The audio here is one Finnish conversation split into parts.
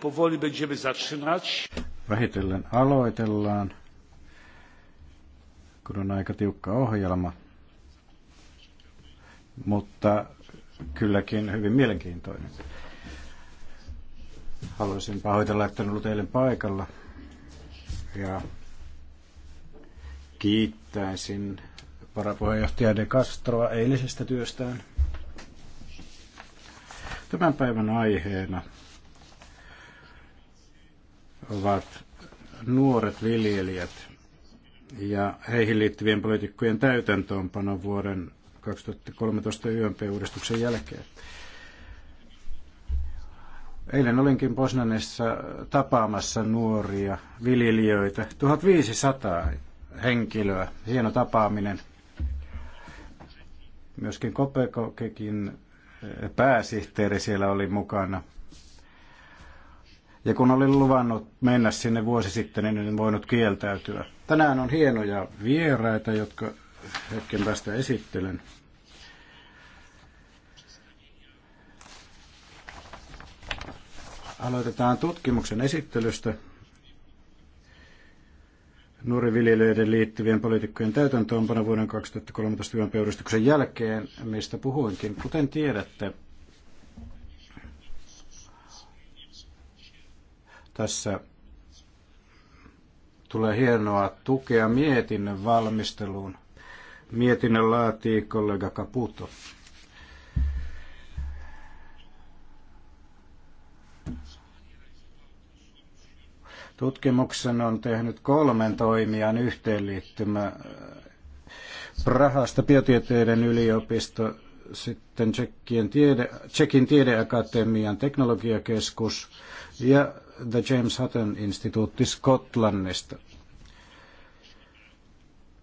Powoli będziemy zaczynać. Vähitellen aloitellaan, kun on aika tiukka ohjelma. Mutta kylläkin hyvin mielenkiintoinen. Haluaisin pahoitella, että en ollut eilen paikalla. Ja kiittäisin varapuheenjohtaja De Castroa eilisestä työstään. Tämän päivän aiheena ovat nuoret viljelijät ja heihin liittyvien poliitikkojen täytäntöönpano vuoden 2013 YMP-uudistuksen jälkeen. Eilen olinkin Posnanissa tapaamassa nuoria viljelijöitä, 1500 henkilöä, hieno tapaaminen. Myöskin Kopekokekin pääsihteeri siellä oli mukana – ja kun olin luvannut mennä sinne vuosi sitten, niin en voinut kieltäytyä. Tänään on hienoja vieraita, jotka hetken päästä esittelen. Aloitetaan tutkimuksen esittelystä nuoriviljelijöiden liittyvien poliitikkojen täytäntöönpano vuoden 2013 yönpöydistyksen jälkeen, mistä puhuinkin. Kuten tiedätte, Tässä tulee hienoa tukea mietinnön valmisteluun. Mietinnön laatii kollega Caputo. Tutkimuksen on tehnyt kolmen toimijan yhteenliittymä Prahasta biotieteiden yliopisto, sitten Tsekkien tiede, Tsekin tiedeakatemian teknologiakeskus ja The James Hutton instituutti Skotlannista.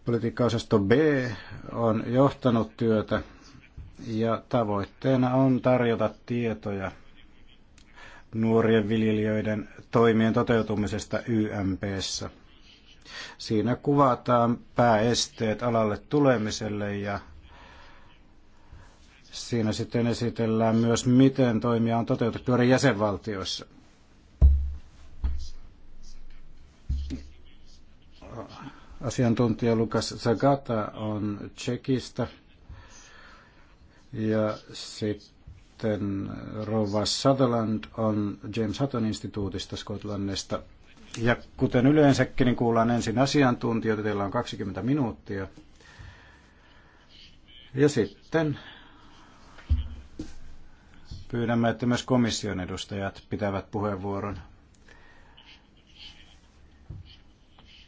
Politiikkaosasto B on johtanut työtä ja tavoitteena on tarjota tietoja nuorien viljelijöiden toimien toteutumisesta YMPssä. Siinä kuvataan pääesteet alalle tulemiselle ja siinä sitten esitellään myös, miten toimia on toteutettu eri jäsenvaltioissa. asiantuntija Lukas Zagata on Tsekistä ja sitten Rova Sutherland on James Hutton instituutista Skotlannista. Ja kuten yleensäkin, niin kuullaan ensin asiantuntijoita. Teillä on 20 minuuttia. Ja sitten pyydämme, että myös komission edustajat pitävät puheenvuoron.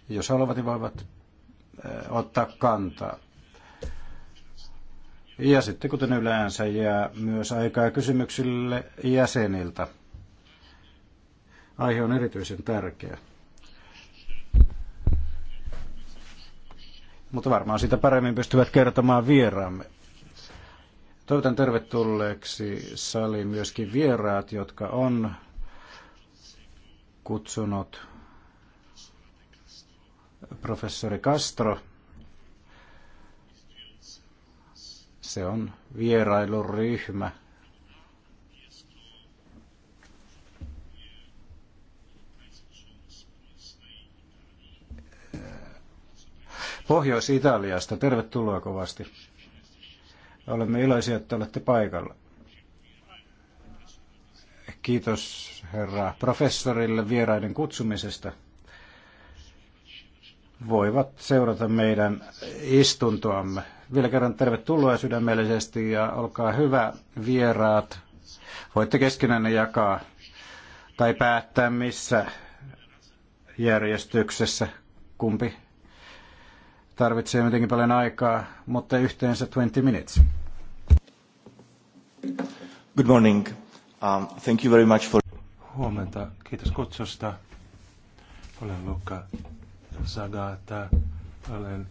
jos haluavat, niin voivat äh, ottaa kantaa. Ja sitten kuten yleensä jää myös aikaa kysymyksille jäseniltä. Aihe on erityisen tärkeä. Mutta varmaan sitä paremmin pystyvät kertomaan vieraamme. Toivotan tervetulleeksi saliin myöskin vieraat, jotka on kutsunut professori Castro. Se on vierailuryhmä. Pohjois-Italiasta. Tervetuloa kovasti. Olemme iloisia, että olette paikalla. Kiitos herra professorille vieraiden kutsumisesta voivat seurata meidän istuntoamme. Vielä kerran tervetuloa sydämellisesti ja olkaa hyvä vieraat. Voitte keskenään jakaa tai päättää missä järjestyksessä kumpi tarvitsee jotenkin paljon aikaa, mutta yhteensä 20 minutes. Good morning. Um, thank you very much for... Huomenta. Kiitos kutsusta. Olen Luka Zagata. Olen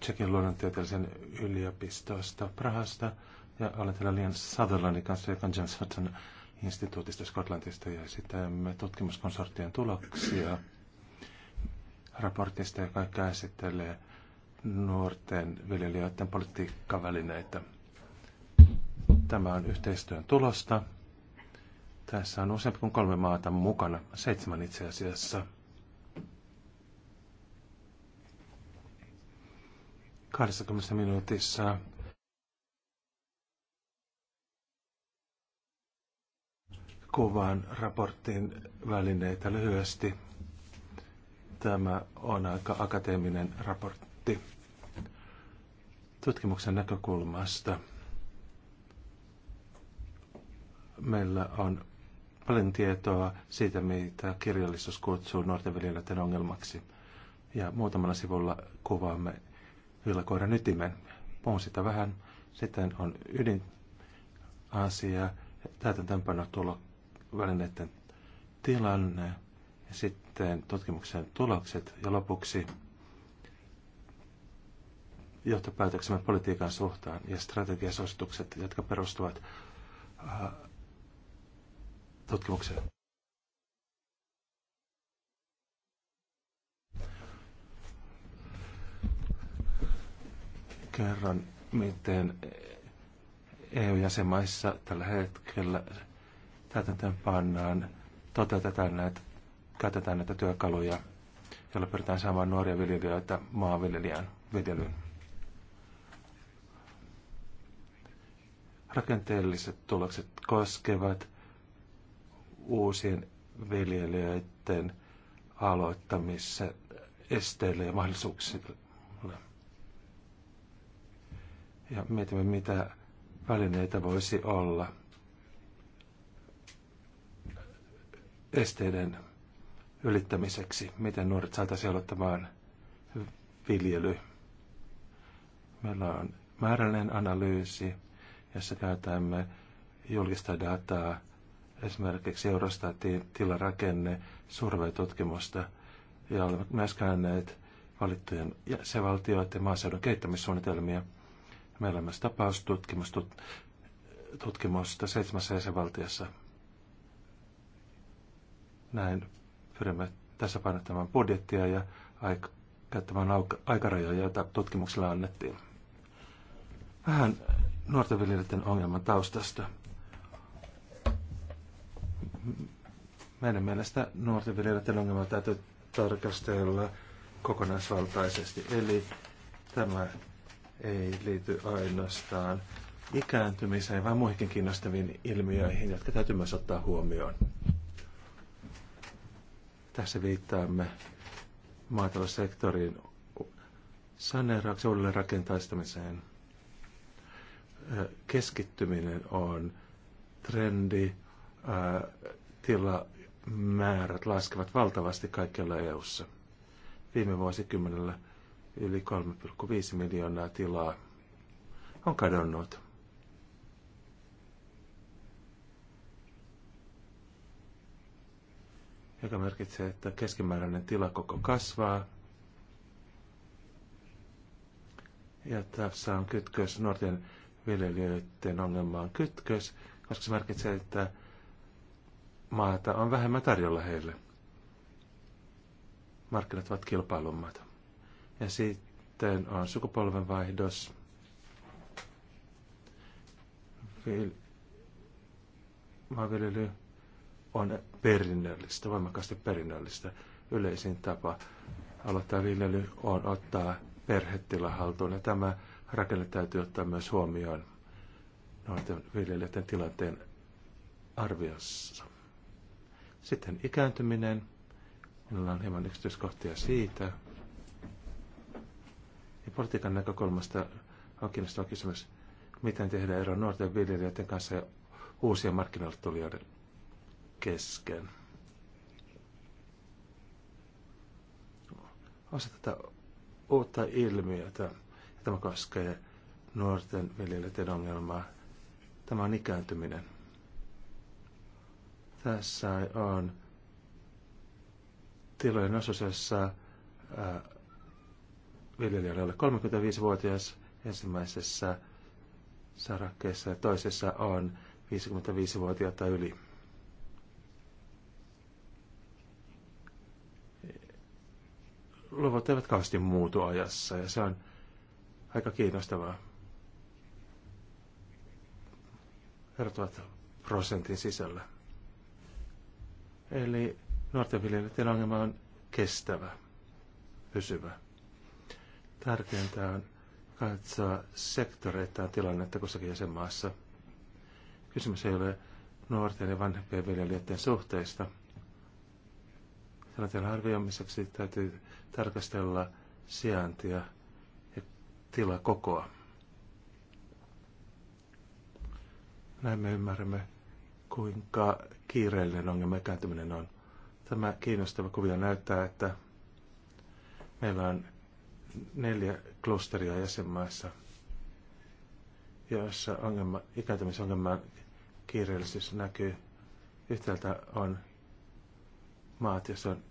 Tsekin luonnontieteellisen yliopistosta Prahasta ja olen täällä Lian Sutherlandin kanssa, joka on James Hudson instituutista Skotlantista ja esitämme tutkimuskonsorttien tuloksia raportista, joka käsittelee nuorten viljelijöiden politiikkavälineitä. Tämä on yhteistyön tulosta. Tässä on useampi kuin kolme maata mukana, seitsemän itse asiassa – 20 minuutissa. Kuvaan raportin välineitä lyhyesti. Tämä on aika akateeminen raportti tutkimuksen näkökulmasta. Meillä on paljon tietoa siitä, mitä kirjallisuus kutsuu nuorten ongelmaksi. Ja muutamalla sivulla kuvaamme villakoiran ytimen. Puhun sitä vähän. Sitten on tämän tulo välineiden tilanne, ja sitten tutkimuksen tulokset ja lopuksi johtopäätöksemme politiikan suhtaan ja strategiasuositukset, jotka perustuvat äh, tutkimukseen. Kerran miten EU-jäsenmaissa tällä hetkellä täytäntöön pannaan, toteutetaan näitä, käytetään näitä työkaluja, joilla pyritään saamaan nuoria viljelijöitä maanviljelijän viljelyyn. Rakenteelliset tulokset koskevat uusien viljelijöiden aloittamisen esteille ja mahdollisuuksille ja mietimme, mitä välineitä voisi olla esteiden ylittämiseksi, miten nuoret saataisiin aloittamaan viljely. Meillä on määrällinen analyysi, jossa käytämme julkista dataa, esimerkiksi Eurostatin tilarakenne, surveitutkimusta, ja olemme myös käyneet valittujen jäsenvaltioiden maaseudun kehittämissuunnitelmia – Meillä on tapaustutkimusta seitsemässä jäsenvaltiossa. Näin pyrimme tässä painottamaan budjettia ja aik- käyttämään auk- aikarajoja, joita tutkimuksella annettiin. Vähän nuorten viljelijöiden ongelman taustasta. Meidän mielestä nuorten viljelijöiden ongelma täytyy tarkastella kokonaisvaltaisesti. Eli tämä ei liity ainoastaan ikääntymiseen, vaan muihinkin kiinnostaviin ilmiöihin, jotka täytyy myös ottaa huomioon. Tässä viittaamme maataloussektorin saneerauksen uudelleen rakentaistamiseen. Keskittyminen on trendi, tilamäärät laskevat valtavasti kaikkialla EU:ssa. Viime vuosikymmenellä yli 3,5 miljoonaa tilaa on kadonnut. joka merkitsee, että keskimääräinen tilakoko kasvaa. Ja tässä on kytkös, nuorten viljelijöiden ongelma on kytkös, koska se merkitsee, että maata on vähemmän tarjolla heille. Markkinat ovat kilpailummat. Ja sitten on sukupolvenvaihdos. Vil- maanviljely on perinnöllistä, voimakkaasti perinnöllistä. Yleisin tapa aloittaa viljely on ottaa perhetila haltuun ja tämä rakenne täytyy ottaa myös huomioon noiden viljelijöiden tilanteen arviossa. Sitten ikääntyminen. Minulla on hieman yksityiskohtia siitä niin politiikan näkökulmasta on kiinnostava kysymys, miten tehdä ero nuorten viljelijöiden kanssa ja uusien markkinoille tulijoiden kesken. Osa tätä uutta ilmiötä, ja tämä koskee nuorten viljelijöiden ongelmaa, tämä on ikääntyminen. Tässä on tilojen osuus, jossa viljelijöille alle 35-vuotias ensimmäisessä sarakkeessa ja toisessa on 55-vuotiaita yli. Luvut eivät kauheasti muutu ajassa ja se on aika kiinnostavaa. Erotuvat prosentin sisällä. Eli nuorten viljelijöiden ongelma on kestävä, pysyvä. Tärkeintä on katsoa sektoreittain tilannetta kussakin jäsenmaassa. Kysymys ei ole nuorten ja vanhempien viljelijöiden suhteista. Tilanteen arvioimiseksi täytyy tarkastella sijaintia ja tilakokoa. Näin me ymmärrämme, kuinka kiireellinen ongelma kääntyminen on. Tämä kiinnostava kuvio näyttää, että meillä on neljä klusteria jäsenmaissa, joissa ongelma, ikääntymisongelman kiireellisyys näkyy. Yhtäältä on maat, joissa on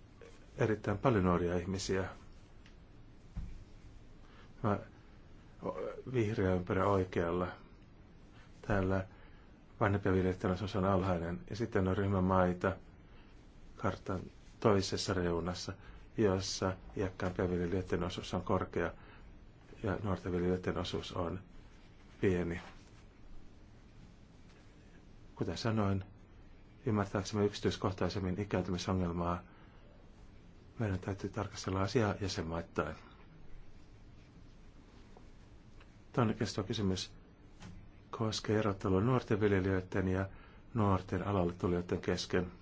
erittäin paljon nuoria ihmisiä. Mä vihreä ympärä oikealla. Täällä vanhempia viljelijöiden on alhainen. Ja sitten on ryhmä maita kartan toisessa reunassa – jossa iäkkäämpien viljelijöiden osuus on korkea ja nuorten viljelijöiden osuus on pieni. Kuten sanoin, ymmärtääksemme yksityiskohtaisemmin ikääntymisongelmaa, meidän täytyy tarkastella asiaa jäsenmaittain. Toinen kestävä kysymys koskee erottelua nuorten viljelijöiden ja nuorten alalle tulijoiden kesken.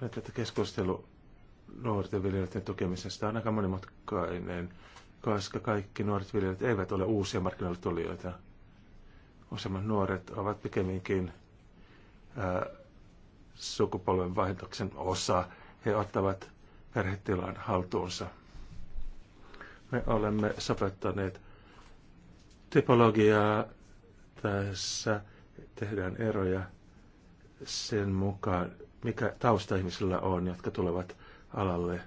Ajattelin, että keskustelu nuorten viljelijöiden tukemisesta on aika monimutkainen, koska kaikki nuoret viljelijät eivät ole uusia markkinoille tulijoita. Useimmat nuoret ovat pikemminkin ää, sukupolven vaihdoksen osa. He ottavat perhetilan haltuunsa. Me olemme sopettaneet typologiaa tässä, tehdään eroja sen mukaan, mikä tausta ihmisillä on, jotka tulevat alalle.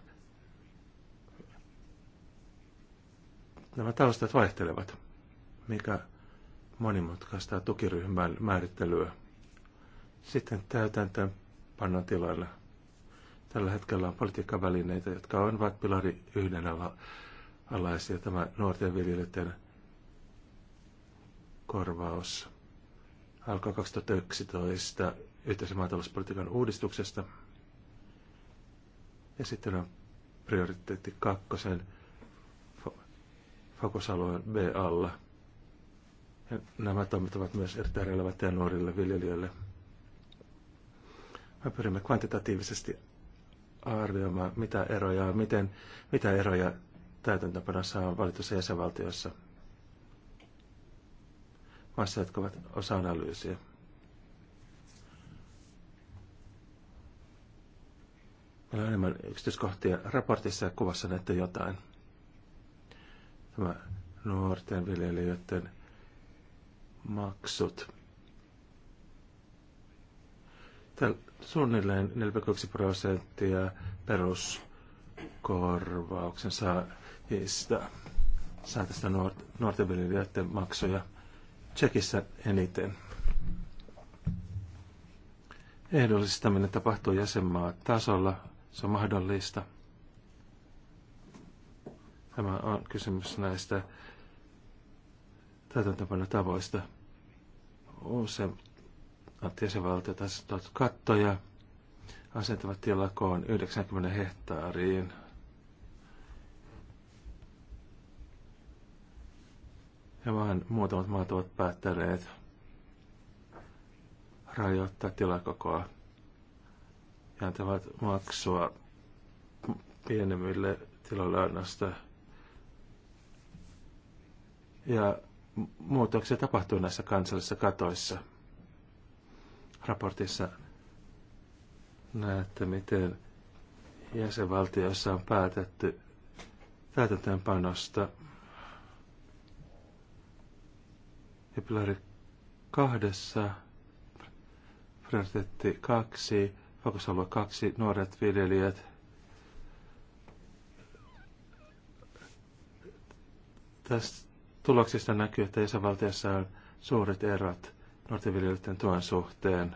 Nämä taustat vaihtelevat, mikä monimutkaista tukiryhmän määrittelyä. Sitten täytäntöön panna tilalle. Tällä hetkellä on politiikkavälineitä, jotka ovat pilari yhden ala, alaisia, tämä nuorten viljelijöiden korvaus alkoi 2011 yhteisen maatalouspolitiikan uudistuksesta. Ja sitten on prioriteetti kakkosen fo- fokusalueen B alla. Ja nämä toimet ovat myös erittäin relevantteja nuorille viljelijöille. Me pyrimme kvantitatiivisesti arvioimaan, mitä eroja on, miten, mitä eroja täytäntöpanossa on valitussa jäsenvaltiossa. Maissa, jotka ovat osa analyysiä. Meillä on enemmän yksityiskohtia raportissa ja kuvassa näette jotain. Tämä nuorten viljelijöiden maksut. Täällä suunnilleen 4,1 prosenttia peruskorvauksen saa sitä, saa tästä nuorten viljelijöiden maksuja. Tsekissä eniten. Ehdollistaminen tapahtuu jäsenmaa tasolla se on mahdollista. Tämä on kysymys näistä täytäntöpano tavoista. että jäsenvaltiot asettavat kattoja, asentavat tilakoon 90 hehtaariin. Ja vain muutamat maat ovat päättäneet rajoittaa tilakokoa antavat maksua pienemmille tiloille ainoastaan. Ja muutoksia tapahtuu näissä kansallisissa katoissa. Raportissa näette, miten jäsenvaltioissa on päätetty täytäntöönpanosta. Ja pilari kahdessa, prioriteetti kaksi, Fokusalue kaksi, nuoret viljelijät. Tästä tuloksista näkyy, että jäsenvaltiossa on suuret erot nuorten viljelijöiden tuen suhteen.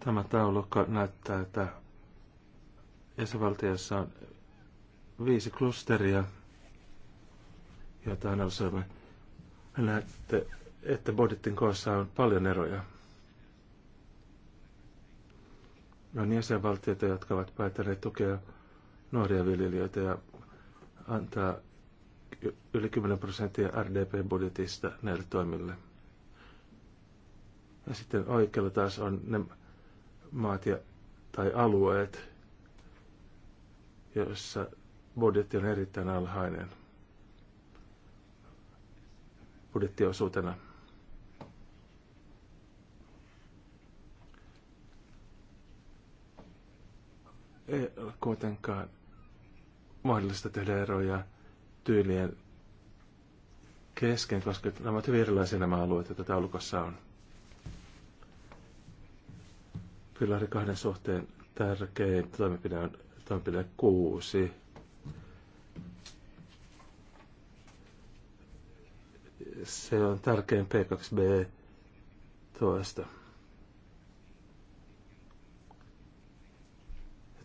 Tämä taulukko näyttää, että jäsenvaltiossa on viisi klusteria, joita analysoimme. Näette että budjetin koossa on paljon eroja. On jäsenvaltioita, jotka ovat päättäneet tukea nuoria viljelijöitä ja antaa yli 10 prosenttia RDP-budjetista näille toimille. Ja sitten oikealla taas on ne maat ja, tai alueet, joissa budjetti on erittäin alhainen budjettiosuutena. ei kuitenkaan mahdollista tehdä eroja tyylien kesken, koska nämä ovat hyvin erilaisia nämä alueet, joita taulukossa on. oli kahden suhteen tärkein toimenpide on toimenpide kuusi. Se on tärkein P2B tuosta.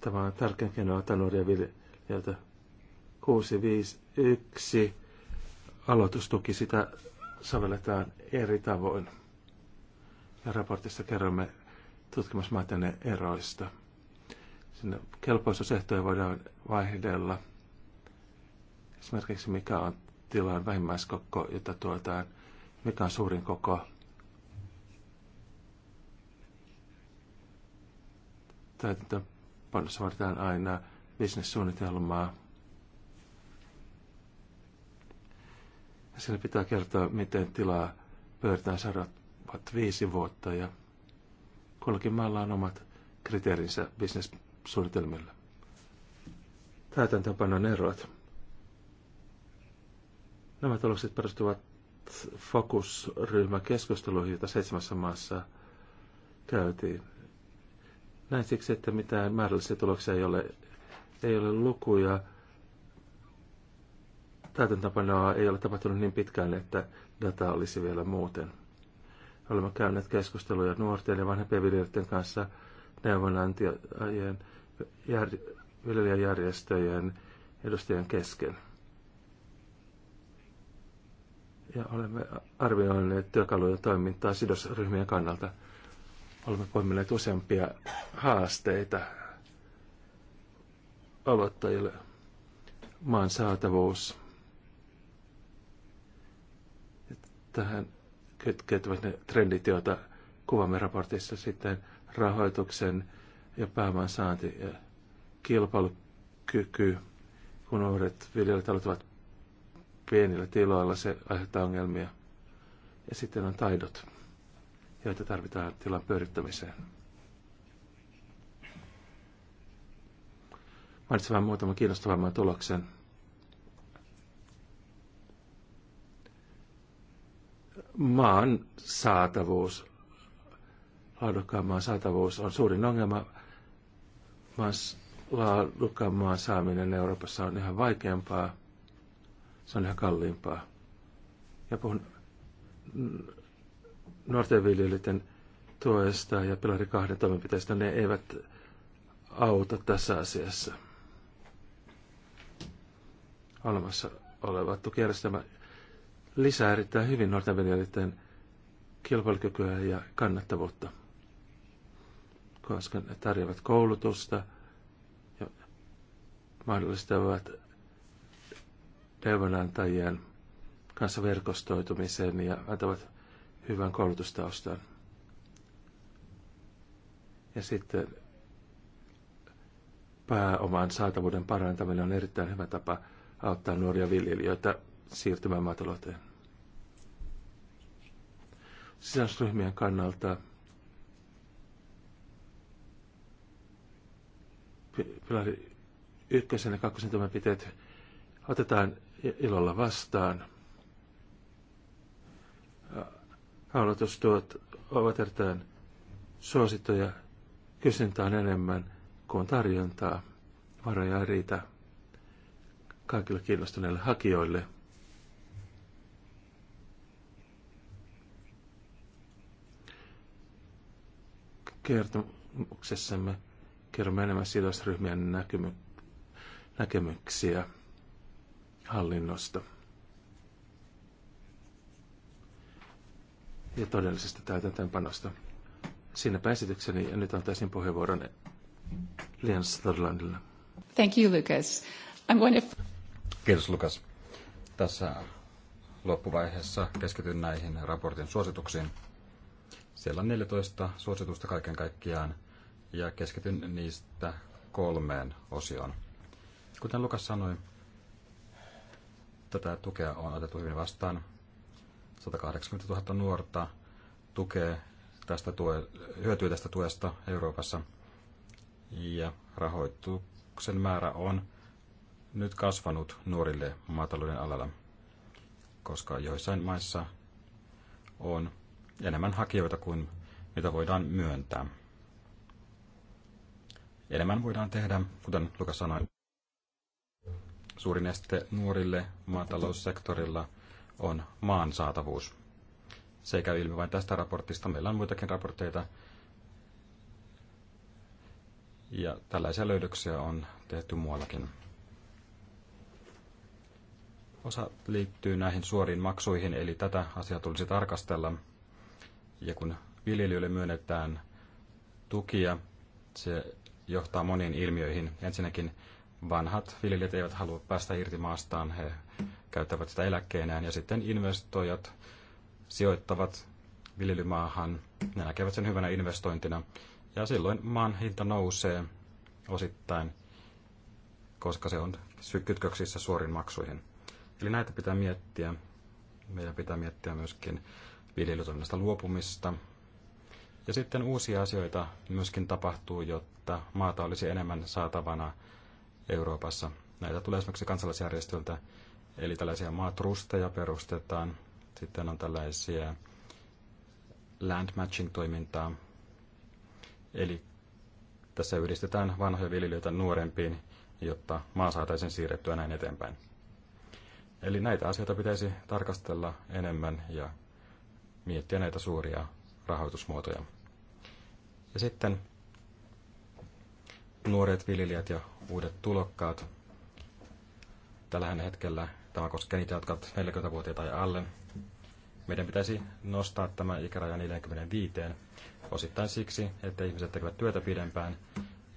Tämä on tärkein keino Atanuria 651 aloitustuki, sitä sovelletaan eri tavoin. Ja raportissa kerromme tutkimusmaiden eroista. Sinne kelpoisuusehtoja voidaan vaihdella. Esimerkiksi mikä on tilan vähimmäiskoko, jota tuotaan, mikä on suurin koko. Tai kilpailussa varten aina bisnessuunnitelmaa. Ja siellä pitää kertoa, miten tilaa pyöritään seuraavat viisi vuotta ja kullakin maalla on omat kriteerinsä bisnessuunnitelmille. Täytäntöönpanon erot. Nämä tulokset perustuvat fokusryhmäkeskusteluihin, joita seitsemässä maassa käytiin. Näin siksi, että mitään määrällisiä tuloksia ei ole, ei ole lukuja. Täytäntöpanoa ei ole tapahtunut niin pitkään, että data olisi vielä muuten. Olemme käyneet keskusteluja nuorten ja vanhempien viljelijöiden kanssa neuvonantajien, jär, viljelijäjärjestöjen edustajien kesken. Ja olemme arvioineet työkalujen toimintaa sidosryhmien kannalta – Olemme poimineet useampia haasteita aloittajille. Maan saatavuus. Tähän kytkeytyvät ne trendit, joita kuvamme raportissa sitten rahoituksen ja pääoman saanti ja kilpailukyky, kun uudet viljelijät aloittavat pienillä tiloilla, se aiheuttaa ongelmia. Ja sitten on taidot joita tarvitaan tilan pyörittämiseen. Mainitsin vain muutaman kiinnostavamman tuloksen. Maan saatavuus, laadukkaan maan saatavuus on suurin ongelma. Maan laadukkaan maan saaminen Euroopassa on ihan vaikeampaa, se on ihan kalliimpaa. Ja puhun nuorten viljelijöiden tuesta ja pilari kahden toimenpiteistä, ne eivät auta tässä asiassa. Olemassa oleva tukijärjestelmä lisää erittäin hyvin nuorten viljelijöiden kilpailukykyä ja kannattavuutta, koska ne tarjoavat koulutusta ja mahdollistavat neuvonantajien kanssa verkostoitumisen ja antavat hyvän koulutustaustan. Ja sitten pääoman saatavuuden parantaminen on erittäin hyvä tapa auttaa nuoria viljelijöitä siirtymään maatalouteen. Sisäisryhmien kannalta pilari ykkösen ja kakkosen toimenpiteet otetaan ilolla vastaan – haulatustuot ovat erittäin suosittuja. Kysyntää on enemmän kuin tarjontaa. Varoja ei riitä kaikille kiinnostuneille hakijoille. Kertomuksessamme kerromme enemmän sidosryhmien näkemyksiä hallinnosta. ja todellisesta täytäntöönpanosta. Siinä pääsitykseni ja nyt antaisin puheenvuoron Lian Sutherlandille. Thank you, Lucas. I'm going to... Kiitos, Lukas. Tässä loppuvaiheessa keskityn näihin raportin suosituksiin. Siellä on 14 suositusta kaiken kaikkiaan ja keskityn niistä kolmeen osioon. Kuten Lukas sanoi, tätä tukea on otettu hyvin vastaan 180 000 nuorta tukee tästä tue, hyötyy tästä tuesta Euroopassa. Ja rahoituksen määrä on nyt kasvanut nuorille maatalouden alalla, koska joissain maissa on enemmän hakijoita kuin mitä voidaan myöntää. Enemmän voidaan tehdä, kuten Lukas sanoi. Suurin este nuorille maataloussektorilla on maan saatavuus. Se ei käy ilmi vain tästä raportista, meillä on muitakin raportteita. Ja tällaisia löydöksiä on tehty muuallakin. Osa liittyy näihin suoriin maksuihin, eli tätä asiaa tulisi tarkastella. Ja kun viljelijöille myönnetään tukia, se johtaa moniin ilmiöihin. Ensinnäkin vanhat viljelijät eivät halua päästä irti maastaan, he käyttävät sitä eläkkeenään ja sitten investoijat sijoittavat viljelymaahan. Ne näkevät sen hyvänä investointina ja silloin maan hinta nousee osittain, koska se on kytköksissä suorin maksuihin. Eli näitä pitää miettiä. Meidän pitää miettiä myöskin viljelytoiminnasta luopumista. Ja sitten uusia asioita myöskin tapahtuu, jotta maata olisi enemmän saatavana Euroopassa. Näitä tulee esimerkiksi kansalaisjärjestöltä, Eli tällaisia maatrusteja perustetaan. Sitten on tällaisia land matching-toimintaa. Eli tässä yhdistetään vanhoja viljelijöitä nuorempiin, jotta maa saataisiin siirrettyä näin eteenpäin. Eli näitä asioita pitäisi tarkastella enemmän ja miettiä näitä suuria rahoitusmuotoja. Ja sitten nuoret viljelijät ja uudet tulokkaat. Tällä hetkellä Tämä koskee niitä, jotka ovat 40-vuotiaita tai alle. Meidän pitäisi nostaa tämä ikäraja 45, osittain siksi, että ihmiset tekevät työtä pidempään,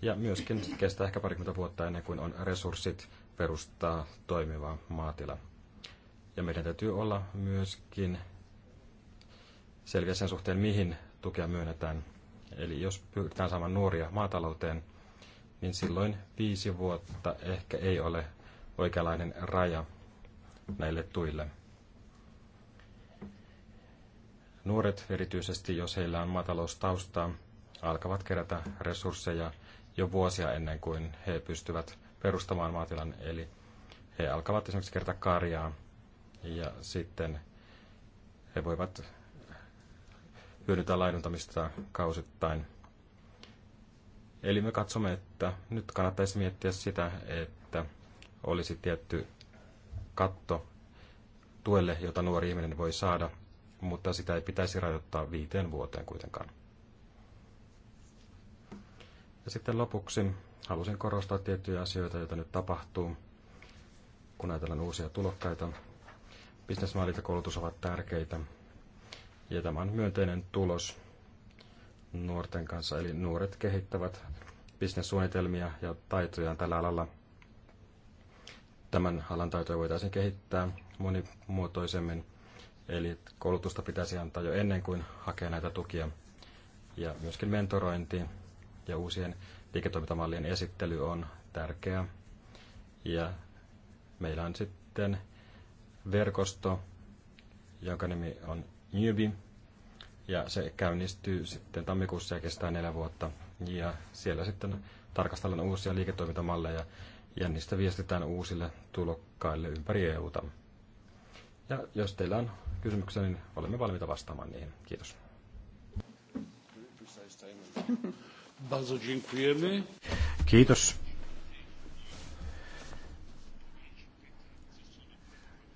ja myöskin kestää ehkä parikymmentä vuotta ennen kuin on resurssit perustaa toimiva maatila. Ja meidän täytyy olla myöskin selviä sen suhteen, mihin tukea myönnetään. Eli jos pyritään saamaan nuoria maatalouteen, niin silloin viisi vuotta ehkä ei ole oikeanlainen raja näille tuille. Nuoret, erityisesti jos heillä on maataloustaustaa, alkavat kerätä resursseja jo vuosia ennen kuin he pystyvät perustamaan maatilan. Eli he alkavat esimerkiksi kerätä karjaa ja sitten he voivat hyödyntää laiduntamista kausittain. Eli me katsomme, että nyt kannattaisi miettiä sitä, että olisi tietty katto tuelle, jota nuori ihminen voi saada, mutta sitä ei pitäisi rajoittaa viiteen vuoteen kuitenkaan. Ja sitten lopuksi halusin korostaa tiettyjä asioita, joita nyt tapahtuu, kun ajatellaan uusia tulokkaita. Bisnesmallit ja koulutus ovat tärkeitä. Ja tämä on myönteinen tulos nuorten kanssa, eli nuoret kehittävät bisnessuunnitelmia ja taitojaan tällä alalla – tämän alan taitoja voitaisiin kehittää monimuotoisemmin. Eli koulutusta pitäisi antaa jo ennen kuin hakee näitä tukia. Ja myöskin mentorointi ja uusien liiketoimintamallien esittely on tärkeää. Ja meillä on sitten verkosto, jonka nimi on Newbie, ja se käynnistyy sitten tammikuussa ja kestää neljä vuotta. Ja siellä sitten tarkastellaan uusia liiketoimintamalleja Jännistä viestitään uusille tulokkaille ympäri EUta. Ja jos teillä on kysymyksiä, niin olemme valmiita vastaamaan niihin. Kiitos. Kiitos.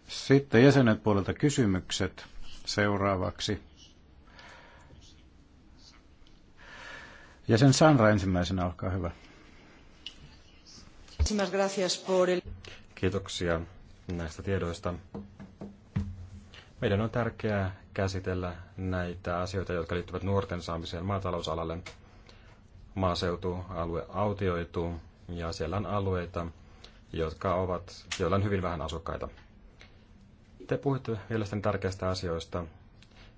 Sitten jäsenet puolelta kysymykset seuraavaksi. Jäsen Sanra ensimmäisenä, olkaa hyvä. Kiitoksia näistä tiedoista. Meidän on tärkeää käsitellä näitä asioita, jotka liittyvät nuorten saamiseen maatalousalalle. Maaseutualue autioituu ja siellä on alueita, jotka ovat, joilla on hyvin vähän asukkaita. Te puhuitte mielestäni tärkeistä asioista.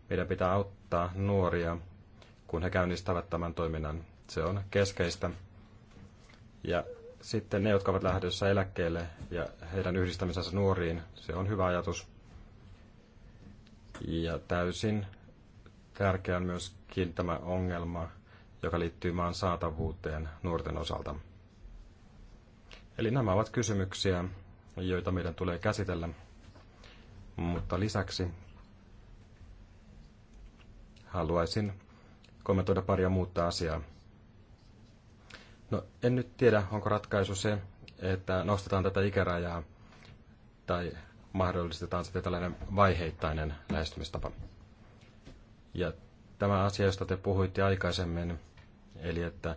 Meidän pitää auttaa nuoria, kun he käynnistävät tämän toiminnan. Se on keskeistä. Ja sitten ne, jotka ovat lähdössä eläkkeelle ja heidän yhdistämisensä nuoriin, se on hyvä ajatus. Ja täysin tärkeä on myöskin tämä ongelma, joka liittyy maan saatavuuteen nuorten osalta. Eli nämä ovat kysymyksiä, joita meidän tulee käsitellä. Mutta lisäksi haluaisin kommentoida paria muuta asiaa. No en nyt tiedä, onko ratkaisu se, että nostetaan tätä ikärajaa tai mahdollistetaan sitten tällainen vaiheittainen lähestymistapa. Ja tämä asia, josta te puhuitte aikaisemmin, eli että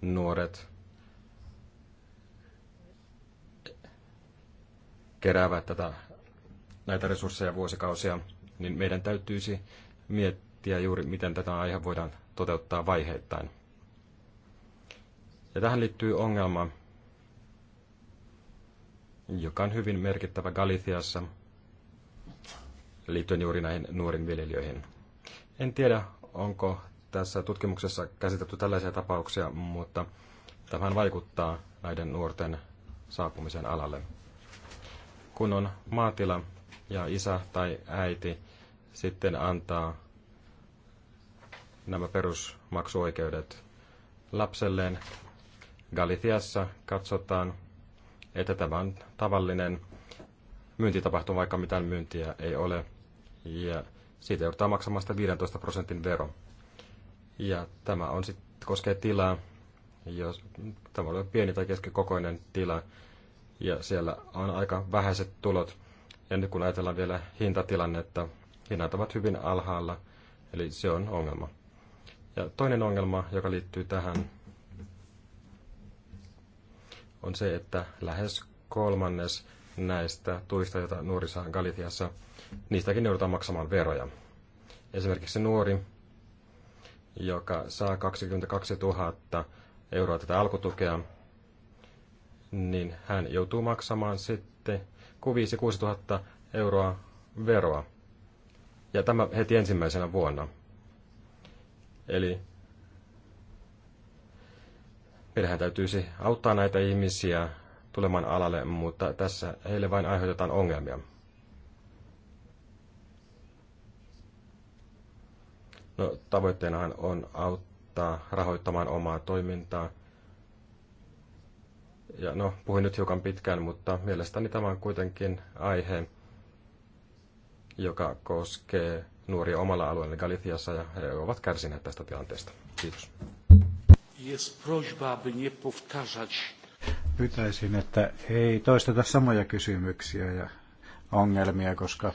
nuoret keräävät tätä, näitä resursseja vuosikausia, niin meidän täytyisi miettiä juuri, miten tätä aihe voidaan toteuttaa vaiheittain. Ja tähän liittyy ongelma, joka on hyvin merkittävä Galiciassa liittyen juuri näihin nuoriin viljelijöihin. En tiedä, onko tässä tutkimuksessa käsitetty tällaisia tapauksia, mutta tämähän vaikuttaa näiden nuorten saapumisen alalle. Kun on maatila ja isä tai äiti sitten antaa nämä perusmaksuoikeudet lapselleen, Galitiassa katsotaan, että tämä on tavallinen myyntitapahtuma, vaikka mitään myyntiä ei ole. Ja siitä joudutaan maksamaan sitä 15 prosentin vero. Ja tämä on sit, koskee tilaa, jos tämä on pieni tai keskikokoinen tila, ja siellä on aika vähäiset tulot. Ja nyt kun ajatellaan vielä hintatilannetta, hinnat ovat hyvin alhaalla, eli se on ongelma. Ja toinen ongelma, joka liittyy tähän, on se, että lähes kolmannes näistä tuista, joita nuori saa Galitiassa, niistäkin joudutaan maksamaan veroja. Esimerkiksi nuori, joka saa 22 000 euroa tätä alkutukea, niin hän joutuu maksamaan sitten 5 6 000 euroa veroa. Ja tämä heti ensimmäisenä vuonna. Eli heidän täytyisi auttaa näitä ihmisiä tulemaan alalle, mutta tässä heille vain aiheutetaan ongelmia. No, tavoitteenahan on auttaa rahoittamaan omaa toimintaa. Ja no, puhuin nyt hiukan pitkään, mutta mielestäni tämä on kuitenkin aihe, joka koskee nuoria omalla alueella Galiciassa ja he ovat kärsineet tästä tilanteesta. Kiitos. Pyytäisin, että ei toisteta samoja kysymyksiä ja ongelmia, koska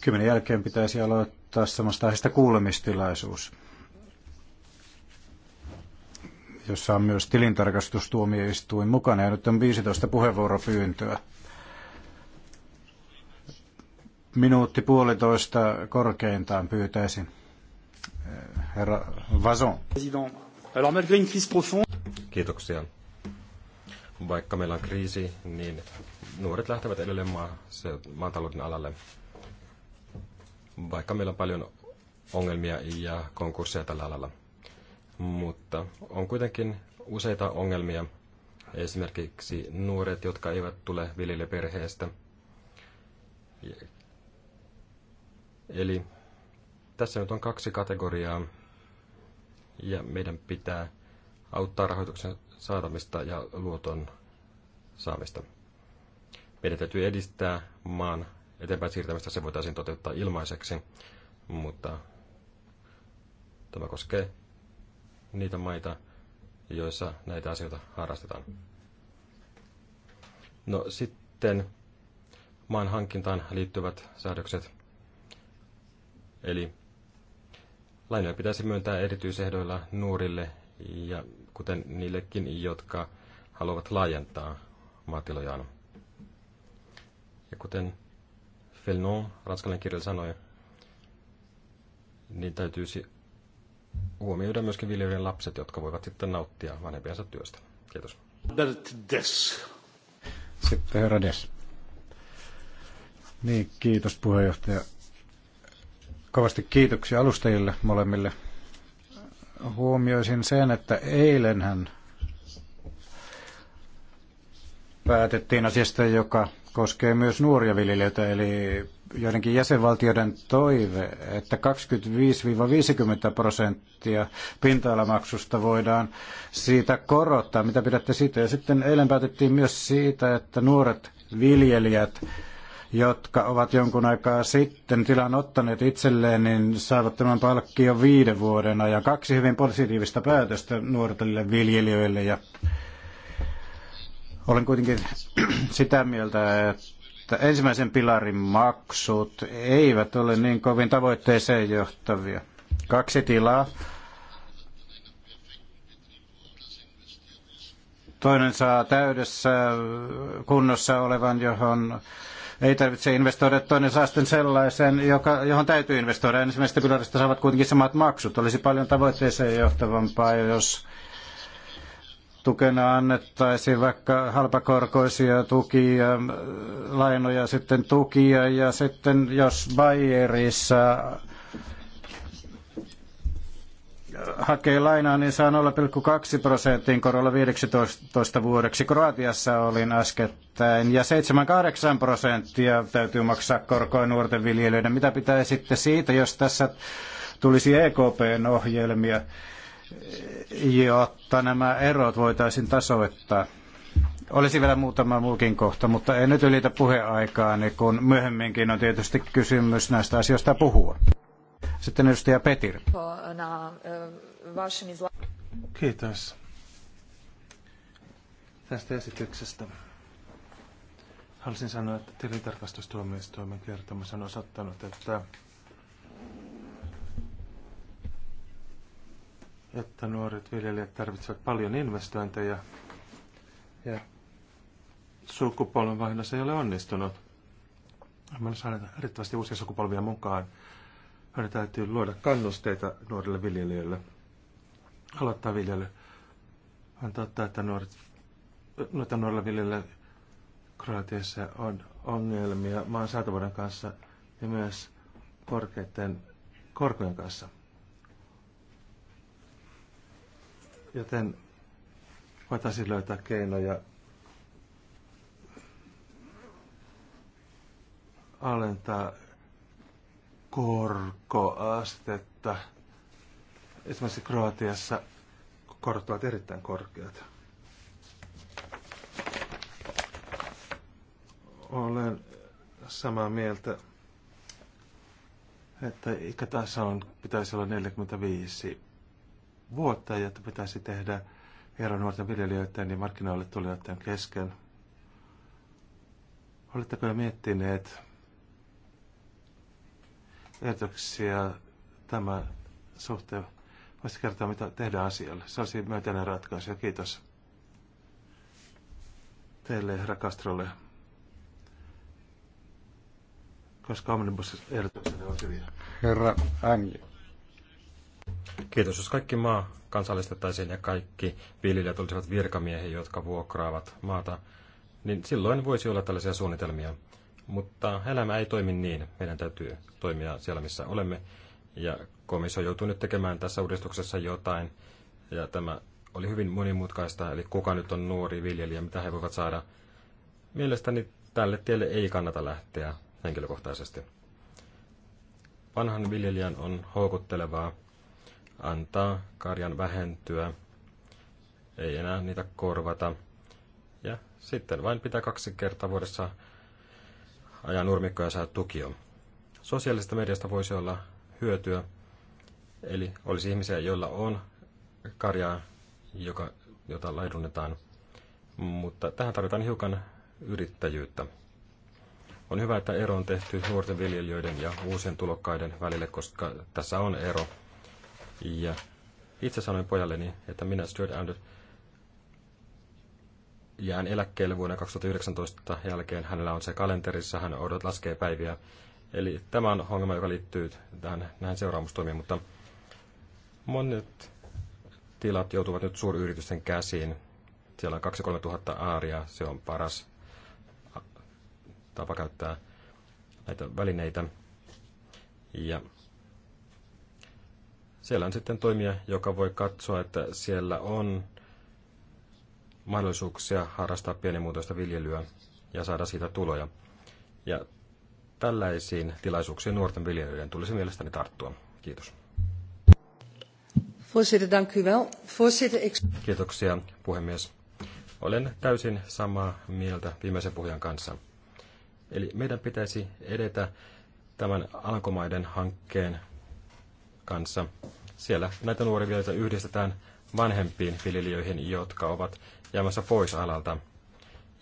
kymmenen jälkeen pitäisi aloittaa samasta aiheesta kuulemistilaisuus, jossa on myös tilintarkastustuomioistuin mukana. Ja nyt on 15 puheenvuoropyyntöä. Minuutti puolitoista korkeintaan pyytäisin. Herra Vazon. Kiitoksia. Vaikka meillä on kriisi, niin nuoret lähtevät edelleen maa, se, maatalouden alalle. Vaikka meillä on paljon ongelmia ja konkursseja tällä alalla. Mutta on kuitenkin useita ongelmia. Esimerkiksi nuoret, jotka eivät tule viljelijäperheestä. Eli tässä nyt on kaksi kategoriaa ja meidän pitää auttaa rahoituksen saatamista ja luoton saamista. Meidän täytyy edistää maan eteenpäin siirtämistä, se voitaisiin toteuttaa ilmaiseksi, mutta tämä koskee niitä maita, joissa näitä asioita harrastetaan. No sitten maan hankintaan liittyvät säädökset. Eli Lainoja pitäisi myöntää erityisehdoilla nuorille ja kuten niillekin, jotka haluavat laajentaa maatilojaan. Ja kuten Felnon, ranskalainen kirjailija, sanoi, niin täytyisi huomioida myöskin viljelijöiden lapset, jotka voivat sitten nauttia vanhempiensa työstä. Kiitos. Sitten herra Des. Niin, kiitos puheenjohtaja. Kovasti kiitoksia alustajille molemmille. Huomioisin sen, että eilenhän päätettiin asiasta, joka koskee myös nuoria viljelijöitä, eli joidenkin jäsenvaltioiden toive, että 25-50 prosenttia pinta-alamaksusta voidaan siitä korottaa. Mitä pidätte siitä? Ja sitten eilen päätettiin myös siitä, että nuoret viljelijät jotka ovat jonkun aikaa sitten tilan ottaneet itselleen, niin saavat tämän palkkion viiden vuoden ajan. Kaksi hyvin positiivista päätöstä nuorille viljelijöille ja olen kuitenkin sitä mieltä, että ensimmäisen pilarin maksut eivät ole niin kovin tavoitteeseen johtavia. Kaksi tilaa. Toinen saa täydessä kunnossa olevan, johon ei tarvitse investoida toinen saasten sellaiseen, joka, johon täytyy investoida. Ensimmäisestä pilarista saavat kuitenkin samat maksut. Olisi paljon tavoitteeseen johtavampaa, jos tukena annettaisiin vaikka halpakorkoisia tukia, lainoja, sitten tukia ja sitten jos Bayerissa hakee lainaa, niin saa 0,2 prosentin korolla 15 vuodeksi. Kroatiassa olin äskettäin ja 7-8 prosenttia täytyy maksaa korkoa nuorten viljelijöiden. Mitä pitää sitten siitä, jos tässä tulisi EKPn ohjelmia, jotta nämä erot voitaisiin tasoittaa? Olisi vielä muutama muukin kohta, mutta en nyt ylitä puheaikaa, niin kun myöhemminkin on tietysti kysymys näistä asioista puhua. Sitten edustaja Petir. Kiitos tästä esityksestä. Haluaisin sanoa, että tilintarkastustuomioistuimen kertomus on osoittanut, että, että nuoret viljelijät tarvitsevat paljon investointeja ja sukupolvenvaihdos ei ole onnistunut. Me olemme saaneet riittävästi uusia sukupolvia mukaan – meidän täytyy luoda kannusteita nuorille viljelijöille, aloittaa viljely. On totta, että nuoret, noita nuorilla viljelijöillä Kroatiassa on ongelmia maan saatavuuden kanssa ja myös korkeiden korkojen kanssa. Joten voitaisiin löytää keinoja alentaa korkoastetta. Esimerkiksi Kroatiassa korot ovat erittäin korkeat. Olen samaa mieltä, että ikätasa on, pitäisi olla 45 vuotta ja että pitäisi tehdä ero nuorten viljelijöiden ja markkinoille tulijoiden kesken. Oletteko jo miettineet, ajatuksia tämä suhteen. Voisit kertoa, mitä tehdään asialle. Se olisi myönteinen ratkaisu ja kiitos teille, herra Castrolle, koska omnibus-ehdotuksenne on hyviä. Herra Angi. Kiitos. Jos kaikki maa kansallistettaisiin ja kaikki viljelijät olisivat virkamiehiä, jotka vuokraavat maata, niin silloin voisi olla tällaisia suunnitelmia. Mutta elämä ei toimi niin. Meidän täytyy toimia siellä, missä olemme. Ja komissio joutuu nyt tekemään tässä uudistuksessa jotain. Ja tämä oli hyvin monimutkaista, eli kuka nyt on nuori viljelijä, mitä he voivat saada. Mielestäni tälle tielle ei kannata lähteä henkilökohtaisesti. Vanhan viljelijän on houkuttelevaa antaa karjan vähentyä, ei enää niitä korvata. Ja sitten vain pitää kaksi kertaa vuodessa ajaa nurmikkoa ja saa tukio. Sosiaalisesta mediasta voisi olla hyötyä, eli olisi ihmisiä, joilla on karjaa, joka, jota laidunnetaan, mutta tähän tarvitaan hiukan yrittäjyyttä. On hyvä, että ero on tehty nuorten viljelijöiden ja uusien tulokkaiden välille, koska tässä on ero. Ja itse sanoin pojalleni, että minä Stuart Anders ja eläkkeelle vuoden 2019 jälkeen. Hänellä on se kalenterissa, hän odot laskee päiviä. Eli tämä on ongelma, joka liittyy tähän, näihin seuraamustoimiin, mutta monet tilat joutuvat nyt suuryritysten käsiin. Siellä on 2-3 tuhatta aaria, se on paras tapa käyttää näitä välineitä. Ja siellä on sitten toimija, joka voi katsoa, että siellä on mahdollisuuksia harrastaa pienimuotoista viljelyä ja saada siitä tuloja. Ja tällaisiin tilaisuuksiin nuorten viljelijöiden tulisi mielestäni tarttua. Kiitos. Kiitoksia, puhemies. Olen täysin samaa mieltä viimeisen puhujan kanssa. Eli meidän pitäisi edetä tämän Alankomaiden hankkeen kanssa. Siellä näitä nuoria viljelijöitä yhdistetään vanhempiin viljelijöihin, jotka ovat jäämässä pois alalta.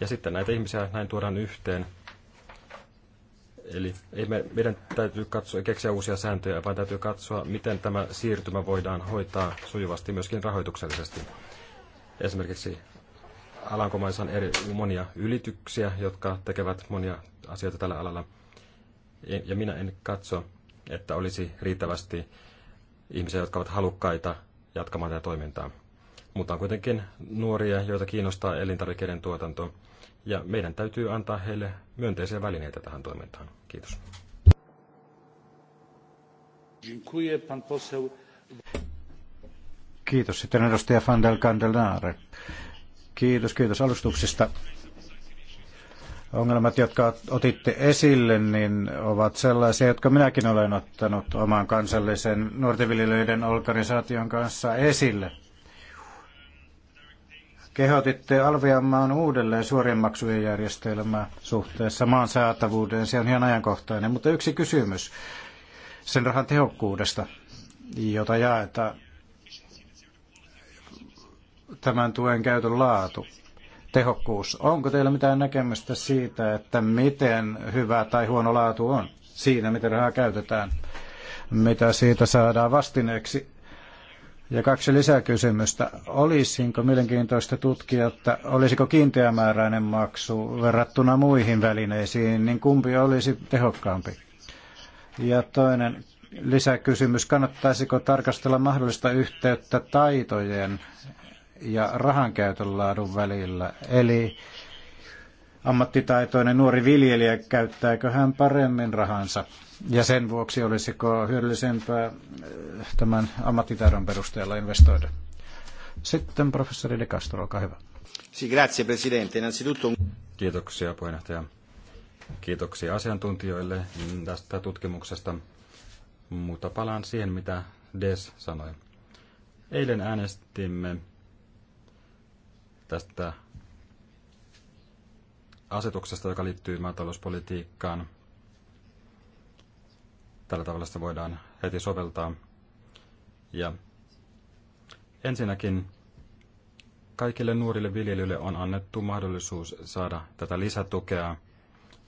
Ja sitten näitä ihmisiä näin tuodaan yhteen. Eli ei me, meidän täytyy katsoa, keksiä uusia sääntöjä, vaan täytyy katsoa, miten tämä siirtymä voidaan hoitaa sujuvasti myöskin rahoituksellisesti. Esimerkiksi Alankomaissa on eri, monia ylityksiä, jotka tekevät monia asioita tällä alalla. Ja minä en katso, että olisi riittävästi ihmisiä, jotka ovat halukkaita jatkamaan tätä toimintaa mutta on kuitenkin nuoria, joita kiinnostaa elintarvikkeiden tuotanto, ja meidän täytyy antaa heille myönteisiä välineitä tähän toimintaan. Kiitos. Kiitos. Sitten edustaja Van del Candelare. Kiitos, kiitos alustuksista. Ongelmat, jotka otitte esille, niin ovat sellaisia, jotka minäkin olen ottanut oman kansallisen nuorten viljelijöiden organisaation kanssa esille kehotitte alviamaan uudelleen suorien maksujen järjestelmää suhteessa maan saatavuuteen. Se on ihan ajankohtainen. Mutta yksi kysymys sen rahan tehokkuudesta, jota jaetaan. Tämän tuen käytön laatu, tehokkuus. Onko teillä mitään näkemystä siitä, että miten hyvä tai huono laatu on siinä, miten rahaa käytetään? Mitä siitä saadaan vastineeksi? Ja kaksi lisäkysymystä. Olisinko mielenkiintoista tutkia, että olisiko kiinteämääräinen maksu verrattuna muihin välineisiin, niin kumpi olisi tehokkaampi? Ja toinen lisäkysymys, kannattaisiko tarkastella mahdollista yhteyttä taitojen ja rahankäytön laadun välillä? Eli ammattitaitoinen nuori viljelijä, käyttääkö hän paremmin rahansa? Ja sen vuoksi olisiko hyödyllisempää eh, tämän ammattitaidon perusteella investoida? Sitten professori De Castro, olkaa hyvä. Si, grazie, presidente. Innanzitutto... Kiitoksia puheenjohtaja. Kiitoksia asiantuntijoille tästä tutkimuksesta, mutta palaan siihen, mitä Des sanoi. Eilen äänestimme tästä asetuksesta, joka liittyy maatalouspolitiikkaan. Tällä tavalla sitä voidaan heti soveltaa. Ja ensinnäkin kaikille nuorille viljelijöille on annettu mahdollisuus saada tätä lisätukea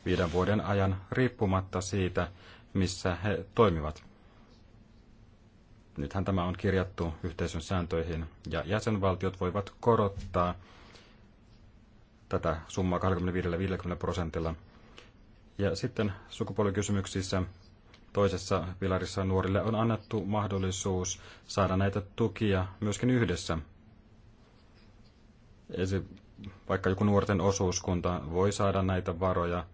viiden vuoden ajan riippumatta siitä, missä he toimivat. Nythän tämä on kirjattu yhteisön sääntöihin ja jäsenvaltiot voivat korottaa tätä summaa 25-50 prosentilla. Ja sitten sukupuolikysymyksissä toisessa pilarissa nuorille on annettu mahdollisuus saada näitä tukia myöskin yhdessä. Esi- vaikka joku nuorten osuuskunta voi saada näitä varoja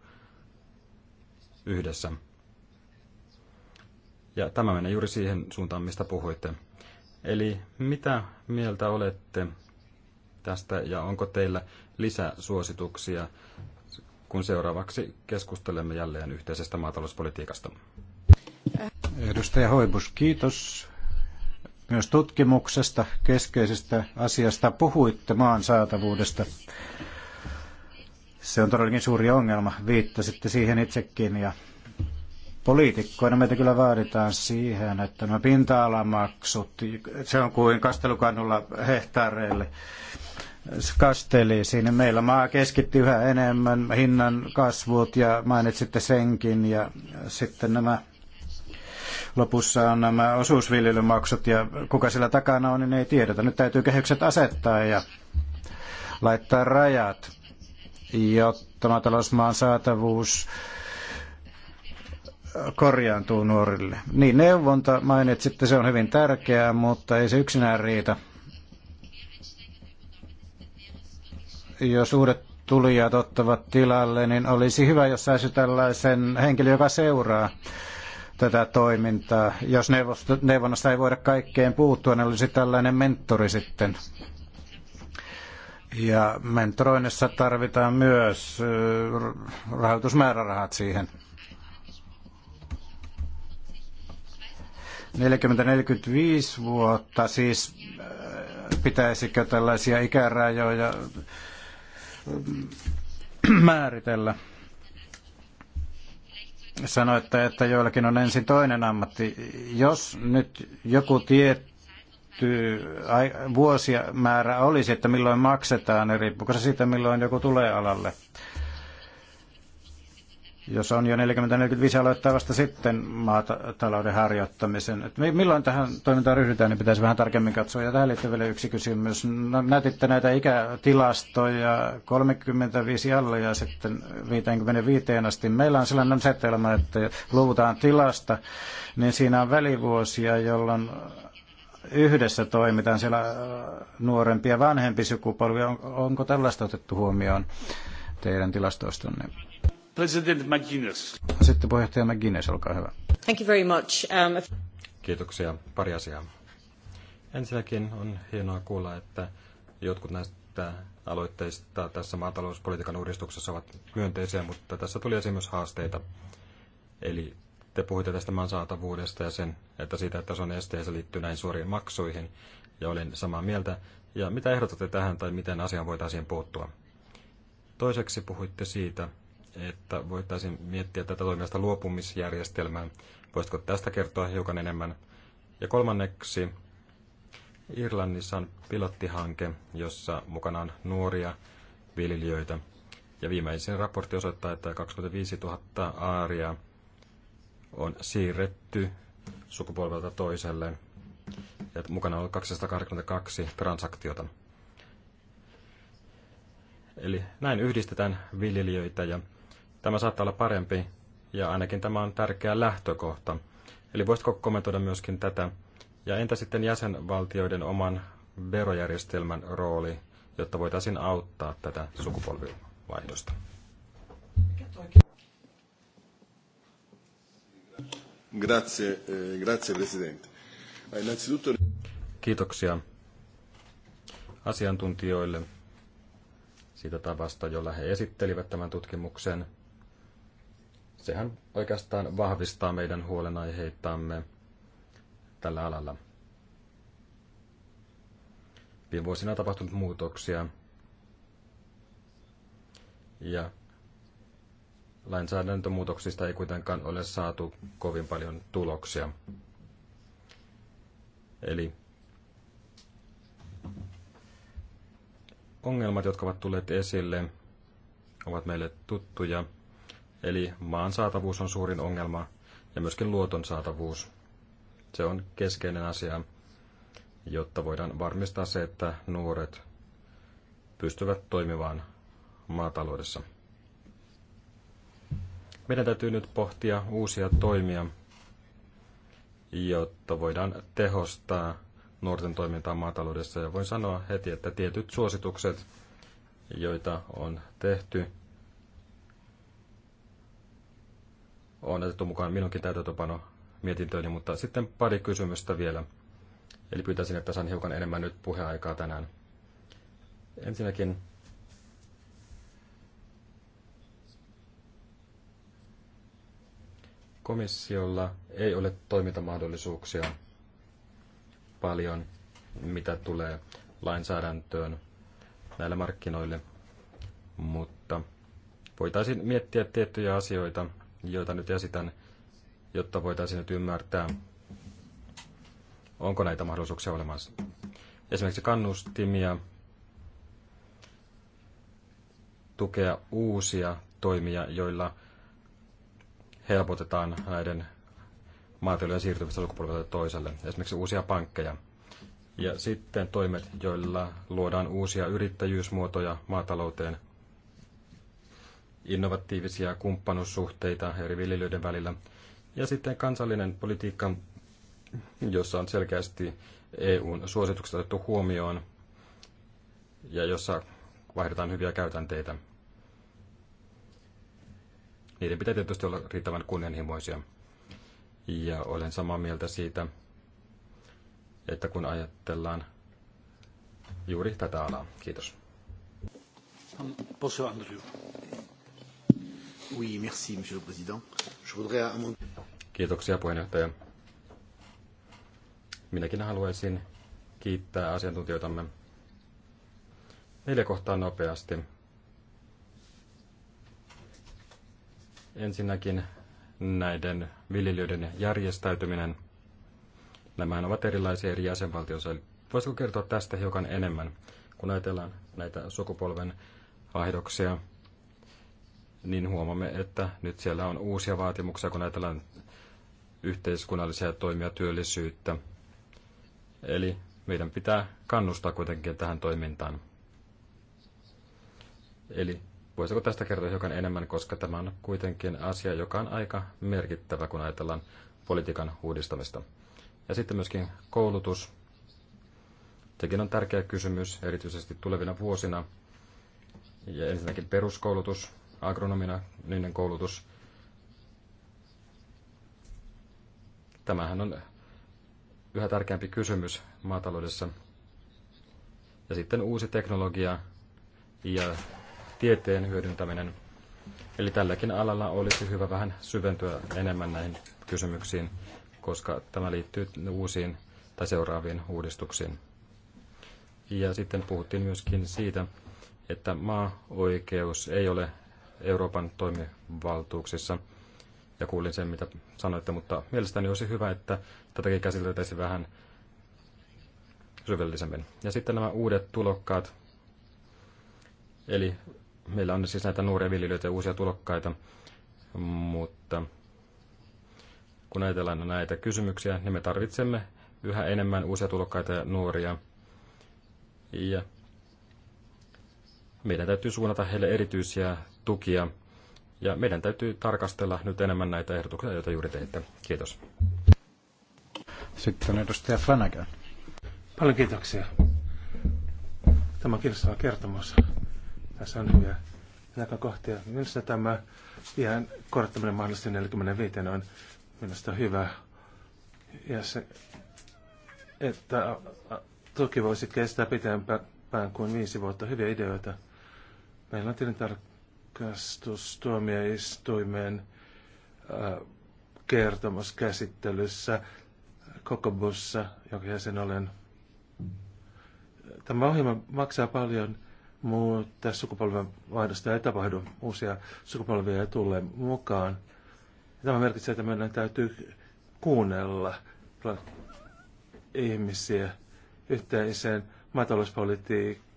yhdessä. Ja tämä menee juuri siihen suuntaan, mistä puhuitte. Eli mitä mieltä olette tästä ja onko teillä lisäsuosituksia, kun seuraavaksi keskustelemme jälleen yhteisestä maatalouspolitiikasta? Edustaja Hoibus, kiitos myös tutkimuksesta, keskeisestä asiasta. Puhuitte maan saatavuudesta. Se on todellakin suuri ongelma. Viittasitte siihen itsekin ja poliitikkoina meitä kyllä vaaditaan siihen, että nämä pinta-alamaksut, se on kuin kastelukannulla hehtaareille. Kasteliisiin, niin meillä maa keskittyy yhä enemmän, hinnan kasvut ja mainitsitte senkin ja sitten nämä lopussa on nämä osuusviljelymaksut ja kuka sillä takana on, niin ei tiedetä. Nyt täytyy kehykset asettaa ja laittaa rajat, jotta maatalousmaan saatavuus korjaantuu nuorille. Niin neuvonta mainitsitte, se on hyvin tärkeää, mutta ei se yksinään riitä. jos uudet tulijat ottavat tilalle, niin olisi hyvä, jos saisi tällaisen henkilön, joka seuraa tätä toimintaa. Jos neuvosto, neuvonnassa ei voida kaikkeen puuttua, niin olisi tällainen mentori sitten. Ja mentoroinnissa tarvitaan myös äh, rahoitusmäärärahat siihen. 40-45 vuotta, siis äh, pitäisikö tällaisia ikärajoja Ähm, määritellä. Sanoitte, että joillakin on ensin toinen ammatti. Jos nyt joku tietty vuosimäärä olisi, että milloin maksetaan, niin riippuuko se siitä, milloin joku tulee alalle? jos on jo 40-45 aloittaa vasta sitten maatalouden harjoittamisen. Et milloin tähän toimintaan ryhdytään, niin pitäisi vähän tarkemmin katsoa. Ja tähän liittyy vielä yksi kysymys. No, näytitte näitä ikätilastoja 35 alle ja sitten 55 asti. Meillä on sellainen setelmä, että luvutaan tilasta, niin siinä on välivuosia, jolloin yhdessä toimitaan siellä äh, nuorempi ja vanhempi sukupolvi. onko tällaista otettu huomioon teidän tilastoistonne? President McGuinness. Sitten puheenjohtaja McGuinness, olkaa hyvä. Thank you very much. Um... Kiitoksia. Pari asiaa. Ensinnäkin on hienoa kuulla, että jotkut näistä aloitteista tässä maatalouspolitiikan uudistuksessa ovat myönteisiä, mutta tässä tuli esiin myös haasteita. Eli te puhuitte tästä maan saatavuudesta ja sen, että siitä, että se on esteensä liittyy näin suoriin maksuihin, ja olen samaa mieltä. Ja mitä ehdotatte tähän tai miten asiaan voitaisiin puuttua? Toiseksi puhuitte siitä, että voitaisiin miettiä tätä toimijasta luopumisjärjestelmää. Voisitko tästä kertoa hiukan enemmän? Ja kolmanneksi, Irlannissa on pilottihanke, jossa mukana on nuoria viljelijöitä. Ja viimeisin raportti osoittaa, että 25 000 aaria on siirretty sukupolvelta toiselle. Ja mukana on 282 transaktiota. Eli näin yhdistetään viljelijöitä ja Tämä saattaa olla parempi ja ainakin tämä on tärkeä lähtökohta. Eli voisitko kommentoida myöskin tätä? Ja entä sitten jäsenvaltioiden oman verojärjestelmän rooli, jotta voitaisiin auttaa tätä sukupolvivaihdosta? Grazie, eh, grazie Presidente. Eh, innanzitutto... Kiitoksia asiantuntijoille siitä tavasta, jolla he esittelivät tämän tutkimuksen – sehän oikeastaan vahvistaa meidän huolenaiheitamme tällä alalla. Viime vuosina on tapahtunut muutoksia ja lainsäädäntömuutoksista ei kuitenkaan ole saatu kovin paljon tuloksia. Eli ongelmat, jotka ovat tulleet esille, ovat meille tuttuja – Eli maan saatavuus on suurin ongelma ja myöskin luoton saatavuus. Se on keskeinen asia, jotta voidaan varmistaa se, että nuoret pystyvät toimimaan maataloudessa. Meidän täytyy nyt pohtia uusia toimia, jotta voidaan tehostaa nuorten toimintaa maataloudessa. Ja voin sanoa heti, että tietyt suositukset, joita on tehty, on otettu mukaan minunkin täytäntöpano mietintööni, mutta sitten pari kysymystä vielä. Eli pyytäisin, että saan hiukan enemmän nyt puheaikaa tänään. Ensinnäkin komissiolla ei ole toimintamahdollisuuksia paljon, mitä tulee lainsäädäntöön näille markkinoille, mutta voitaisiin miettiä tiettyjä asioita, joita nyt esitän, jotta voitaisiin nyt ymmärtää, onko näitä mahdollisuuksia olemassa. Esimerkiksi kannustimia tukea uusia toimia, joilla helpotetaan näiden maatilojen siirtymistä sukupolvelta toiselle, esimerkiksi uusia pankkeja. Ja sitten toimet, joilla luodaan uusia yrittäjyysmuotoja maatalouteen, innovatiivisia kumppanuussuhteita eri viljelijöiden välillä. Ja sitten kansallinen politiikka, jossa on selkeästi EUn suositukset otettu huomioon ja jossa vaihdetaan hyviä käytänteitä. Niiden pitää tietysti olla riittävän kunnianhimoisia. Ja olen samaa mieltä siitä, että kun ajatellaan juuri tätä alaa. Kiitos. Andrew. Oui, merci, monsieur le président. Je voudrais... Kiitoksia puheenjohtaja. Minäkin haluaisin kiittää asiantuntijoitamme. Neljä kohtaa nopeasti. Ensinnäkin näiden viljelijöiden järjestäytyminen. Nämähän ovat erilaisia eri jäsenvaltioissa. Voisiko kertoa tästä hiukan enemmän, kun ajatellaan näitä sukupolven vaihdoksia, niin huomamme, että nyt siellä on uusia vaatimuksia, kun ajatellaan yhteiskunnallisia toimia, työllisyyttä. Eli meidän pitää kannustaa kuitenkin tähän toimintaan. Eli voisiko tästä kertoa hiukan enemmän, koska tämä on kuitenkin asia, joka on aika merkittävä, kun ajatellaan politiikan uudistamista. Ja sitten myöskin koulutus. Sekin on tärkeä kysymys, erityisesti tulevina vuosina. Ja ensinnäkin peruskoulutus, agronomina, niiden koulutus. Tämähän on yhä tärkeämpi kysymys maataloudessa. Ja sitten uusi teknologia ja tieteen hyödyntäminen. Eli tälläkin alalla olisi hyvä vähän syventyä enemmän näihin kysymyksiin, koska tämä liittyy uusiin tai seuraaviin uudistuksiin. Ja sitten puhuttiin myöskin siitä, että oikeus ei ole Euroopan toimivaltuuksissa ja kuulin sen, mitä sanoitte, mutta mielestäni olisi hyvä, että tätäkin käsiteltäisiin vähän syvällisemmin. Ja sitten nämä uudet tulokkaat, eli meillä on siis näitä nuoria viljelijöitä ja uusia tulokkaita, mutta kun ajatellaan näitä kysymyksiä, niin me tarvitsemme yhä enemmän uusia tulokkaita ja nuoria. Ja meidän täytyy suunnata heille erityisiä tukia. Ja meidän täytyy tarkastella nyt enemmän näitä ehdotuksia, joita juuri teitte. Kiitos. Sitten edustaja Flanagan. Paljon kiitoksia. Tämä on kiinnostava kertomus. Tässä on hyviä näkökohtia. Minusta tämä iän korottaminen mahdollisesti 45 on minusta hyvä. Ja se, että tuki voisi kestää pitempään kuin viisi vuotta. Hyviä ideoita. Meillä on tilintarkastustuomioistuimen kertomus käsittelyssä Kokobussa, jonka jäsen olen. Tämä ohjelma maksaa paljon, mutta sukupolven vaihdosta ei tapahdu. Uusia sukupolvia ei tule mukaan. Tämä merkitsee, että meidän täytyy kuunnella ihmisiä yhteiseen maatalouspolitiikkaan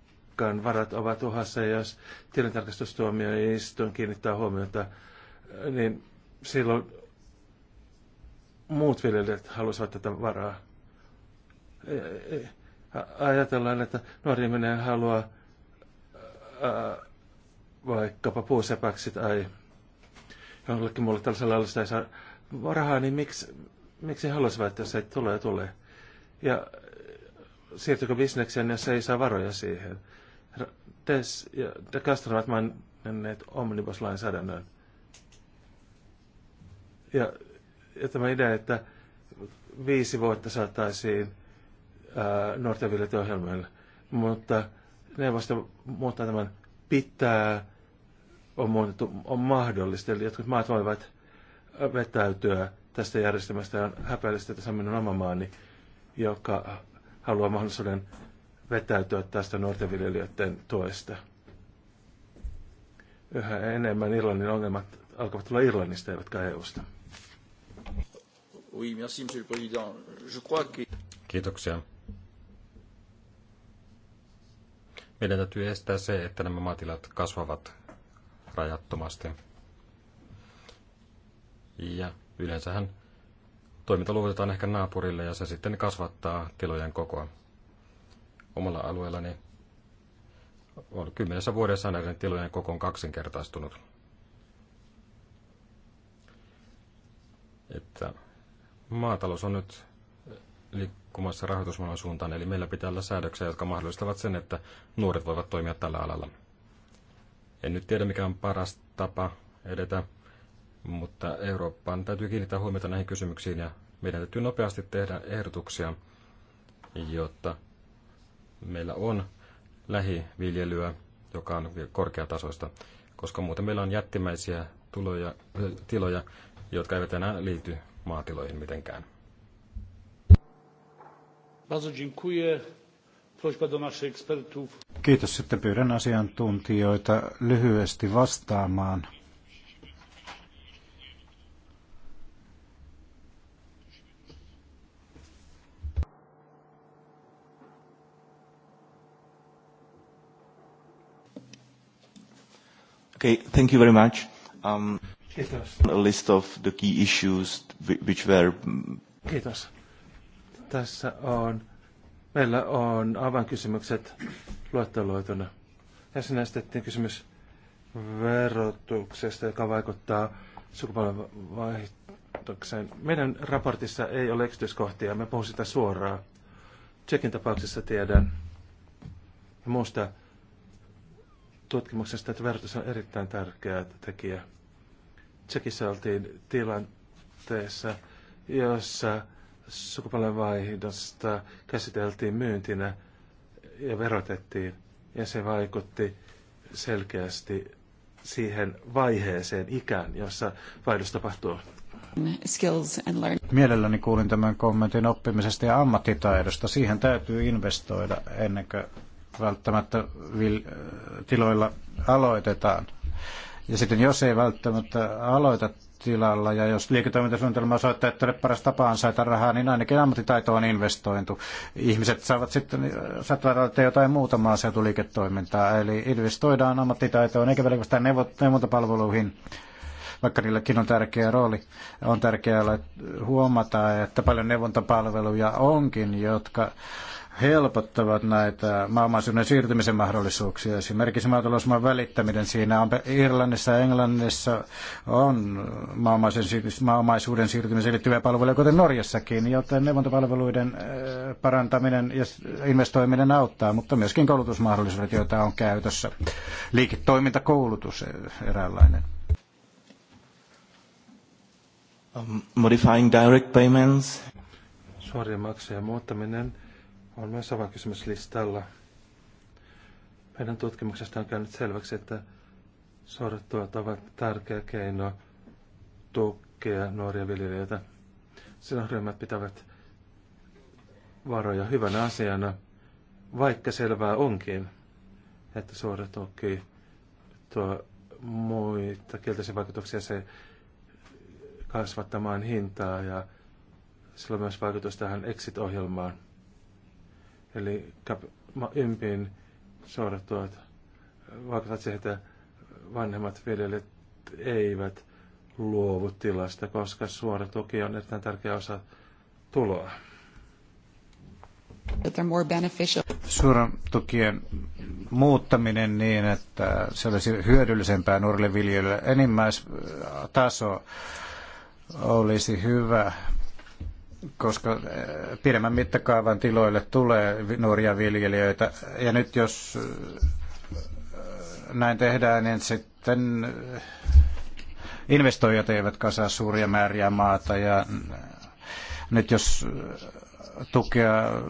Kreikan varat ovat uhassa, ja jos tilintarkastustuomioistuin kiinnittää huomiota, niin silloin muut viljelijät halusivat tätä varaa. E, e, ajatellaan, että nuori ihminen haluaa vaikkapa puusepäksi tai jollekin muulle tällaisella alusta ei saa rahaa, niin miksi, miksi haluaisivat, että se tulee ja tulee? Ja siirtyykö bisnekseen, jos ei saa varoja siihen? tes ja De Castro ovat maininneet omnibuslainsäädännön. Ja, ja tämä idea, että viisi vuotta saataisiin nuorten ohjelmalle, mutta neuvosto muuttaa tämän pitää, on muutettu, on mahdollista. Eli jotkut maat voivat vetäytyä tästä järjestelmästä. On häpeällistä, että se on minun oma maani, joka haluaa mahdollisuuden vetäytyä tästä nuorten viljelijöiden tuesta. Yhä enemmän Irlannin ongelmat alkavat tulla Irlannista eivätkä EUsta. Kiitoksia. Meidän täytyy estää se, että nämä maatilat kasvavat rajattomasti. Ja yleensähän toiminta luovutetaan ehkä naapurille ja se sitten kasvattaa tilojen kokoa omalla alueellani on kymmenessä vuodessa näiden tilojen koko on kaksinkertaistunut. Että maatalous on nyt liikkumassa rahoitusmaailman suuntaan, eli meillä pitää olla säädöksiä, jotka mahdollistavat sen, että nuoret voivat toimia tällä alalla. En nyt tiedä, mikä on paras tapa edetä, mutta Eurooppaan täytyy kiinnittää huomiota näihin kysymyksiin ja meidän täytyy nopeasti tehdä ehdotuksia, jotta meillä on lähiviljelyä, joka on korkeatasoista, koska muuten meillä on jättimäisiä tuloja, äh, tiloja, jotka eivät enää liity maatiloihin mitenkään. Kiitos. Sitten pyydän asiantuntijoita lyhyesti vastaamaan Okay, thank you very much. Um, Kiitos. A list of the key issues which were... Mm, Kiitos. Tässä on, meillä on avainkysymykset luetteloituna. Ensin esitettiin kysymys verotuksesta, joka vaikuttaa sukupolvenvaihtokseen. Meidän raportissa ei ole yksityiskohtia, me puhumme sitä suoraan. Tsekin tapauksessa tiedän ja muusta tutkimuksesta, että verotus on erittäin tärkeä tekijä. Tsekissä oltiin tilanteessa, jossa sukupolvenvaihdosta käsiteltiin myyntinä ja verotettiin. Ja se vaikutti selkeästi siihen vaiheeseen ikään, jossa vaihdos tapahtuu. Skills and learn. Mielelläni kuulin tämän kommentin oppimisesta ja ammattitaidosta. Siihen täytyy investoida ennen kuin välttämättä tiloilla aloitetaan. Ja sitten jos ei välttämättä aloita tilalla ja jos liiketoimintasuunnitelma osoittaa, että ole paras tapa ansaita rahaa, niin ainakin ammattitaito on investointu. Ihmiset saavat sitten, saattavat aloittaa jotain muuta maaseutuliiketoimintaa, eli investoidaan ammattitaitoon eikä pelkästään neuvontapalveluihin vaikka niilläkin on tärkeä rooli, on tärkeää huomata, että paljon neuvontapalveluja onkin, jotka helpottavat näitä maamaisuuden siirtymisen mahdollisuuksia. Esimerkiksi maatalousmaan välittäminen siinä on Irlannissa ja Englannissa on maamaisuuden siirtymiseen liittyviä palveluja, kuten Norjassakin, joten neuvontapalveluiden äh, parantaminen ja investoiminen auttaa, mutta myöskin koulutusmahdollisuudet, joita on käytössä. Liiketoimintakoulutus e- eräänlainen. Um, modifying direct payments. Suorien maksujen muuttaminen on myös avainkysymyslistalla. Meidän tutkimuksesta on käynyt selväksi, että sortuat ovat tärkeä keino tukea nuoria viljelijöitä. Silloin ryhmät pitävät varoja hyvänä asiana, vaikka selvää onkin, että suora tuo muita kielteisiä vaikutuksia se kasvattamaan hintaa ja sillä on myös vaikutus tähän exit-ohjelmaan – Eli ympin suorat tuot vaikuttavat se, että vanhemmat viljelijät eivät luovu tilasta, koska suora tuki on erittäin tärkeä osa tuloa. Suoran tukien muuttaminen niin, että se olisi hyödyllisempää nuorille viljelijöille. Enimmäistaso olisi hyvä koska eh, pidemmän mittakaavan tiloille tulee nuoria viljelijöitä. Ja nyt jos eh, näin tehdään, niin sitten eh, investoijat eivät kasaa suuria määriä maata ja nyt jos tukea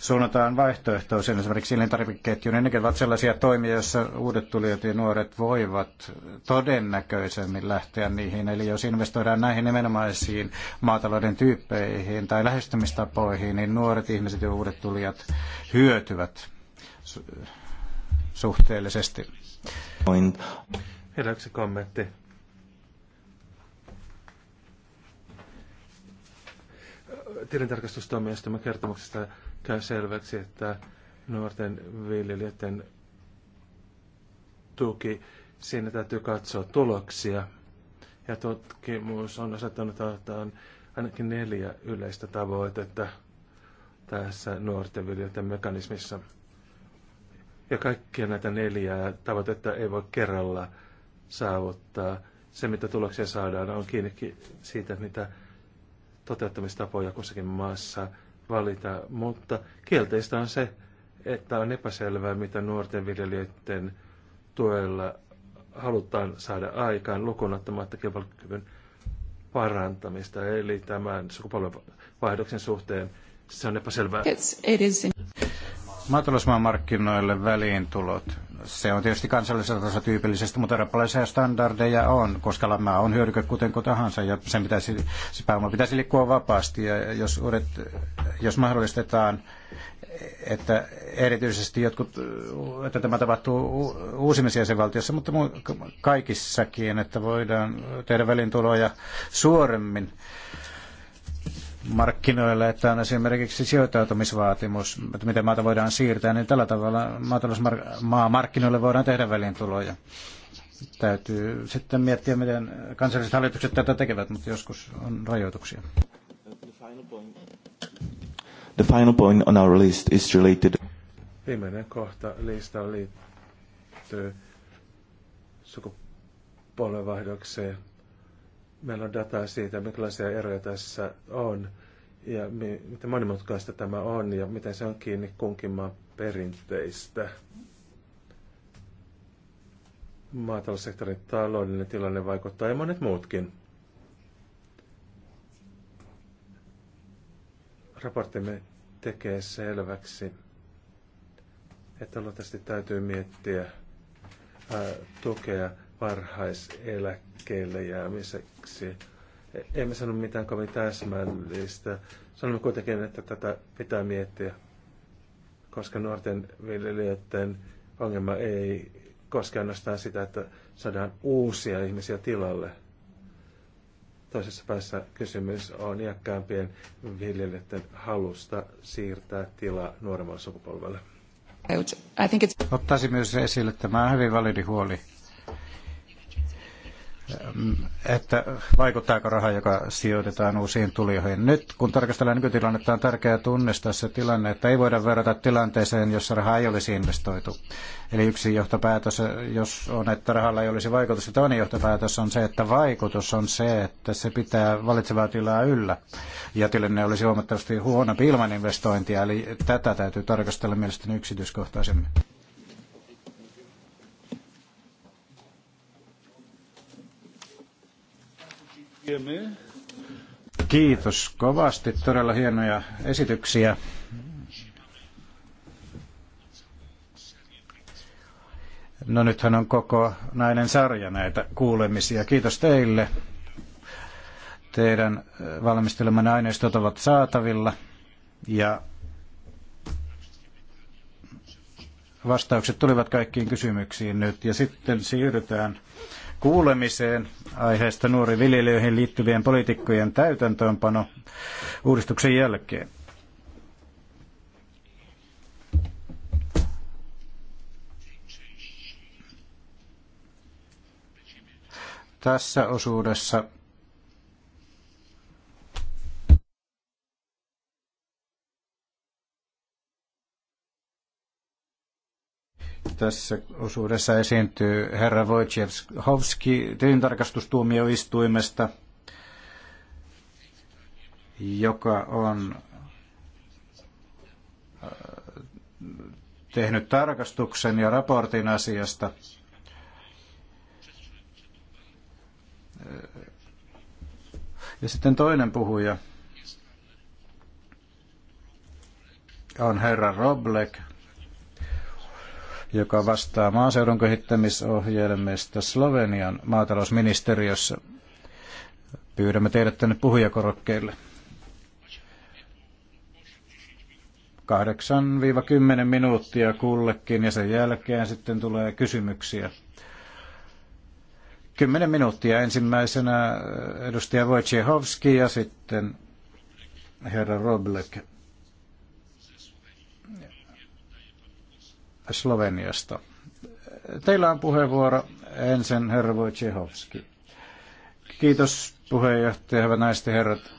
suunnataan vaihtoehtoisiin esimerkiksi elintarvikeketjuun. Niin nekin ovat sellaisia toimia, joissa uudet tulijat ja nuoret voivat todennäköisemmin lähteä niihin. Eli jos investoidaan näihin nimenomaisiin maatalouden tyyppeihin tai lähestymistapoihin, niin nuoret ihmiset ja uudet tulijat hyötyvät suhteellisesti. Vielä yksi kommentti tilintarkastustoimijastamme kertomuksesta käy selväksi, että nuorten viljelijöiden tuki, siinä täytyy katsoa tuloksia. Ja tutkimus on asettanut on ainakin neljä yleistä tavoitetta tässä nuorten viljelijöiden mekanismissa. Ja kaikkia näitä neljää tavoitetta ei voi kerralla saavuttaa. Se, mitä tuloksia saadaan, on kiinni siitä, mitä toteuttamistapoja kussakin maassa valita, mutta kielteistä on se, että on epäselvää, mitä nuorten viljelijöiden tuella halutaan saada aikaan lukunottamatta kilpailukyvyn parantamista, eli tämän sukupolvenvaihdoksen suhteen se on epäselvää. Maatalousmaan markkinoille väliintulot se on tietysti kansallisella tasolla tyypillisesti, mutta eurooppalaisia standardeja on, koska lama on hyödyke kuten tahansa ja sen pitäisi, se pääoma pitäisi liikkua vapaasti. Ja jos, uudet, jos mahdollistetaan, että erityisesti jotkut, että tämä tapahtuu uusimmissa jäsenvaltioissa, mutta kaikissakin, että voidaan tehdä välintuloja suoremmin markkinoille, että on esimerkiksi sijoittautumisvaatimus, että miten maata voidaan siirtää, niin tällä tavalla maatalousmaa markkinoille voidaan tehdä välintuloja. Täytyy sitten miettiä, miten kansalliset hallitukset tätä tekevät, mutta joskus on rajoituksia. The final point on our list is related. Viimeinen kohta listaa liittyy sukupolvenvaihdokseen meillä on dataa siitä, minkälaisia eroja tässä on ja mi- miten monimutkaista tämä on ja miten se on kiinni kunkin maan perinteistä. Maataloussektorin taloudellinen tilanne vaikuttaa ja monet muutkin. Raporttimme tekee selväksi, että luultavasti täytyy miettiä ää, tukea varhaiseläkkeelle jäämiseksi. Emme sano mitään kovin täsmällistä. Sanomme kuitenkin, että tätä pitää miettiä, koska nuorten viljelijöiden ongelma ei koske ainoastaan sitä, että saadaan uusia ihmisiä tilalle. Toisessa päässä kysymys on iäkkäämpien viljelijöiden halusta siirtää tila nuoremmalle sukupolvelle. Ottaisin myös esille, että tämä hyvin validi huoli että vaikuttaako raha, joka sijoitetaan uusiin tulijoihin. Nyt kun tarkastellaan nykytilannetta, on tärkeää tunnistaa se tilanne, että ei voida verrata tilanteeseen, jossa raha ei olisi investoitu. Eli yksi johtopäätös, jos on, että rahalla ei olisi vaikutusta, toinen johtopäätös on se, että vaikutus on se, että se pitää valitsevaa tilaa yllä. Ja tilanne olisi huomattavasti huonompi ilman investointia, eli tätä täytyy tarkastella mielestäni yksityiskohtaisemmin. Kiitos kovasti. Todella hienoja esityksiä. No nythän on koko näinen sarja näitä kuulemisia. Kiitos teille. Teidän eh, valmistelemanne aineistot ovat saatavilla ja vastaukset tulivat kaikkiin kysymyksiin nyt ja sitten siirrytään kuulemiseen aiheesta nuori viljelijöihin liittyvien poliitikkojen täytäntöönpano uudistuksen jälkeen. Tässä osuudessa tässä osuudessa esiintyy herra Wojciechowski tilintarkastustuomioistuimesta, joka on äh, tehnyt tarkastuksen ja raportin asiasta. Ja sitten toinen puhuja on herra Roblek, joka vastaa maaseudun kehittämisohjelmista Slovenian maatalousministeriössä. Pyydämme teidät tänne puhujakorokkeille. 8-10 minuuttia kullekin ja sen jälkeen sitten tulee kysymyksiä. 10 minuuttia ensimmäisenä edustaja Wojciechowski ja sitten herra Roblek. Sloveniasta. Teillä on puheenvuoro ensin herra Wojciechowski. Kiitos puheenjohtaja, hyvät naiset ja herrat.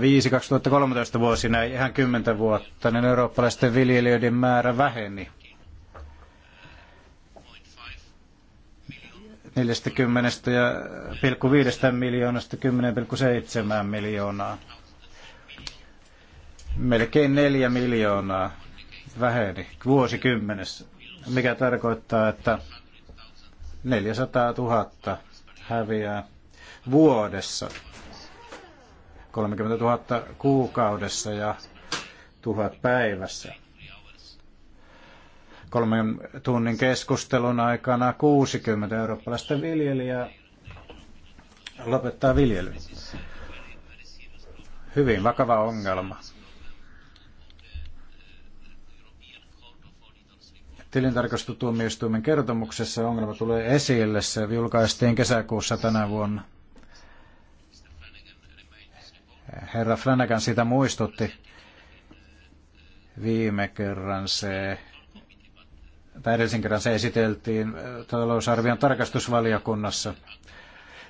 vuosi 2013 vuosina, ihan kymmentä vuotta, niin eurooppalaisten viljelijöiden määrä väheni 40,5 miljoonasta 10,7 miljoonaa. Melkein 4 miljoonaa väheni vuosikymmenessä, mikä tarkoittaa, että 400 000 häviää vuodessa, 30 000 kuukaudessa ja tuhat päivässä kolmen tunnin keskustelun aikana 60 eurooppalaista viljelijää lopettaa viljelyn. Hyvin vakava ongelma. Tilintarkastustuomioistuimen kertomuksessa ongelma tulee esille. Se julkaistiin kesäkuussa tänä vuonna. Herra Flanagan sitä muistutti viime kerran. Se tai edellisen kerran se esiteltiin talousarvion tarkastusvaliokunnassa,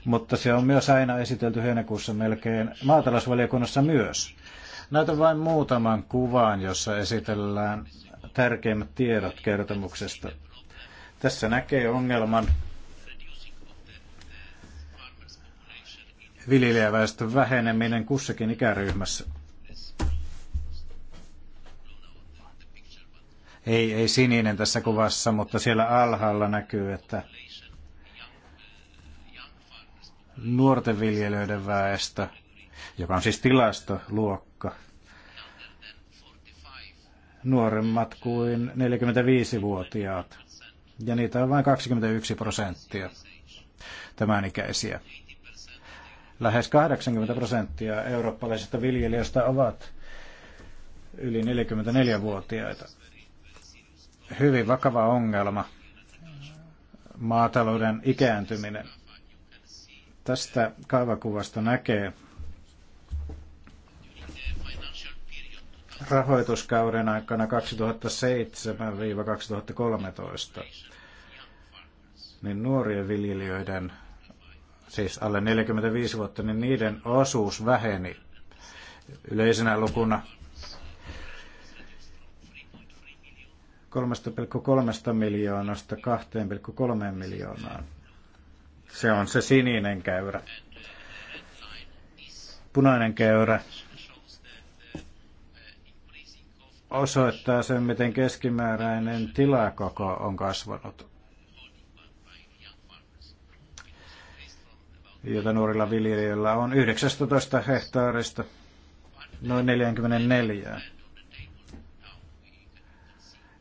mutta se on myös aina esitelty heinäkuussa melkein maatalousvaliokunnassa myös. Näytän vain muutaman kuvan, jossa esitellään tärkeimmät tiedot kertomuksesta. Tässä näkee ongelman viljelijäväestön väheneminen kussakin ikäryhmässä. ei, ei sininen tässä kuvassa, mutta siellä alhaalla näkyy, että nuorten viljelijöiden väestö, joka on siis tilastoluokka, nuoremmat kuin 45-vuotiaat. Ja niitä on vain 21 prosenttia tämän ikäisiä. Lähes 80 prosenttia eurooppalaisista viljelijöistä ovat yli 44-vuotiaita hyvin vakava ongelma, maatalouden ikääntyminen. Tästä kaivakuvasta näkee rahoituskauden aikana 2007-2013, niin nuorien viljelijöiden, siis alle 45 vuotta, niin niiden osuus väheni yleisenä lukuna 3,3 miljoonasta 2,3 miljoonaan. Se on se sininen käyrä. Punainen käyrä osoittaa sen, miten keskimääräinen tilakoko on kasvanut, jota nuorilla viljelijöillä on 19 hehtaarista noin 44.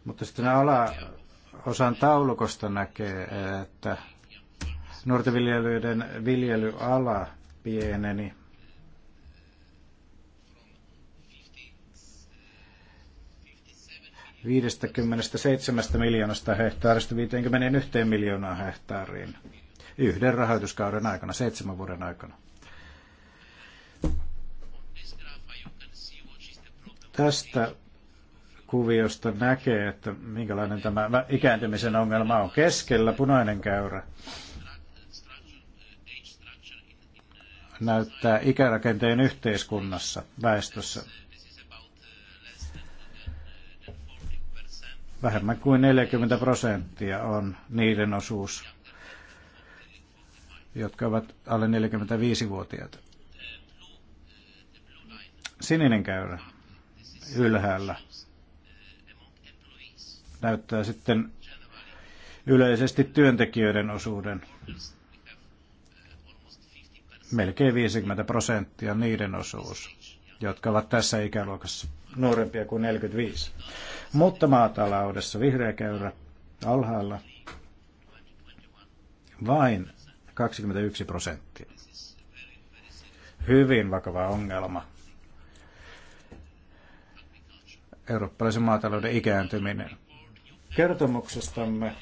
Mutta sitten osan taulukosta näkee, että nuorten viljelyiden viljelyala pieneni 57 miljoonasta hehtaarista 51 miljoonaa hehtaariin yhden rahoituskauden aikana, seitsemän vuoden aikana. Tästä kuviosta näkee, että minkälainen tämä ikääntymisen ongelma on keskellä, punainen käyrä. näyttää ikärakenteen yhteiskunnassa, väestössä. Vähemmän kuin 40 prosenttia on niiden osuus, jotka ovat alle 45-vuotiaita. Sininen käyrä ylhäällä näyttää sitten yleisesti työntekijöiden osuuden. Melkein 50 prosenttia niiden osuus, jotka ovat tässä ikäluokassa nuorempia kuin 45. Mutta maataloudessa vihreä käyrä alhaalla vain 21 prosenttia. Hyvin vakava ongelma. Eurooppalaisen maatalouden ikääntyminen kertomuksestamme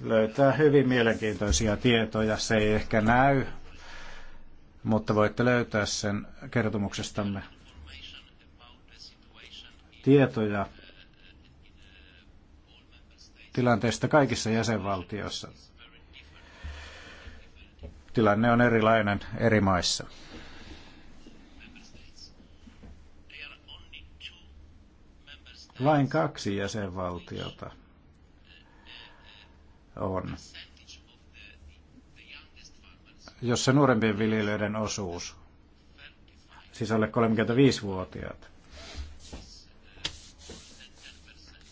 löytää hyvin mielenkiintoisia tietoja. Se ei ehkä näy, mutta voitte löytää sen kertomuksestamme tietoja tilanteesta kaikissa jäsenvaltioissa. Tilanne on erilainen eri maissa. Vain kaksi jäsenvaltiota on. Jos se nuorempien viljelijöiden osuus, siis alle 35-vuotiaat,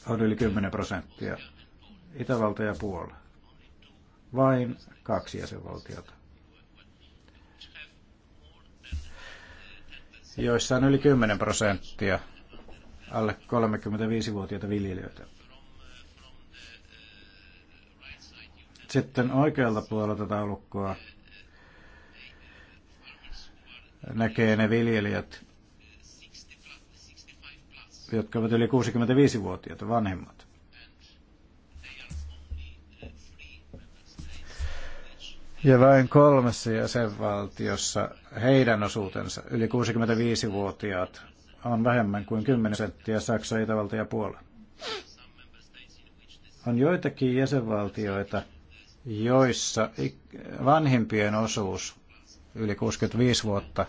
on yli 10 prosenttia, Itävalta ja Puola, vain kaksi jäsenvaltiota. joissa on yli 10 prosenttia alle 35-vuotiaita viljelijöitä. Sitten oikealta puolelta taulukkoa näkee ne viljelijät, jotka ovat yli 65-vuotiaita vanhemmat. Ja vain kolmessa jäsenvaltiossa heidän osuutensa, yli 65-vuotiaat, on vähemmän kuin 10 senttiä Saksa, Itävalta ja Puola. On joitakin jäsenvaltioita, joissa vanhimpien osuus yli 65 vuotta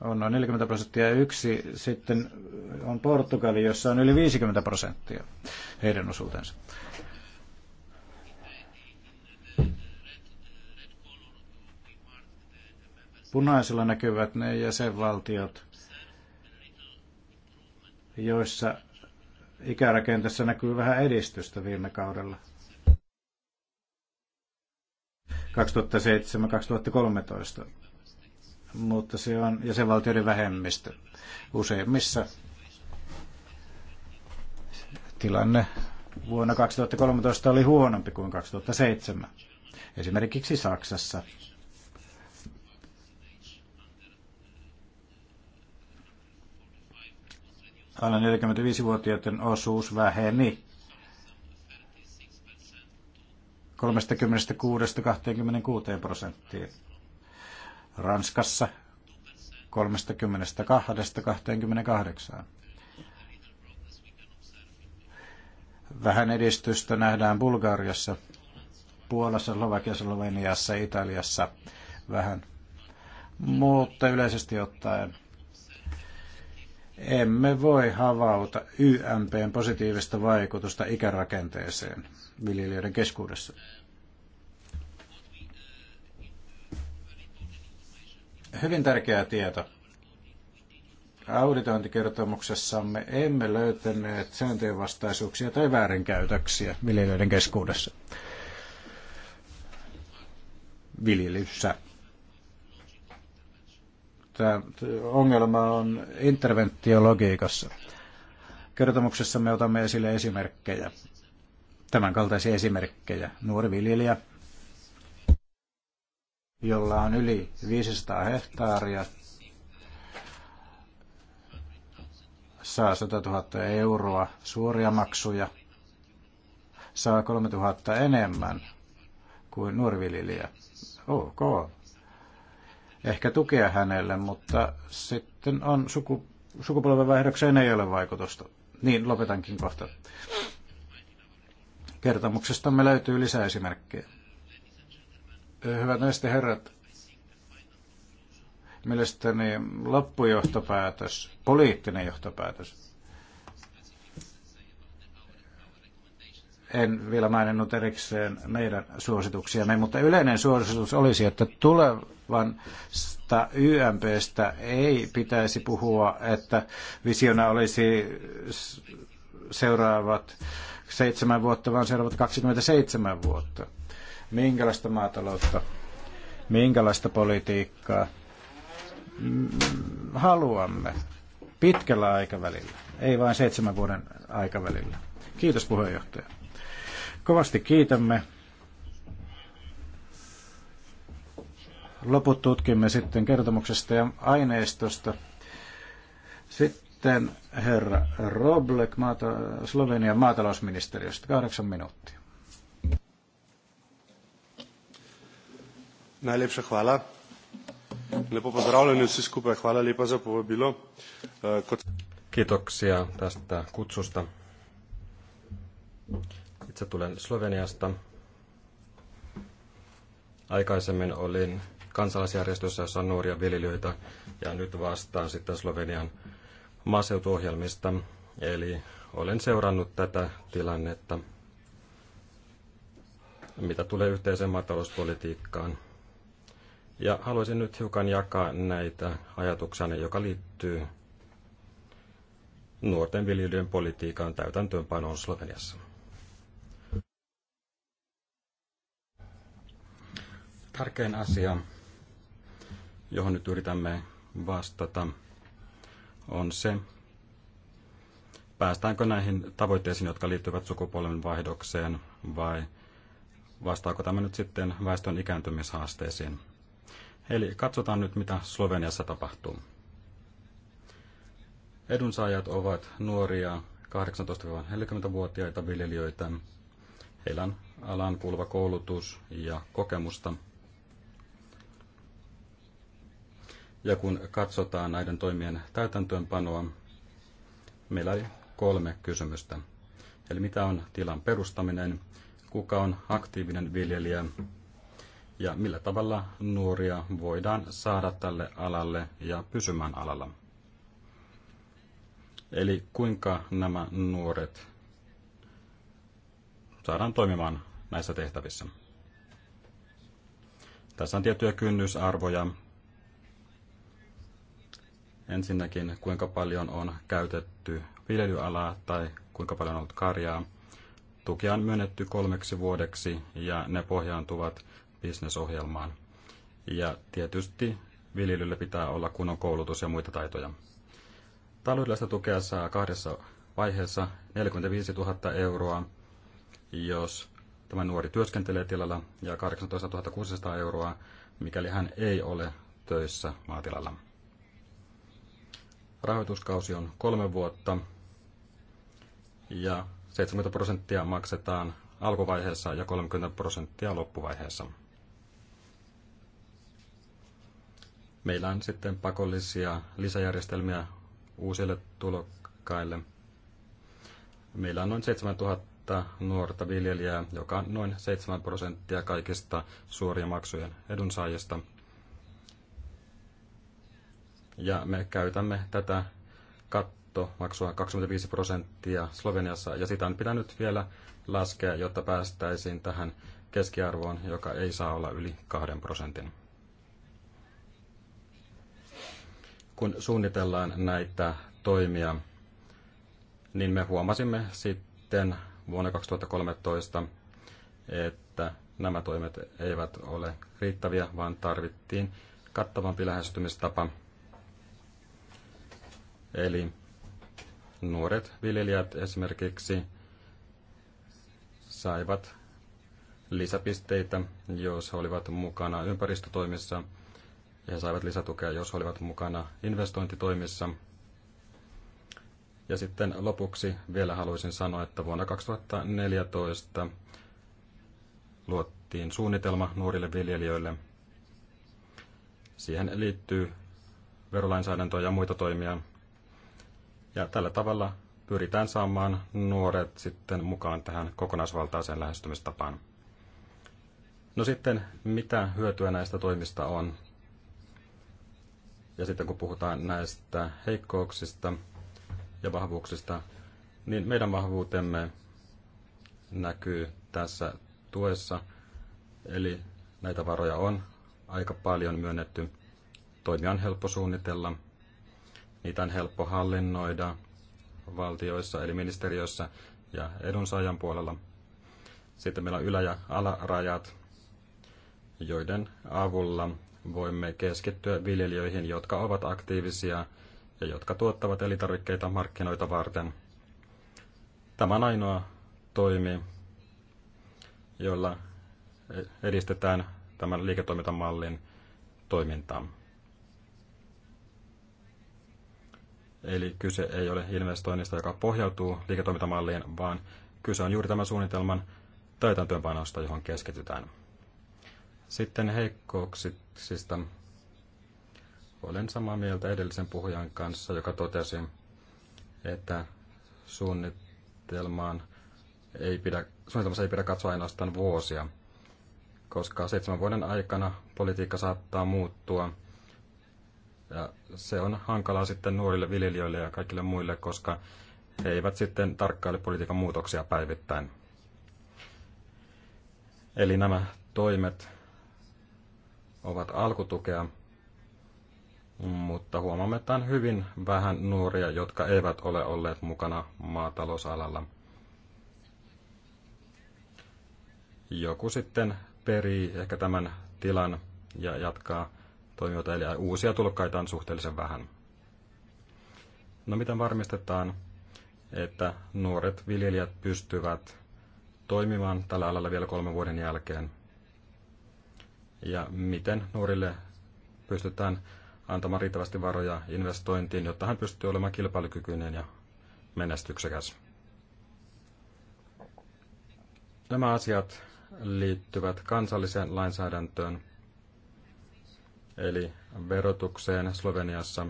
on noin 40 prosenttia ja yksi sitten on Portugali, jossa on yli 50 prosenttia heidän osuutensa. Punaisilla näkyvät ne jäsenvaltiot, joissa ikärakenteessa näkyy vähän edistystä viime kaudella. 2007-2013. Mutta se on jäsenvaltioiden vähemmistö. Useimmissa tilanne vuonna 2013 oli huonompi kuin 2007. Esimerkiksi Saksassa alle 45-vuotiaiden osuus väheni 36-26 prosenttiin. Ranskassa 32-28. Vähän edistystä nähdään Bulgariassa, Puolassa, Slovakiassa, Sloveniassa, Italiassa vähän, mutta yleisesti ottaen emme voi havauta YMPn positiivista vaikutusta ikärakenteeseen viljelijöiden keskuudessa. Hyvin tärkeä tieto. Auditointikertomuksessamme emme löytäneet sääntöjen vastaisuuksia tai väärinkäytöksiä viljelijöiden keskuudessa. Viljelyssä että ongelma on interventiologiikassa. Kertomuksessa me otamme esille esimerkkejä, tämänkaltaisia esimerkkejä. Nuori viljelijä, jolla on yli 500 hehtaaria, saa 100 000 euroa suoria maksuja, saa 3000 enemmän kuin nuori viljelijä. Ok, ehkä tukea hänelle, mutta sitten on suku, sukupolvenvaihdokseen ei ole vaikutusta. Niin, lopetankin kohta. me löytyy lisää esimerkkejä. Hyvät naiset ja herrat, mielestäni loppujohtopäätös, poliittinen johtopäätös, en vielä maininnut erikseen meidän suosituksiamme, mutta yleinen suositus olisi, että tulevasta YMPstä ei pitäisi puhua, että visiona olisi seuraavat seitsemän vuotta, vaan seuraavat 27 vuotta. Minkälaista maataloutta, minkälaista politiikkaa mm, haluamme pitkällä aikavälillä, ei vain seitsemän vuoden aikavälillä. Kiitos puheenjohtaja. Kovasti kiitämme. Loput tutkimme sitten kertomuksesta ja aineistosta. Sitten herra Roblek maata- Slovenian maatalousministeriöstä. Kahdeksan minuuttia. Najlepša hvala. Lepo pozdravljeni vsi skupaj. Hvala lepa za povabilo. Eh, Kiitoksia tästä kutsusta. Itse tulen Sloveniasta. Aikaisemmin olin kansalaisjärjestössä, jossa on nuoria viljelijöitä, ja nyt vastaan sitten Slovenian maaseutuohjelmista. Eli olen seurannut tätä tilannetta, mitä tulee yhteiseen maatalouspolitiikkaan. Ja haluaisin nyt hiukan jakaa näitä ajatuksia, joka liittyy nuorten viljelyjen politiikan täytäntöönpanoon Sloveniassa. Tärkein asia, johon nyt yritämme vastata, on se, päästäänkö näihin tavoitteisiin, jotka liittyvät sukupolven vaihdokseen, vai vastaako tämä nyt sitten väestön ikääntymishaasteisiin. Eli katsotaan nyt, mitä Sloveniassa tapahtuu. Edunsaajat ovat nuoria 18-40-vuotiaita viljelijöitä. Heillä on alan kuuluva koulutus ja kokemusta – Ja kun katsotaan näiden toimien täytäntöönpanoa, meillä oli kolme kysymystä. Eli mitä on tilan perustaminen, kuka on aktiivinen viljelijä ja millä tavalla nuoria voidaan saada tälle alalle ja pysymään alalla. Eli kuinka nämä nuoret saadaan toimimaan näissä tehtävissä. Tässä on tiettyjä kynnysarvoja, Ensinnäkin, kuinka paljon on käytetty viljelyalaa tai kuinka paljon on ollut karjaa. Tukia on myönnetty kolmeksi vuodeksi ja ne pohjaantuvat bisnesohjelmaan. Ja tietysti viljelyllä pitää olla kunnon koulutus ja muita taitoja. Taloudellista tukea saa kahdessa vaiheessa 45 000 euroa, jos tämä nuori työskentelee tilalla, ja 18 600 euroa, mikäli hän ei ole töissä maatilalla. Rahoituskausi on kolme vuotta ja 70 prosenttia maksetaan alkuvaiheessa ja 30 prosenttia loppuvaiheessa. Meillä on sitten pakollisia lisäjärjestelmiä uusille tulokkaille. Meillä on noin 7000 nuorta viljelijää, joka on noin 7 prosenttia kaikista suorien maksujen edunsaajista – ja me käytämme tätä kattomaksua 25 prosenttia Sloveniassa, ja sitä on pitänyt vielä laskea, jotta päästäisiin tähän keskiarvoon, joka ei saa olla yli 2 prosentin. Kun suunnitellaan näitä toimia, niin me huomasimme sitten vuonna 2013, että nämä toimet eivät ole riittäviä, vaan tarvittiin kattavampi lähestymistapa – Eli nuoret viljelijät esimerkiksi saivat lisäpisteitä, jos he olivat mukana ympäristötoimissa, ja he saivat lisätukea, jos he olivat mukana investointitoimissa. Ja sitten lopuksi vielä haluaisin sanoa, että vuonna 2014 luottiin suunnitelma nuorille viljelijöille. Siihen liittyy verolainsäädäntöä ja muita toimia, ja tällä tavalla pyritään saamaan nuoret sitten mukaan tähän kokonaisvaltaiseen lähestymistapaan. No sitten, mitä hyötyä näistä toimista on? Ja sitten kun puhutaan näistä heikkouksista ja vahvuuksista, niin meidän vahvuutemme näkyy tässä tuessa. Eli näitä varoja on aika paljon myönnetty. Toimia on helppo suunnitella Niitä on helppo hallinnoida valtioissa eli ministeriössä ja edunsaajan puolella. Sitten meillä on ylä- ja alarajat, joiden avulla voimme keskittyä viljelijöihin, jotka ovat aktiivisia ja jotka tuottavat elintarvikkeita markkinoita varten. Tämä on ainoa toimi, jolla e- edistetään tämän liiketoimintamallin toimintaa. Eli kyse ei ole investoinnista, joka pohjautuu liiketoimintamalliin, vaan kyse on juuri tämän suunnitelman täytäntöönpanosta, johon keskitytään. Sitten heikkouksista. Olen samaa mieltä edellisen puhujan kanssa, joka totesi, että suunnitelmaan ei pidä, suunnitelmassa ei pidä katsoa ainoastaan vuosia, koska seitsemän vuoden aikana politiikka saattaa muuttua – ja se on hankalaa sitten nuorille viljelijöille ja kaikille muille, koska he eivät sitten tarkkaile politiikan muutoksia päivittäin. Eli nämä toimet ovat alkutukea, mutta huomaamme, että on hyvin vähän nuoria, jotka eivät ole olleet mukana maatalousalalla. Joku sitten perii ehkä tämän tilan ja jatkaa toimijoita, eli uusia tulkkaita on suhteellisen vähän. No miten varmistetaan, että nuoret viljelijät pystyvät toimimaan tällä alalla vielä kolmen vuoden jälkeen? Ja miten nuorille pystytään antamaan riittävästi varoja investointiin, jotta hän pystyy olemaan kilpailukykyinen ja menestyksekäs? Nämä asiat liittyvät kansalliseen lainsäädäntöön – eli verotukseen Sloveniassa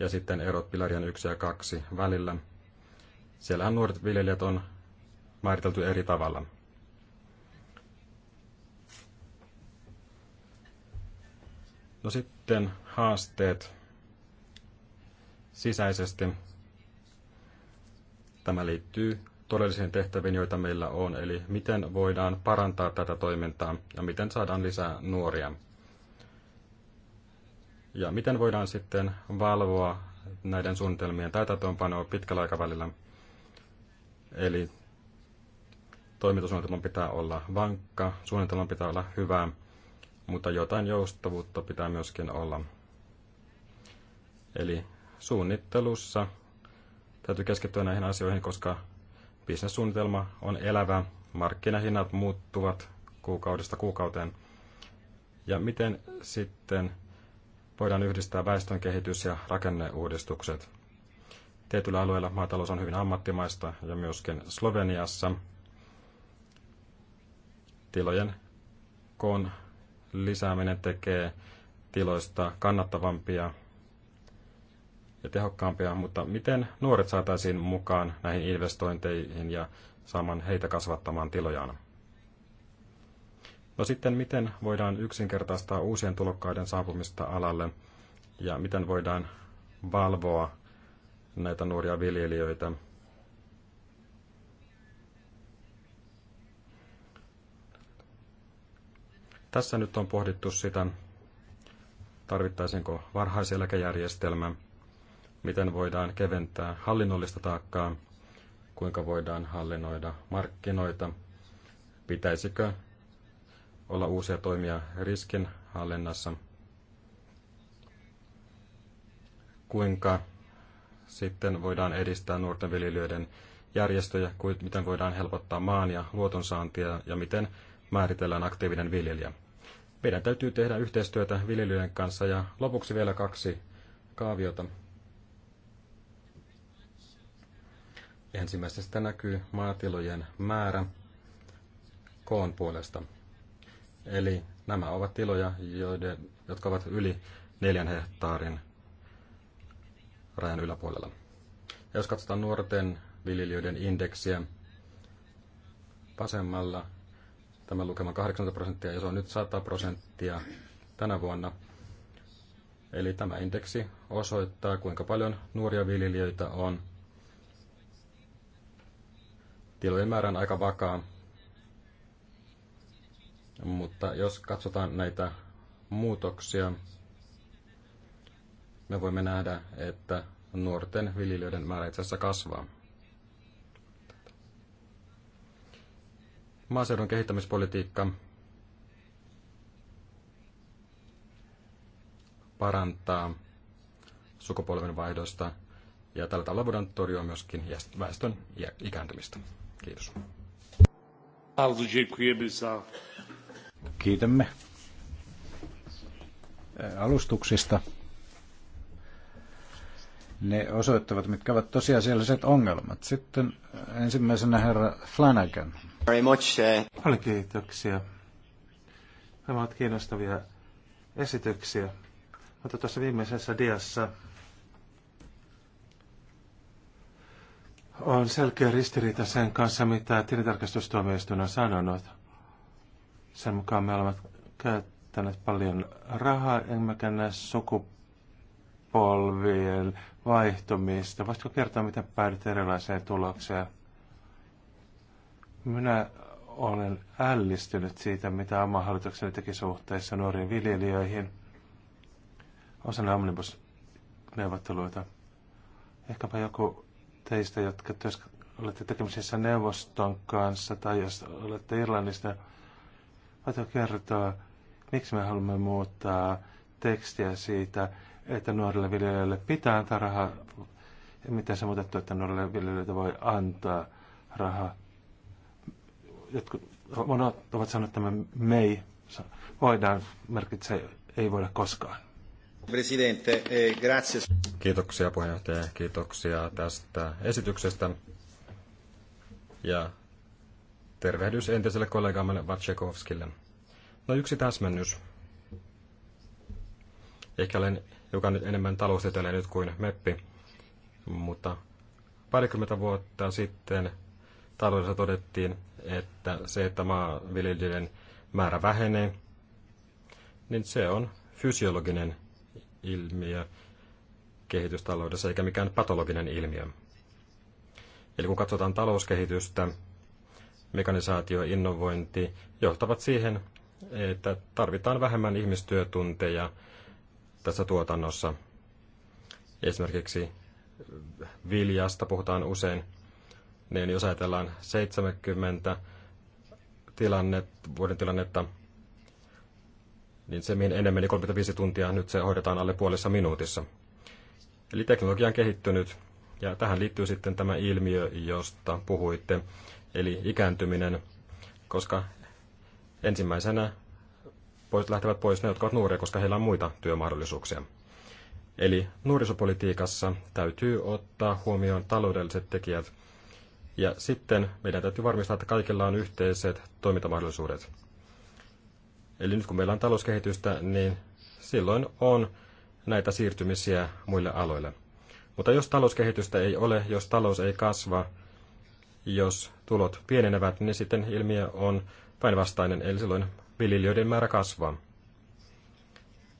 ja sitten erot pilarien 1 ja 2 välillä. Siellähän nuoret viljelijät on määritelty eri tavalla. No sitten haasteet sisäisesti. Tämä liittyy todellisiin tehtäviin, joita meillä on, eli miten voidaan parantaa tätä toimintaa ja miten saadaan lisää nuoria ja miten voidaan sitten valvoa näiden suunnitelmien täytäntöönpanoa pitkällä aikavälillä. Eli toimitusuunnitelman pitää olla vankka, suunnitelman pitää olla hyvä, mutta jotain joustavuutta pitää myöskin olla. Eli suunnittelussa täytyy keskittyä näihin asioihin, koska bisnessuunnitelma on elävä, markkinahinnat muuttuvat kuukaudesta kuukauteen. Ja miten sitten voidaan yhdistää kehitys ja rakenneuudistukset. Tietyillä alueilla maatalous on hyvin ammattimaista ja myöskin Sloveniassa tilojen koon lisääminen tekee tiloista kannattavampia ja tehokkaampia, mutta miten nuoret saataisiin mukaan näihin investointeihin ja saamaan heitä kasvattamaan tilojaan? No sitten, miten voidaan yksinkertaistaa uusien tulokkaiden saapumista alalle ja miten voidaan valvoa näitä nuoria viljelijöitä? Tässä nyt on pohdittu sitä, tarvittaisinko varhaiseläkejärjestelmä, miten voidaan keventää hallinnollista taakkaa, kuinka voidaan hallinnoida markkinoita, pitäisikö olla uusia toimia riskinhallinnassa. Kuinka sitten voidaan edistää nuorten viljelijöiden järjestöjä, miten voidaan helpottaa maan ja luotonsaantia ja miten määritellään aktiivinen viljelijä. Meidän täytyy tehdä yhteistyötä viljelijöiden kanssa ja lopuksi vielä kaksi kaaviota. Ensimmäisestä näkyy maatilojen määrä koon puolesta. Eli nämä ovat tiloja, joiden, jotka ovat yli neljän hehtaarin rajan yläpuolella. Ja jos katsotaan nuorten viljelijöiden indeksiä, vasemmalla tämä lukema 80 prosenttia ja se on nyt 100 prosenttia tänä vuonna. Eli tämä indeksi osoittaa, kuinka paljon nuoria viljelijöitä on. Tilojen määrä on aika vakaa, mutta jos katsotaan näitä muutoksia, me voimme nähdä, että nuorten viljelijöiden määrä itse asiassa kasvaa. Maaseudun kehittämispolitiikka parantaa sukupolvenvaihdosta ja tällä tavalla voidaan torjua myöskin väestön ikääntymistä. Kiitos. Bardzo dziękujemy za Kiitämme alustuksista. Ne osoittavat, mitkä ovat tosiasialliset ongelmat. Sitten ensimmäisenä herra Flanagan. Very much, uh... Paljon kiitoksia. Nämä ovat kiinnostavia esityksiä. Mutta tuossa viimeisessä diassa on selkeä ristiriita sen kanssa, mitä tilintarkastustuomioistuin on sanonut sen mukaan me olemme käyttäneet paljon rahaa, emmekä näe sukupolvien vaihtumista. Voisitko kertoa, miten päädyt erilaiseen tulokseen? Minä olen ällistynyt siitä, mitä oma hallitukseni teki suhteessa nuoriin viljelijöihin osana omnibusneuvotteluita. Ehkäpä joku teistä, jotka työs, olette tekemisissä neuvoston kanssa tai jos olette Irlannista, Voitko kertoo, miksi me haluamme muuttaa tekstiä siitä, että nuorille viljelijöille pitää antaa rahaa, ja miten se muutettu, että nuorille viljelijöille voi antaa rahaa. Jotkut monot ovat sanoneet, että me, me ei voidaan merkitse, ei voida koskaan. Presidente, eh, grazie. Kiitoksia puheenjohtaja, kiitoksia tästä esityksestä. Ja Tervehdys entiselle kollegamme Vatsjekovskille. No yksi täsmennys. Ehkä olen joka nyt enemmän taloustieteilijä nyt kuin meppi, mutta parikymmentä vuotta sitten taloudessa todettiin, että se, että maanviljelijöiden määrä vähenee, niin se on fysiologinen ilmiö kehitystaloudessa eikä mikään patologinen ilmiö. Eli kun katsotaan talouskehitystä, mekanisaatio, innovointi johtavat siihen, että tarvitaan vähemmän ihmistyötunteja tässä tuotannossa. Esimerkiksi viljasta puhutaan usein, niin jos ajatellaan 70 tilannet, vuoden tilannetta, niin se mihin enemmän, niin meni 35 tuntia, nyt se hoidetaan alle puolessa minuutissa. Eli teknologia on kehittynyt ja tähän liittyy sitten tämä ilmiö, josta puhuitte, eli ikääntyminen, koska ensimmäisenä pois, lähtevät pois ne, jotka ovat nuoria, koska heillä on muita työmahdollisuuksia. Eli nuorisopolitiikassa täytyy ottaa huomioon taloudelliset tekijät, ja sitten meidän täytyy varmistaa, että kaikilla on yhteiset toimintamahdollisuudet. Eli nyt kun meillä on talouskehitystä, niin silloin on näitä siirtymisiä muille aloille. Mutta jos talouskehitystä ei ole, jos talous ei kasva, jos tulot pienenevät, niin sitten ilmiö on päinvastainen, eli silloin viljelijöiden määrä kasvaa.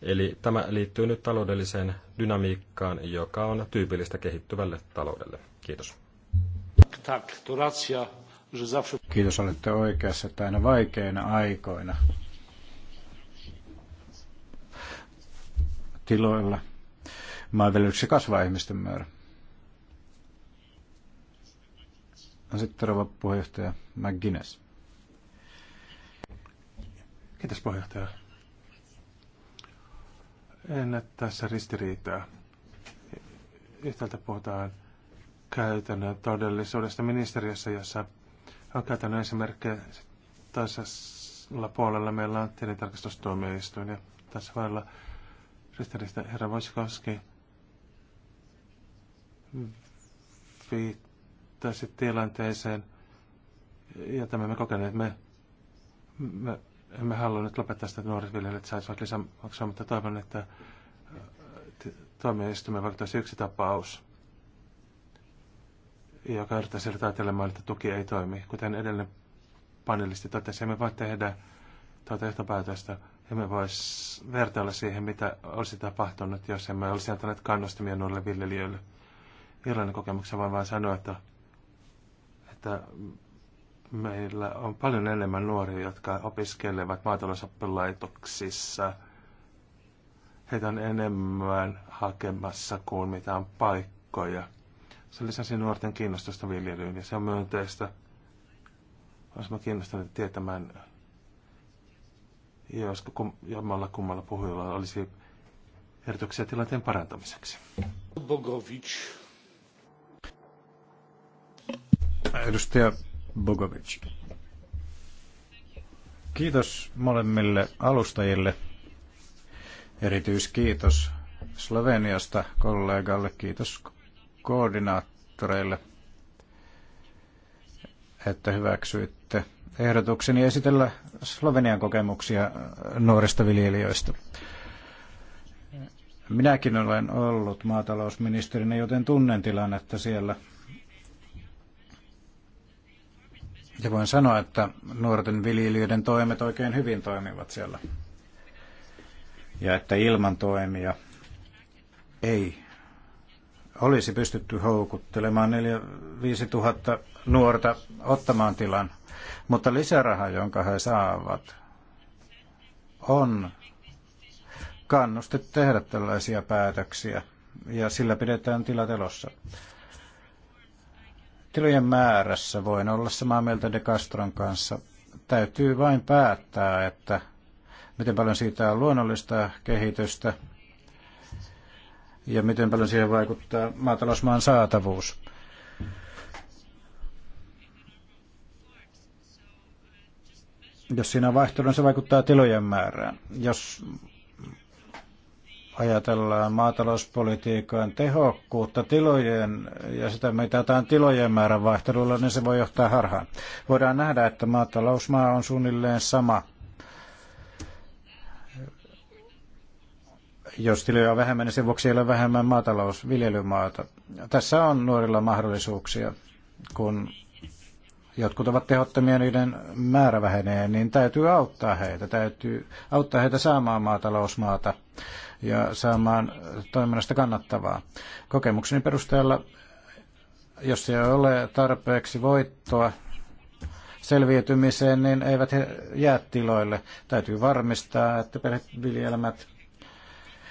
Eli tämä liittyy nyt taloudelliseen dynamiikkaan, joka on tyypillistä kehittyvälle taloudelle. Kiitos. Kiitos, olette oikeassa, että aina vaikeina aikoina tiloilla maanviljelyksi kasvaa ihmisten määrä. No sitten rouva puheenjohtaja McGuinness. Kiitos puheenjohtaja. En näe tässä ristiriitaa. Yhtäältä puhutaan käytännön todellisuudesta ministeriössä, jossa on käytännön esimerkkejä. Toisella puolella meillä on tilintarkastustuomioistuin ja tässä vailla ristiriita herra Voiskoski viittaa vaikuttaisi tilanteeseen. Ja tämä me kokeneet. Me, me emme nyt lopettaa sitä, että nuoret viljelijät saisivat lisämaksua, mutta toivon, että tuomioistuimen valittaisi yksi tapaus, joka yrittää sieltä ajatelemaan, että tuki ei toimi. Kuten edellinen panelisti totesi, emme voi tehdä tuota johtopäätöstä. Emme voisi vertailla siihen, mitä olisi tapahtunut, jos emme olisi antaneet kannustamia nuorille viljelijöille. Irlannin kokemuksen voin vain sanoa, että että meillä on paljon enemmän nuoria, jotka opiskelevat maatalousoppilaitoksissa. Heitä on enemmän hakemassa kuin mitään paikkoja. Se lisäsi nuorten kiinnostusta viljelyyn ja se on myönteistä. Olisin kiinnostunut tietämään, jos jommalla kummalla puhujalla olisi ehdotuksia tilanteen parantamiseksi. Bogovic. Edustaja Bogovic. Kiitos molemmille alustajille. Erityiskiitos Sloveniasta kollegalle, kiitos koordinaattoreille, että hyväksyitte ehdotukseni esitellä Slovenian kokemuksia nuorista viljelijöistä. Minäkin olen ollut maatalousministerinä, joten tunnen tilannetta siellä – Ja voin sanoa, että nuorten viljelijöiden toimet oikein hyvin toimivat siellä. Ja että ilman toimia ei olisi pystytty houkuttelemaan 4 000 nuorta ottamaan tilan, mutta lisäraha, jonka he saavat, on kannuste tehdä tällaisia päätöksiä ja sillä pidetään tilat elossa. Neuvottelujen määrässä voin olla samaa mieltä De Castron kanssa. Täytyy vain päättää, että miten paljon siitä on luonnollista kehitystä ja miten paljon siihen vaikuttaa maatalousmaan saatavuus. Jos siinä on vaihtelua, niin se vaikuttaa tilojen määrään. Jos ajatellaan maatalouspolitiikan tehokkuutta tilojen ja sitä mitataan tilojen määrän vaihtelulla, niin se voi johtaa harhaan. Voidaan nähdä, että maatalousmaa on suunnilleen sama. Jos tiloja on vähemmän, niin sen vuoksi ei ole vähemmän maatalousviljelymaata. Tässä on nuorilla mahdollisuuksia, kun jotkut ovat tehottomia, niiden määrä vähenee, niin täytyy auttaa heitä, täytyy auttaa heitä saamaan maatalousmaata ja saamaan toiminnasta kannattavaa. Kokemukseni perusteella, jos ei ole tarpeeksi voittoa selviytymiseen, niin eivät he jää tiloille. Täytyy varmistaa, että perheviljelmät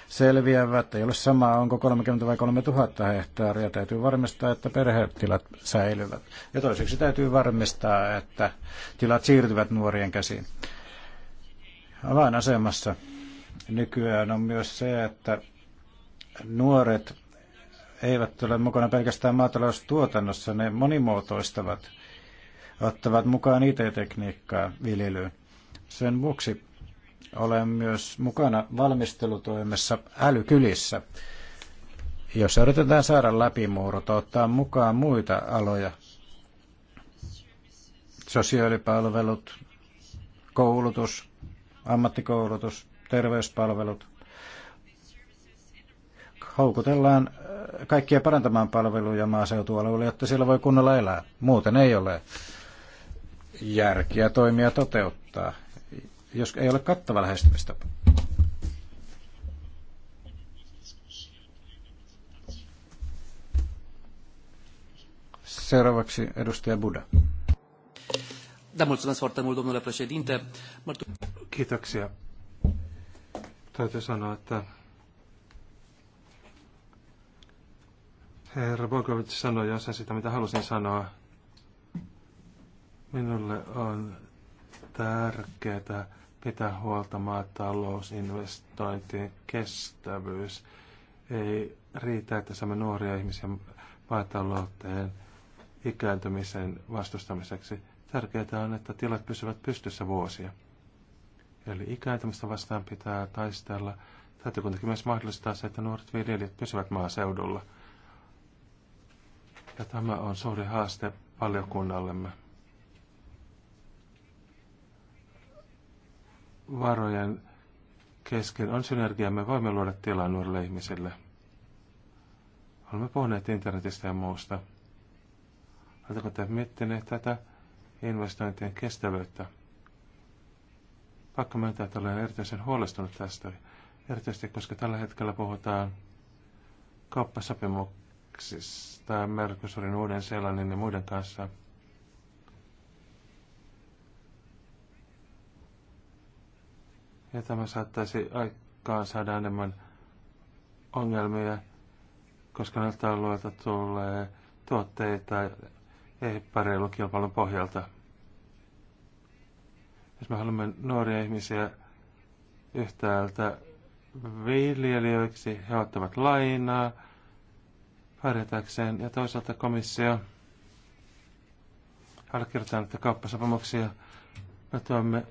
selviävät. Ei ole samaa, onko 30 vai 3000 hehtaaria. Täytyy varmistaa, että perhetilat säilyvät. Ja toiseksi täytyy varmistaa, että tilat siirtyvät nuorien käsiin. Avainasemassa nykyään on myös se, että nuoret eivät ole mukana pelkästään maataloustuotannossa, ne monimuotoistavat, ottavat mukaan IT-tekniikkaa viljelyyn. Sen vuoksi olen myös mukana valmistelutoimessa älykylissä, jossa yritetään saada läpimuurot, ottaa mukaan muita aloja, sosiaalipalvelut, koulutus, ammattikoulutus, terveyspalvelut. Houkutellaan äh, kaikkia parantamaan palveluja maaseutualueille, jotta siellä voi kunnolla elää. Muuten ei ole järkiä toimia toteuttaa, jos ei ole kattava lähestymistapa. Seuraavaksi edustaja Buda. Kiitoksia, Täytyy sanoa, että herra Bogovic sanoi sen sitä, mitä halusin sanoa. Minulle on tärkeää pitää huolta maatalousinvestointien kestävyys. Ei riitä, että saamme nuoria ihmisiä maatalouteen ikääntymisen vastustamiseksi. Tärkeää on, että tilat pysyvät pystyssä vuosia. Eli ikääntymistä vastaan pitää taistella. Täytyy kuitenkin myös mahdollistaa se, että nuoret viljelijät pysyvät maaseudulla. Ja tämä on suuri haaste valiokunnallemme. Varojen kesken on synergia, me voimme luoda tilaa nuorille ihmisille. Olemme puhuneet internetistä ja muusta. Oletteko te miettineet tätä investointien kestävyyttä? pakko myöntää, että olen erityisen huolestunut tästä, erityisesti koska tällä hetkellä puhutaan kauppasopimuksista Mercosurin, uuden seelannin ja muiden kanssa. Ja tämä saattaisi aikaan saada enemmän ongelmia, koska näiltä alueilta tulee tuotteita epäreilun kilpailun pohjalta. Jos me haluamme nuoria ihmisiä yhtäältä viljelijöiksi, he ottavat lainaa pärjätäkseen ja toisaalta komissio allekirjoittaa näitä kauppasopimuksia. Me tuomme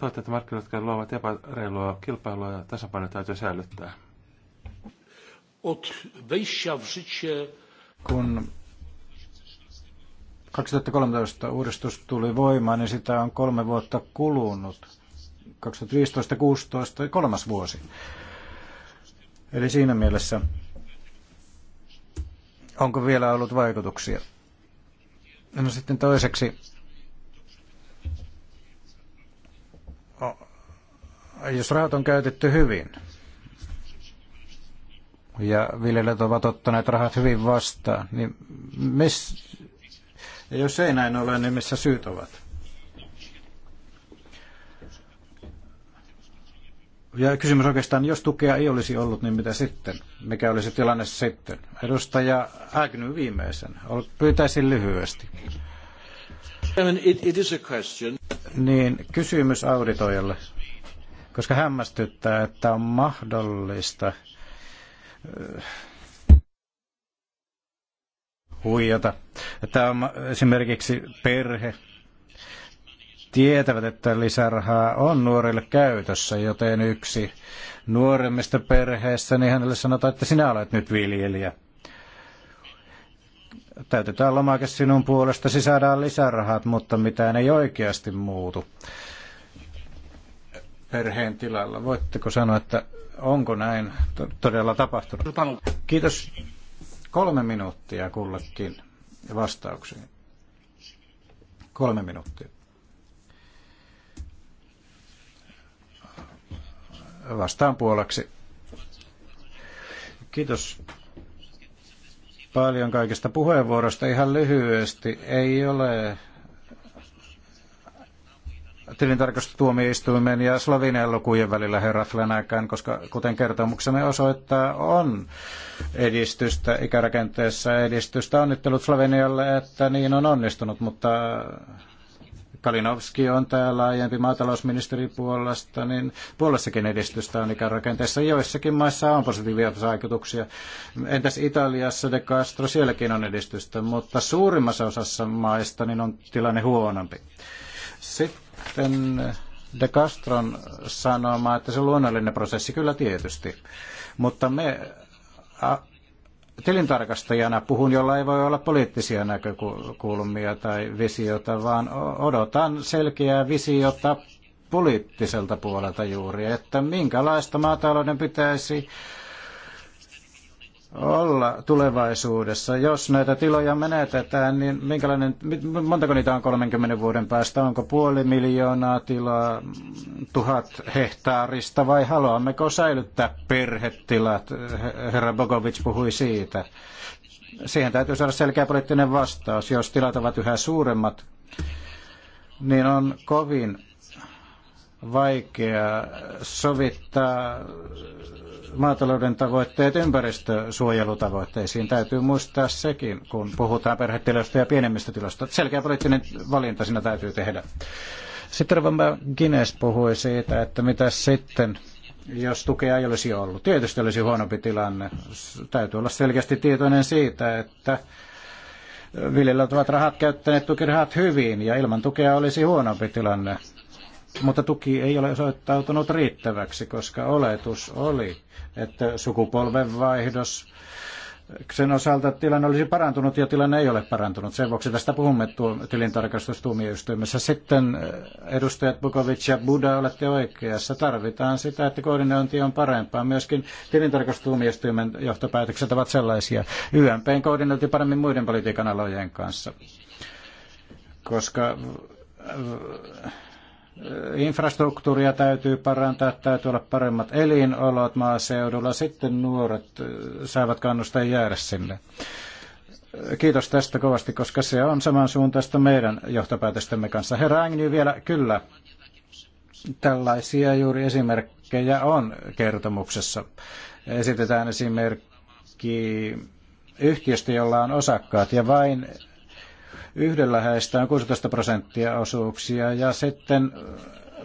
tuotteita markkinoille, jotka luovat epäreilua kilpailua ja tasapaino täytyy säilyttää. Kun 2013 uudistus tuli voimaan, niin sitä on kolme vuotta kulunut. 2015, 16, kolmas vuosi. Eli siinä mielessä, onko vielä ollut vaikutuksia? No sitten toiseksi, jos rahat on käytetty hyvin ja viljelijät ovat ottaneet rahat hyvin vastaan, niin miss, ja jos ei näin ole, niin missä syyt ovat? Ja kysymys oikeastaan, jos tukea ei olisi ollut, niin mitä sitten? Mikä olisi tilanne sitten? Edustaja Agny viimeisen. Pyytäisin lyhyesti. Niin, kysymys auditoijalle. Koska hämmästyttää, että on mahdollista huijata. Tämä on esimerkiksi perhe, tietävät, että lisärahaa on nuorille käytössä, joten yksi nuoremmista perheistä, niin hänelle sanotaan, että sinä olet nyt viljelijä. Täytetään lomake sinun puolestasi, saadaan lisärahat, mutta mitään ei oikeasti muutu perheen tilalla. Voitteko sanoa, että onko näin todella tapahtunut? Kiitos Kolme minuuttia kullekin vastauksiin. Kolme minuuttia. Vastaan puolaksi. Kiitos paljon kaikista puheenvuorosta. Ihan lyhyesti, ei ole tilintarkastustuomioistuimen ja Slovenian lukujen välillä herra Flanagan, koska kuten kertomuksemme osoittaa, on edistystä ikärakenteessa edistystä. Onnittelut Slovenialle, että niin on onnistunut, mutta Kalinovski on täällä aiempi maatalousministeri puolesta, niin puolessakin edistystä on ikärakenteessa. Joissakin maissa on positiivisia vaikutuksia. Entäs Italiassa, De Castro, sielläkin on edistystä, mutta suurimmassa osassa maista niin on tilanne huonompi. Sitten sitten eh, De Castron sanoma, että se on luonnollinen prosessi, kyllä tietysti. Mutta me a, tilintarkastajana puhun, jolla ei voi olla poliittisia näkökulmia tai visiota, vaan odotan selkeää visiota poliittiselta puolelta juuri, että minkälaista maatalouden pitäisi olla tulevaisuudessa? Jos näitä tiloja menetetään, niin minkälainen, montako niitä on 30 vuoden päästä? Onko puoli miljoonaa tilaa tuhat hehtaarista vai haluammeko säilyttää perhetilat? Herra Bogovic puhui siitä. Siihen täytyy saada selkeä poliittinen vastaus. Jos tilat ovat yhä suuremmat, niin on kovin vaikea sovittaa maatalouden tavoitteet ympäristösuojelutavoitteisiin. Täytyy muistaa sekin, kun puhutaan perhetiloista ja pienemmistä tiloista. Selkeä poliittinen valinta siinä täytyy tehdä. Sitten Rovamba Guinness puhui siitä, että mitä sitten, jos tukea ei olisi ollut. Tietysti olisi huonompi tilanne. Täytyy olla selkeästi tietoinen siitä, että viljelijät ovat rahat käyttäneet tukirahat hyvin ja ilman tukea olisi huonompi tilanne. Mutta tuki ei ole osoittautunut riittäväksi, koska oletus oli, että sukupolvenvaihdos sen osalta tilanne olisi parantunut ja tilanne ei ole parantunut. Sen vuoksi tästä puhumme tilintarkastustuomioistuimessa. Sitten eh, edustajat Bukovic ja Buda, olette oikeassa. Tarvitaan sitä, että koordinointi on parempaa. Myöskin tilintarkastustuomioistuimen johtopäätökset ovat sellaisia. YMPn koordinointi paremmin muiden politiikan alojen kanssa. Koska eh, infrastruktuuria täytyy parantaa, täytyy olla paremmat elinolot maaseudulla, sitten nuoret äh, saavat kannustaa jäädä sinne. Kiitos tästä kovasti, koska se on samansuuntaista meidän johtopäätöstemme kanssa. Herra Agni, vielä, kyllä, tällaisia juuri esimerkkejä on kertomuksessa. Esitetään esimerkki yhtiöstä, jolla on osakkaat, ja vain Yhdellä heistä on 16 prosenttia osuuksia ja sitten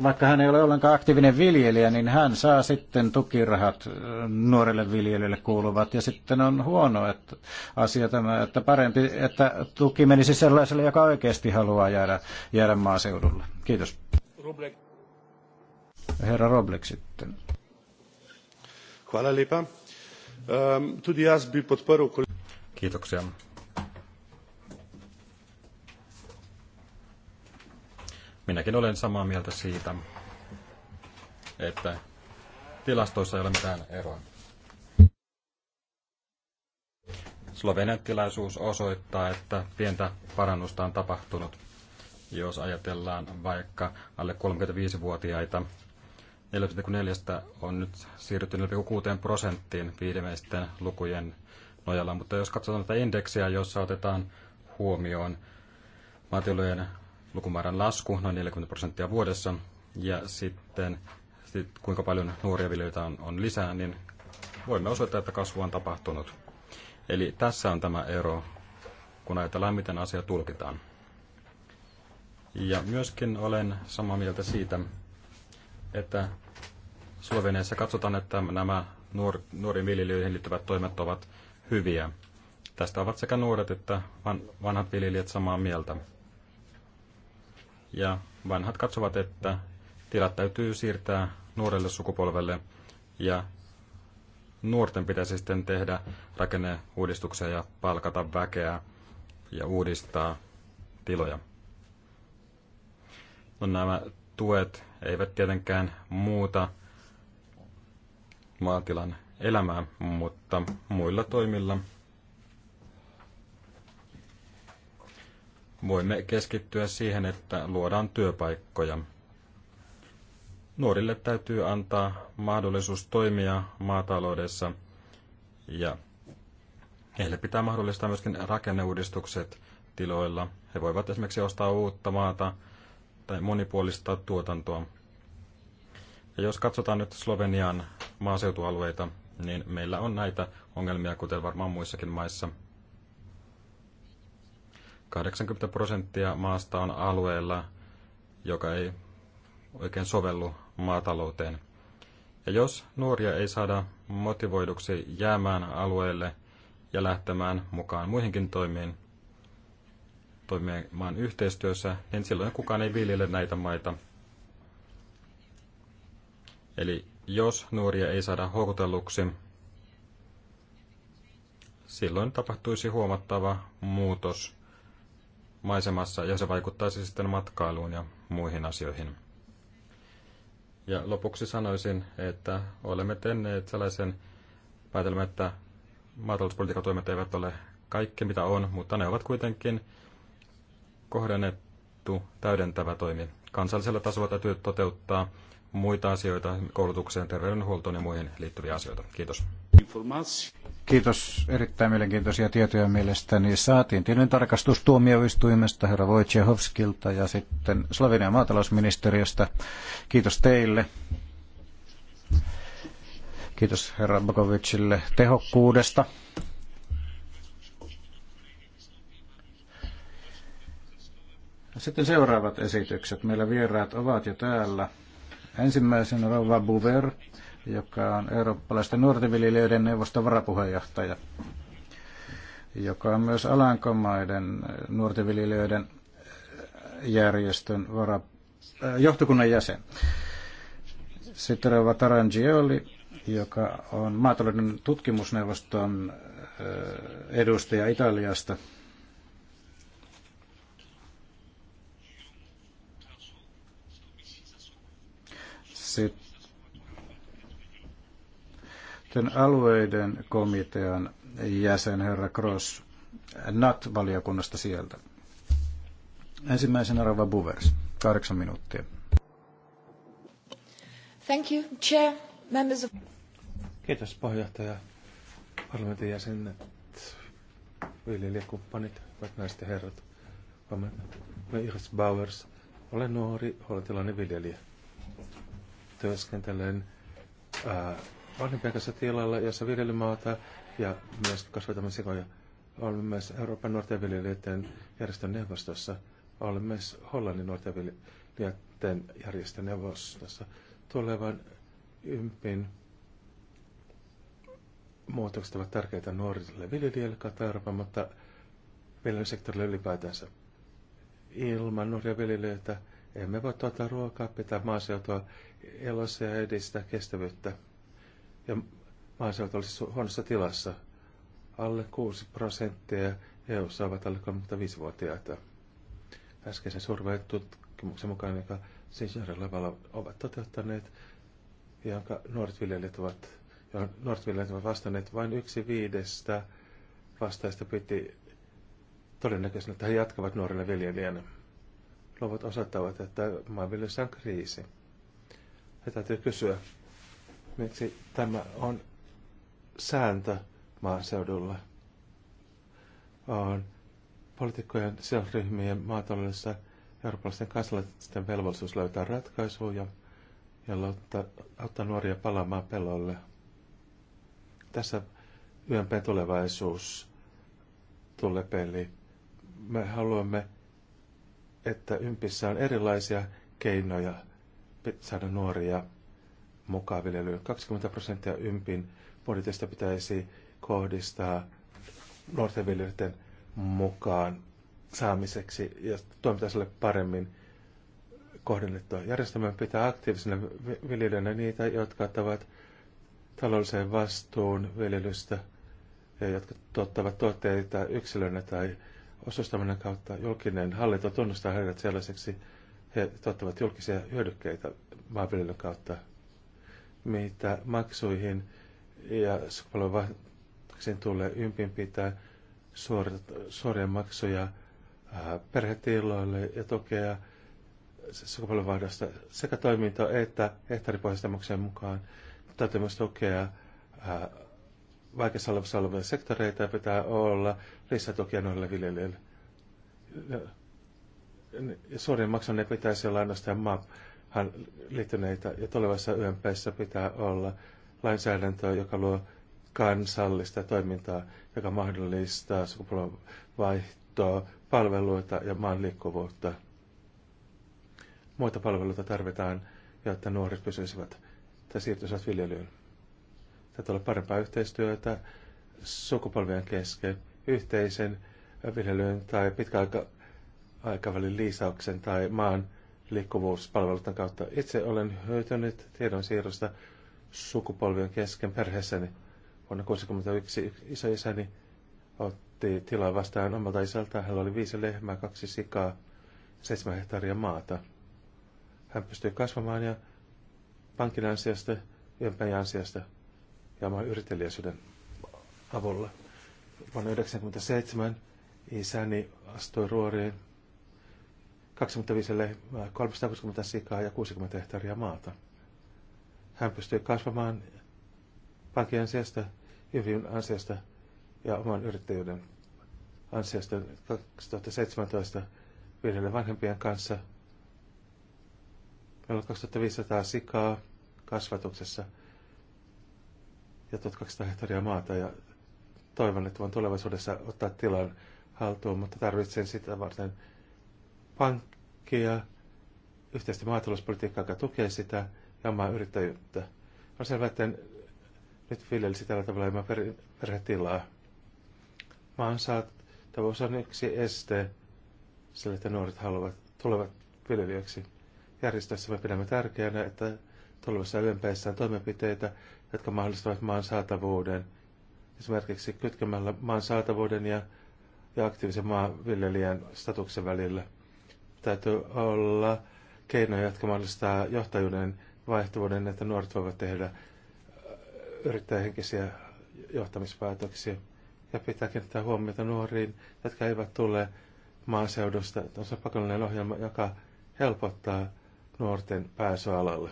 vaikka hän ei ole ollenkaan aktiivinen viljelijä, niin hän saa sitten tukirahat nuorelle viljelijälle kuuluvat. Ja sitten on huono että asia tämä, että parempi, että tuki menisi sellaiselle, joka oikeasti haluaa jäädä, jäädä maaseudulle. Kiitos. Rublek. Herra Roblek sitten. Ehm, Kiitoksia. Minäkin olen samaa mieltä siitä, että tilastoissa ei ole mitään eroa. Slovenian tilaisuus osoittaa, että pientä parannusta on tapahtunut. Jos ajatellaan vaikka alle 35-vuotiaita, 4,4 on nyt siirtynyt 4,6 prosenttiin viimeisten lukujen nojalla, mutta jos katsotaan tätä indeksiä, jossa otetaan huomioon maatilojen lukumäärän lasku, noin 40 prosenttia vuodessa, ja sitten sit kuinka paljon nuoria viljelijöitä on, on lisää, niin voimme osoittaa, että kasvu on tapahtunut. Eli tässä on tämä ero, kun ajatellaan, miten asia tulkitaan. Ja myöskin olen samaa mieltä siitä, että Sloveniassa katsotaan, että nämä nuor- nuoriin viljelijöihin liittyvät toimet ovat hyviä. Tästä ovat sekä nuoret että vanhat viljelijät samaa mieltä. Ja vanhat katsovat, että tilat täytyy siirtää nuorelle sukupolvelle ja nuorten pitäisi sitten tehdä rakenneuudistuksia ja palkata väkeä ja uudistaa tiloja. No nämä tuet eivät tietenkään muuta maatilan elämää, mutta muilla toimilla – voimme keskittyä siihen, että luodaan työpaikkoja. Nuorille täytyy antaa mahdollisuus toimia maataloudessa ja heille pitää mahdollistaa myöskin rakenneuudistukset tiloilla. He voivat esimerkiksi ostaa uutta maata tai monipuolistaa tuotantoa. Ja jos katsotaan nyt Slovenian maaseutualueita, niin meillä on näitä ongelmia, kuten varmaan muissakin maissa – 80 prosenttia maasta on alueella, joka ei oikein sovellu maatalouteen. Ja jos nuoria ei saada motivoiduksi jäämään alueelle ja lähtemään mukaan muihinkin toimiin, toimimaan yhteistyössä, niin silloin kukaan ei viljele näitä maita. Eli jos nuoria ei saada houkutelluksi, silloin tapahtuisi huomattava muutos maisemassa ja se vaikuttaisi sitten matkailuun ja muihin asioihin. Ja lopuksi sanoisin, että olemme tehneet sellaisen päätelmän, että maatalouspolitiikan toimet eivät ole kaikki mitä on, mutta ne ovat kuitenkin kohdennettu täydentävä toimi. Kansallisella tasolla täytyy toteuttaa muita asioita, koulutukseen, terveydenhuoltoon ja muihin liittyviä asioita. Kiitos. Kiitos. Erittäin mielenkiintoisia tietoja mielestäni saatiin tilintarkastus tuomioistuimesta herra Wojciechowskilta ja sitten Slovenian maatalousministeriöstä. Kiitos teille. Kiitos herra Bogovicille tehokkuudesta. Sitten seuraavat esitykset. Meillä vieraat ovat jo täällä. Ensimmäisenä Rova Buver, joka on eurooppalaisten nuorten viljelijöiden neuvoston varapuheenjohtaja, joka on myös Alankomaiden nuorten viljelijöiden äh, järjestön vara, äh, johtokunnan jäsen. Sitten Rova Tarangioli, joka on maatalouden tutkimusneuvoston äh, edustaja Italiasta. Sitten sitten alueiden komitean jäsen herra Cross NAT-valiokunnasta sieltä. Ensimmäisenä Rava Buvers, kahdeksan minuuttia. Thank you, Chair, members of... Kiitos puheenjohtaja, parlamentin jäsenet, viljelijäkumppanit, hyvät naiset ja herrat. Iris Bowers. Olen nuori hollantilainen viljelijä. Työskentelen ää, vanhempien tilalla, jossa viljelymaata ja myös kasvatamme sikoja. Olemme myös Euroopan nuorten viljelijöiden järjestön neuvostossa. Olemme myös Hollannin nuorten viljelijöiden järjestön neuvostossa. Tulevan ympin muutokset ovat tärkeitä nuorille viljelijöille kautta Euroopan, mutta viljelysektorille ylipäätänsä. Ilman nuoria viljelijöitä emme voi tuottaa ruokaa, pitää maaseutua elossa ja edistää kestävyyttä ja maaseutu olisi huonossa tilassa. Alle 6 prosenttia EU ovat alle 35-vuotiaita. Äskeisen surveen tutkimuksen mukaan, joka Sinjarin lavalla ovat toteuttaneet, jonka nuoret viljelijät ovat, johon nuoret viljelijät ovat vastanneet, vain yksi viidestä vastaista piti todennäköisenä, että he jatkavat nuorena viljelijänä. Luvut osoittavat, että maanviljelyssä on kriisi. He täytyy kysyä, miksi tämä on sääntö maaseudulla. On poliitikkojen sidosryhmien maataloudessa eurooppalaisten kansalaisten velvollisuus löytää ratkaisuja, jolla ottaa, nuoria palaamaan pelolle. Tässä YMP tulevaisuus tulee peli. Me haluamme, että ympissä on erilaisia keinoja saada nuoria mukaan viljelyyn. 20 prosenttia ympin budjetista pitäisi kohdistaa nuorten viljelijöiden mukaan saamiseksi ja toimintaiselle paremmin kohdennettua. Järjestelmän pitää aktiivisena viljelijöinä niitä, jotka ottavat taloudelliseen vastuun viljelystä ja jotka tuottavat tuotteita yksilönä tai osuustaminen kautta. Julkinen hallinto tunnustaa heidät sellaiseksi. He tuottavat julkisia hyödykkeitä maanviljelyn kautta mitä maksuihin ja sukupolvenvaihdoksiin tulee ympin pitää suoria maksuja äh, perhetiloille ja tukea sukupolvenvaihdosta sekä toimintaa että hehtaaripohjaisten maksujen mukaan. Täytyy myös tukea äh, vaikeassa olevassa olevia sektoreita ja pitää olla lisätukia noille viljelijöille. Suorien maksun ne pitäisi olla ainoastaan maa liittyneitä ja tulevassa YMPssä pitää olla lainsäädäntöä, joka luo kansallista toimintaa, joka mahdollistaa sukupuolen vaihtoa, palveluita ja maan liikkuvuutta. Muita palveluita tarvitaan, jotta nuoret pysyisivät tai siirtyisivät viljelyyn. Täytyy olla parempaa yhteistyötä sukupolvien kesken, yhteisen viljelyn tai pitkäaikavälin liisauksen tai maan liikkuvuuspalveluiden kautta. Itse olen hyötynyt tiedonsiirrosta sukupolvien kesken perheessäni. Vuonna 1961 isoisäni otti tilaa vastaan omalta isältään. Hänellä oli viisi lehmää, kaksi sikaa, seitsemän hehtaaria maata. Hän pystyi kasvamaan ja pankin ansiosta, yönpäin ansiosta ja oman yrittelijäisyyden avulla. Vuonna 1997 isäni astui ruoriin 25 360 äh, sikaa ja 60 hehtaaria maata. Hän pystyi kasvamaan pankin ansiosta, hyvin ansiosta ja oman yrittäjyyden ansiosta 2017 viidelle vanhempien kanssa. Meillä on 2500 sikaa kasvatuksessa ja 1200 hehtaaria maata ja toivon, että voin tulevaisuudessa ottaa tilan haltuun, mutta tarvitsen sitä varten pank- tukea, yhteistä maatalouspolitiikkaa, joka tukee sitä ja omaa yrittäjyyttä. On selvää, että nyt viljelisi tällä tavalla ilman perhetilaa. Maan saatavuus on yksi este sille, että nuoret haluavat, tulevat viljelijöiksi. Järjestössä me pidämme tärkeänä, että tulevassa YMPssä on toimenpiteitä, jotka mahdollistavat maan saatavuuden. Esimerkiksi kytkemällä maan saatavuuden ja, ja aktiivisen maanviljelijän statuksen välillä – täytyy olla keinoja, jotka mahdollistaa johtajuuden vaihtuvuuden, että nuoret voivat tehdä äh, yrittäjähenkisiä johtamispäätöksiä. Ja pitää kiinnittää huomiota nuoriin, jotka eivät tule maaseudusta. On se pakollinen ohjelma, joka helpottaa nuorten pääsyalalle. alalle.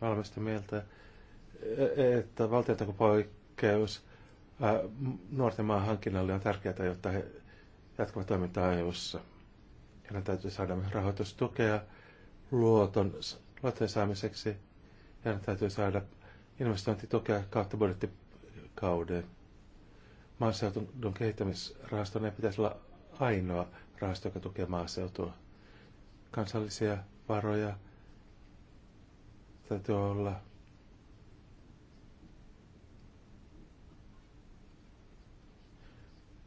Olemme sitä mieltä, e- että poikkeus äh, nuorten maan hankinnalle on tärkeää, jotta he jatkavat toimintaa EU-ssa. Heidän täytyy saada myös rahoitustukea luoton luotteen saamiseksi. Heidän täytyy saada investointitukea kautta budjettikauden. maaseutun kehittämisrahaston ei pitäisi olla ainoa rahasto, joka tukee maaseutua. Kansallisia varoja täytyy olla.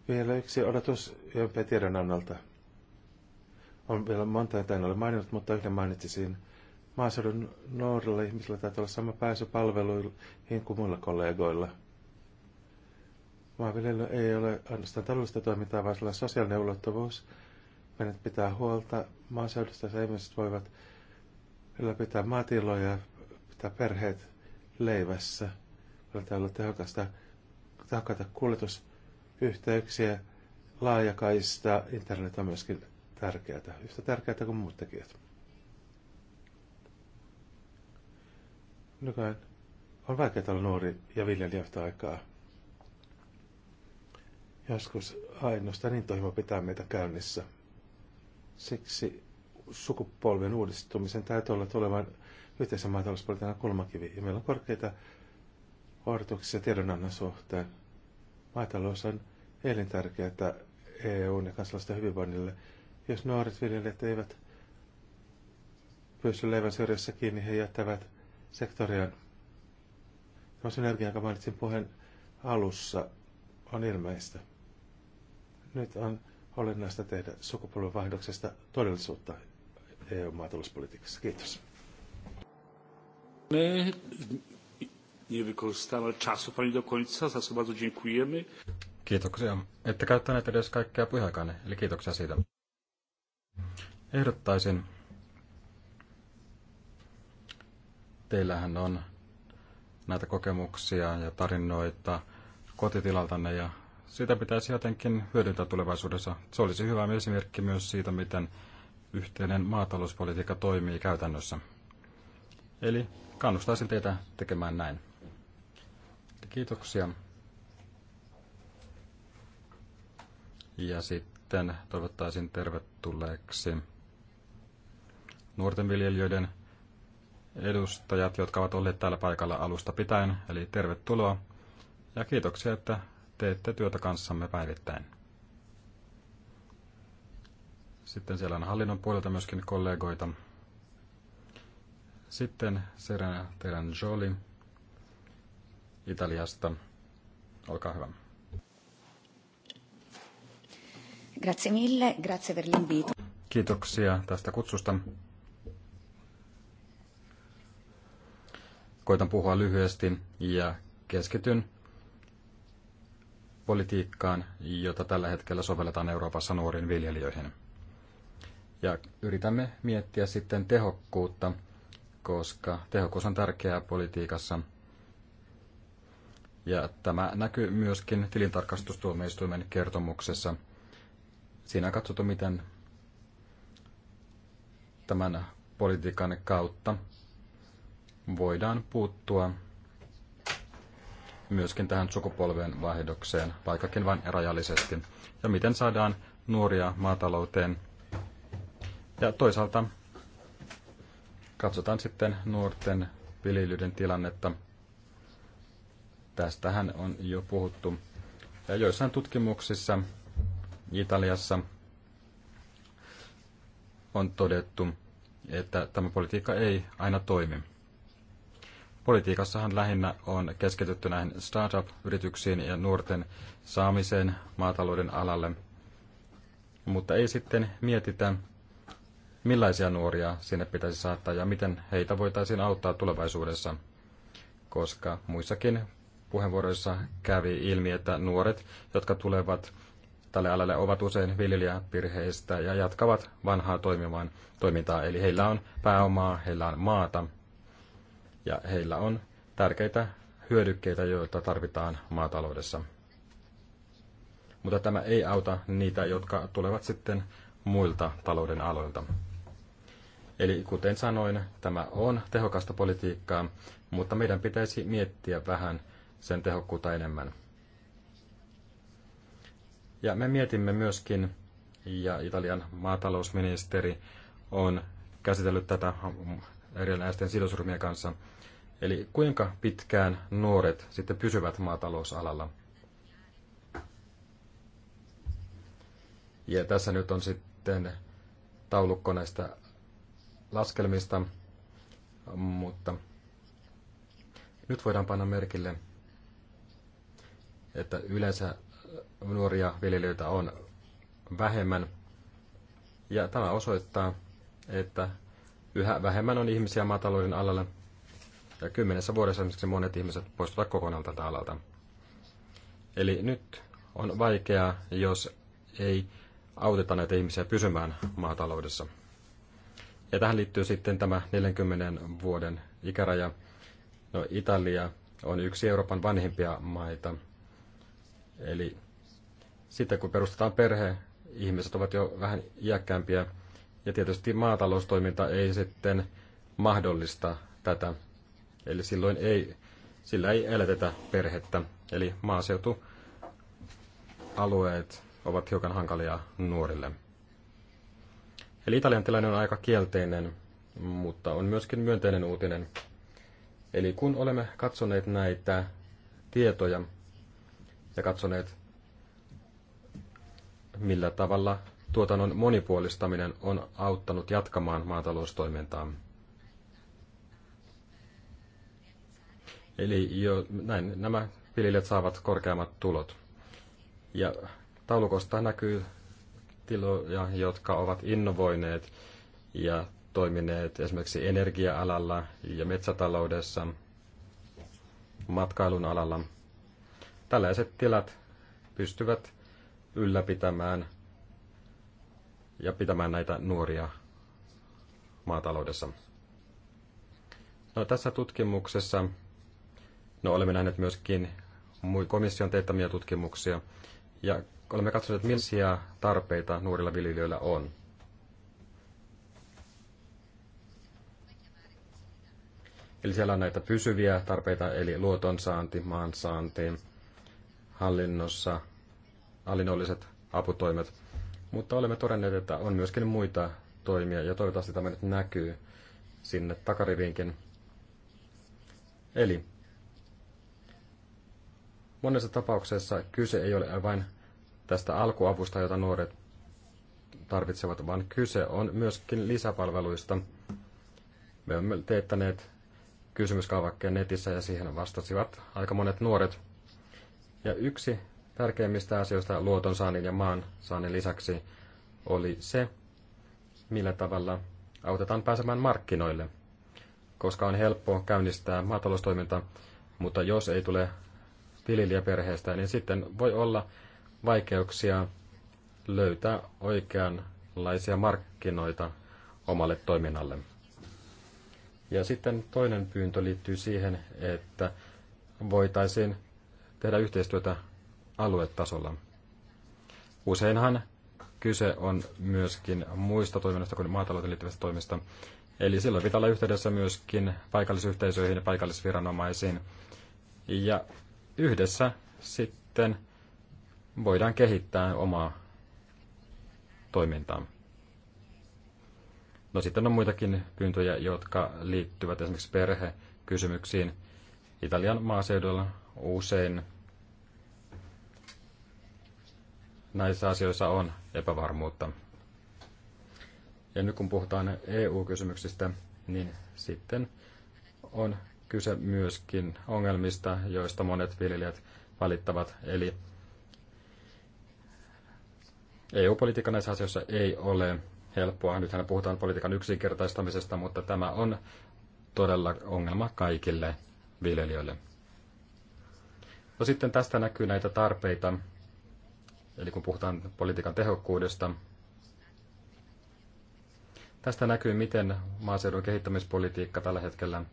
Vielä yksi odotus YMP tiedonannolta. On vielä monta, jota en ole maininnut, mutta yhden mainitsisin. Maaseudun nuorilla ihmisillä täytyy olla sama pääsy palveluihin kuin muilla kollegoilla. Maanviljely ei ole ainoastaan taloudellista toimintaa, vaan sellainen sosiaalinen ulottuvuus. Meidän pitää huolta maaseudusta, jossa ihmiset voivat ylläpitää maatiloja, pitää perheet leivässä. Meillä täytyy olla tehokasta, tehokkaita kuljetusyhteyksiä, laajakaista, internet on myöskin tärkeää, yhtä tärkeää kuin muut tekijät. Nykyään on vaikeaa olla nuori ja viljelijä yhtä aikaa. Joskus ainoastaan niin intohimo pitää meitä käynnissä. Siksi sukupolven uudistumisen täytyy olla tulevan yhteisen maatalouspolitiikan kulmakivi. Ja meillä on korkeita odotuksia tiedonannan suhteen. Maatalous on elintärkeää EUn ja kansalaisten hyvinvoinnille jos nuoret viljelijät eivät pysy leivän syrjässä kiinni, he jättävät sektorian. Tämä synergia, jonka mainitsin puheen alussa, on ilmeistä. Nyt on olennaista tehdä sukupolvenvaihdoksesta todellisuutta EU-maatalouspolitiikassa. Kiitos. Me nie wykorzystamy czasu Pani do końca, za co bardzo dziękujemy. Kiitoksia. Ette käyttäneet edes kaikkea puheaikaan, eli kiitoksia siitä. Ehdottaisin, teillähän on näitä kokemuksia ja tarinoita kotitilaltanne ja sitä pitäisi jotenkin hyödyntää tulevaisuudessa. Se olisi hyvä esimerkki myös siitä, miten yhteinen maatalouspolitiikka toimii käytännössä. Eli kannustaisin teitä tekemään näin. Kiitoksia. Ja sitten sitten toivottaisin tervetulleeksi nuorten viljelijöiden edustajat, jotka ovat olleet täällä paikalla alusta pitäen, eli tervetuloa ja kiitoksia, että teette työtä kanssamme päivittäin. Sitten siellä on hallinnon puolelta myöskin kollegoita. Sitten Serena Teranjoli Italiasta. Olkaa hyvä. Grazie mille, grazie per l'invito. Kiitoksia tästä kutsusta. Koitan puhua lyhyesti ja keskityn politiikkaan, jota tällä hetkellä sovelletaan Euroopassa nuoriin viljelijöihin. Ja yritämme miettiä sitten tehokkuutta, koska tehokkuus on tärkeää politiikassa. Ja tämä näkyy myöskin tilintarkastustuomioistuimen kertomuksessa – Siinä katsotaan miten tämän politiikan kautta voidaan puuttua myöskin tähän sukupolven vaihdokseen, vaikkakin vain rajallisesti, ja miten saadaan nuoria maatalouteen. Ja toisaalta katsotaan sitten nuorten viljelyiden tilannetta. Tästähän on jo puhuttu. Ja joissain tutkimuksissa Italiassa on todettu, että tämä politiikka ei aina toimi. Politiikassahan lähinnä on keskitytty näihin startup-yrityksiin ja nuorten saamiseen maatalouden alalle, mutta ei sitten mietitä, millaisia nuoria sinne pitäisi saattaa ja miten heitä voitaisiin auttaa tulevaisuudessa, koska muissakin puheenvuoroissa kävi ilmi, että nuoret, jotka tulevat tälle alalle ovat usein viljelijäpirheistä ja jatkavat vanhaa toimivaan toimintaa. Eli heillä on pääomaa, heillä on maata ja heillä on tärkeitä hyödykkeitä, joita tarvitaan maataloudessa. Mutta tämä ei auta niitä, jotka tulevat sitten muilta talouden aloilta. Eli kuten sanoin, tämä on tehokasta politiikkaa, mutta meidän pitäisi miettiä vähän sen tehokkuutta enemmän. Ja me mietimme myöskin, ja Italian maatalousministeri on käsitellyt tätä erilaisten sidosryhmien kanssa, eli kuinka pitkään nuoret sitten pysyvät maatalousalalla. Ja tässä nyt on sitten taulukko näistä laskelmista, mutta nyt voidaan panna merkille, että yleensä nuoria viljelijöitä on vähemmän. Ja tämä osoittaa, että yhä vähemmän on ihmisiä maatalouden alalla. Ja kymmenessä vuodessa esimerkiksi monet ihmiset poistuvat kokonaan tältä alalta. Eli nyt on vaikeaa, jos ei auteta näitä ihmisiä pysymään maataloudessa. Ja tähän liittyy sitten tämä 40 vuoden ikäraja. No, Italia on yksi Euroopan vanhimpia maita. Eli sitten kun perustetaan perhe, ihmiset ovat jo vähän iäkkäämpiä ja tietysti maataloustoiminta ei sitten mahdollista tätä. Eli silloin ei, sillä ei elätetä perhettä. Eli maaseutualueet ovat hiukan hankalia nuorille. Eli Italian tilanne on aika kielteinen, mutta on myöskin myönteinen uutinen. Eli kun olemme katsoneet näitä tietoja ja katsoneet, millä tavalla tuotannon monipuolistaminen on auttanut jatkamaan maataloustoimintaa. Eli jo, näin nämä viljelijät saavat korkeammat tulot. Ja taulukosta näkyy tiloja, jotka ovat innovoineet ja toimineet esimerkiksi energia-alalla ja metsätaloudessa, matkailun alalla. Tällaiset tilat pystyvät ylläpitämään ja pitämään näitä nuoria maataloudessa. No, tässä tutkimuksessa no, olemme nähneet myöskin komission teettämiä tutkimuksia ja olemme katsoneet, millaisia tarpeita nuorilla viljelijöillä on. Eli siellä on näitä pysyviä tarpeita, eli luotonsaanti, maansaanti, hallinnossa hallinnolliset aputoimet, mutta olemme todenneet, että on myöskin muita toimia ja toivottavasti tämä nyt näkyy sinne takarivinkin. Eli monessa tapauksessa kyse ei ole vain tästä alkuavusta, jota nuoret tarvitsevat, vaan kyse on myöskin lisäpalveluista. Me olemme teettäneet kysymyskaavakkeen netissä ja siihen vastasivat aika monet nuoret. Ja yksi tärkeimmistä asioista saannin ja maan saannin lisäksi oli se, millä tavalla autetaan pääsemään markkinoille. Koska on helppo käynnistää maataloustoiminta, mutta jos ei tule viljelijäperheestä, niin sitten voi olla vaikeuksia löytää oikeanlaisia markkinoita omalle toiminnalle. Ja sitten toinen pyyntö liittyy siihen, että voitaisiin tehdä yhteistyötä aluetasolla. Useinhan kyse on myöskin muista toiminnasta kuin maatalouteen liittyvistä toimista. Eli silloin pitää olla yhteydessä myöskin paikallisyhteisöihin ja paikallisviranomaisiin. Ja yhdessä sitten voidaan kehittää omaa toimintaa. No sitten on muitakin pyyntöjä, jotka liittyvät esimerkiksi perhekysymyksiin. Italian maaseudulla usein näissä asioissa on epävarmuutta. Ja nyt kun puhutaan EU-kysymyksistä, niin sitten on kyse myöskin ongelmista, joista monet viljelijät valittavat. Eli EU-politiikka näissä asioissa ei ole helppoa. Nythän puhutaan politiikan yksinkertaistamisesta, mutta tämä on todella ongelma kaikille viljelijöille. No sitten tästä näkyy näitä tarpeita, Eli kun puhutaan politiikan tehokkuudesta, tästä näkyy, miten maaseudun kehittämispolitiikka tällä hetkellä,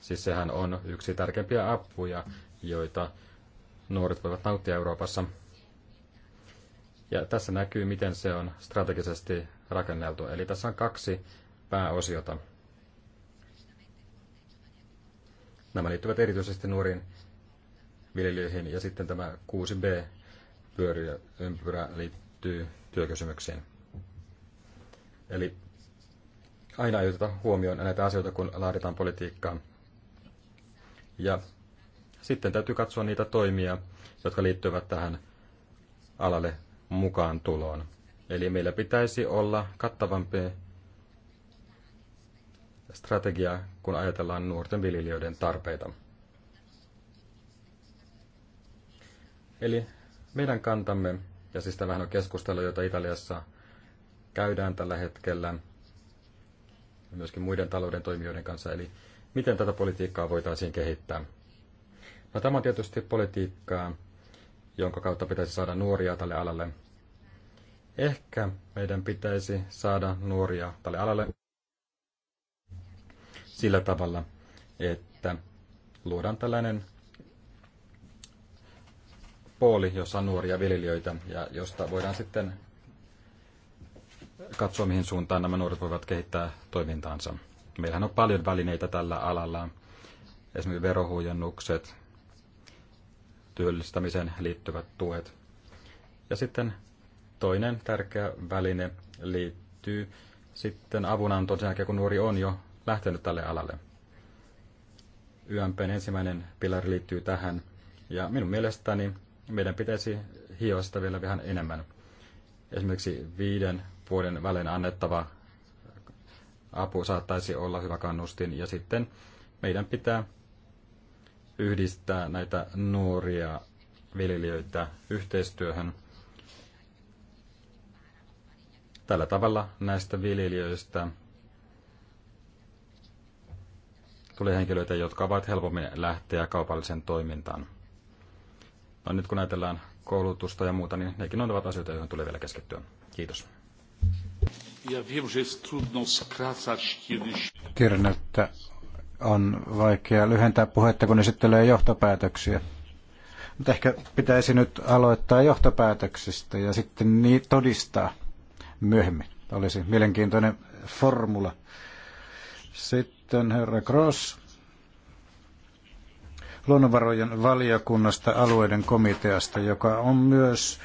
siis sehän on yksi tärkeimpiä apuja, joita nuoret voivat nauttia Euroopassa. Ja tässä näkyy, miten se on strategisesti rakenneltu. Eli tässä on kaksi pääosiota. Nämä liittyvät erityisesti nuoriin viljelijöihin ja sitten tämä 6b pyöriä, ympyrä liittyy työkysymykseen. Eli aina ei oteta huomioon näitä asioita, kun laaditaan politiikkaa. Ja sitten täytyy katsoa niitä toimia, jotka liittyvät tähän alalle mukaan tuloon. Eli meillä pitäisi olla kattavampi strategia, kun ajatellaan nuorten viljelijöiden tarpeita. Eli meidän kantamme, ja siis tämähän on keskustelu, jota Italiassa käydään tällä hetkellä myöskin muiden talouden toimijoiden kanssa, eli miten tätä politiikkaa voitaisiin kehittää. No, tämä on tietysti politiikkaa, jonka kautta pitäisi saada nuoria tälle alalle. Ehkä meidän pitäisi saada nuoria tälle alalle sillä tavalla, että luodaan tällainen pooli, jossa on nuoria viljelijöitä ja josta voidaan sitten katsoa, mihin suuntaan nämä nuoret voivat kehittää toimintaansa. Meillähän on paljon välineitä tällä alalla, esimerkiksi verohuojennukset, työllistämiseen liittyvät tuet. Ja sitten toinen tärkeä väline liittyy sitten avunantoon sen jälkeen, kun nuori on jo lähtenyt tälle alalle. YMPn ensimmäinen pilari liittyy tähän, ja minun mielestäni meidän pitäisi hioa sitä vielä vähän enemmän. Esimerkiksi viiden vuoden välein annettava apu saattaisi olla hyvä kannustin. Ja sitten meidän pitää yhdistää näitä nuoria viljelijöitä yhteistyöhön. Tällä tavalla näistä viljelijöistä tulee henkilöitä, jotka ovat helpommin lähteä kaupalliseen toimintaan. No nyt kun ajatellaan koulutusta ja muuta, niin nekin ovat asioita, joihin tulee vielä keskittyä. Kiitos. Ja wiem, że jest trudno skracać kiedyś. Tiedän, että on vaikea lyhentää puhetta, kun esittelee johtopäätöksiä. Mutta ehkä pitäisi nyt aloittaa johtopäätöksistä ja sitten niin todistaa myöhemmin. Olisi mielenkiintoinen formula. Sitten herra Gross luonnonvarojen valiokunnasta alueiden komiteasta, joka on myös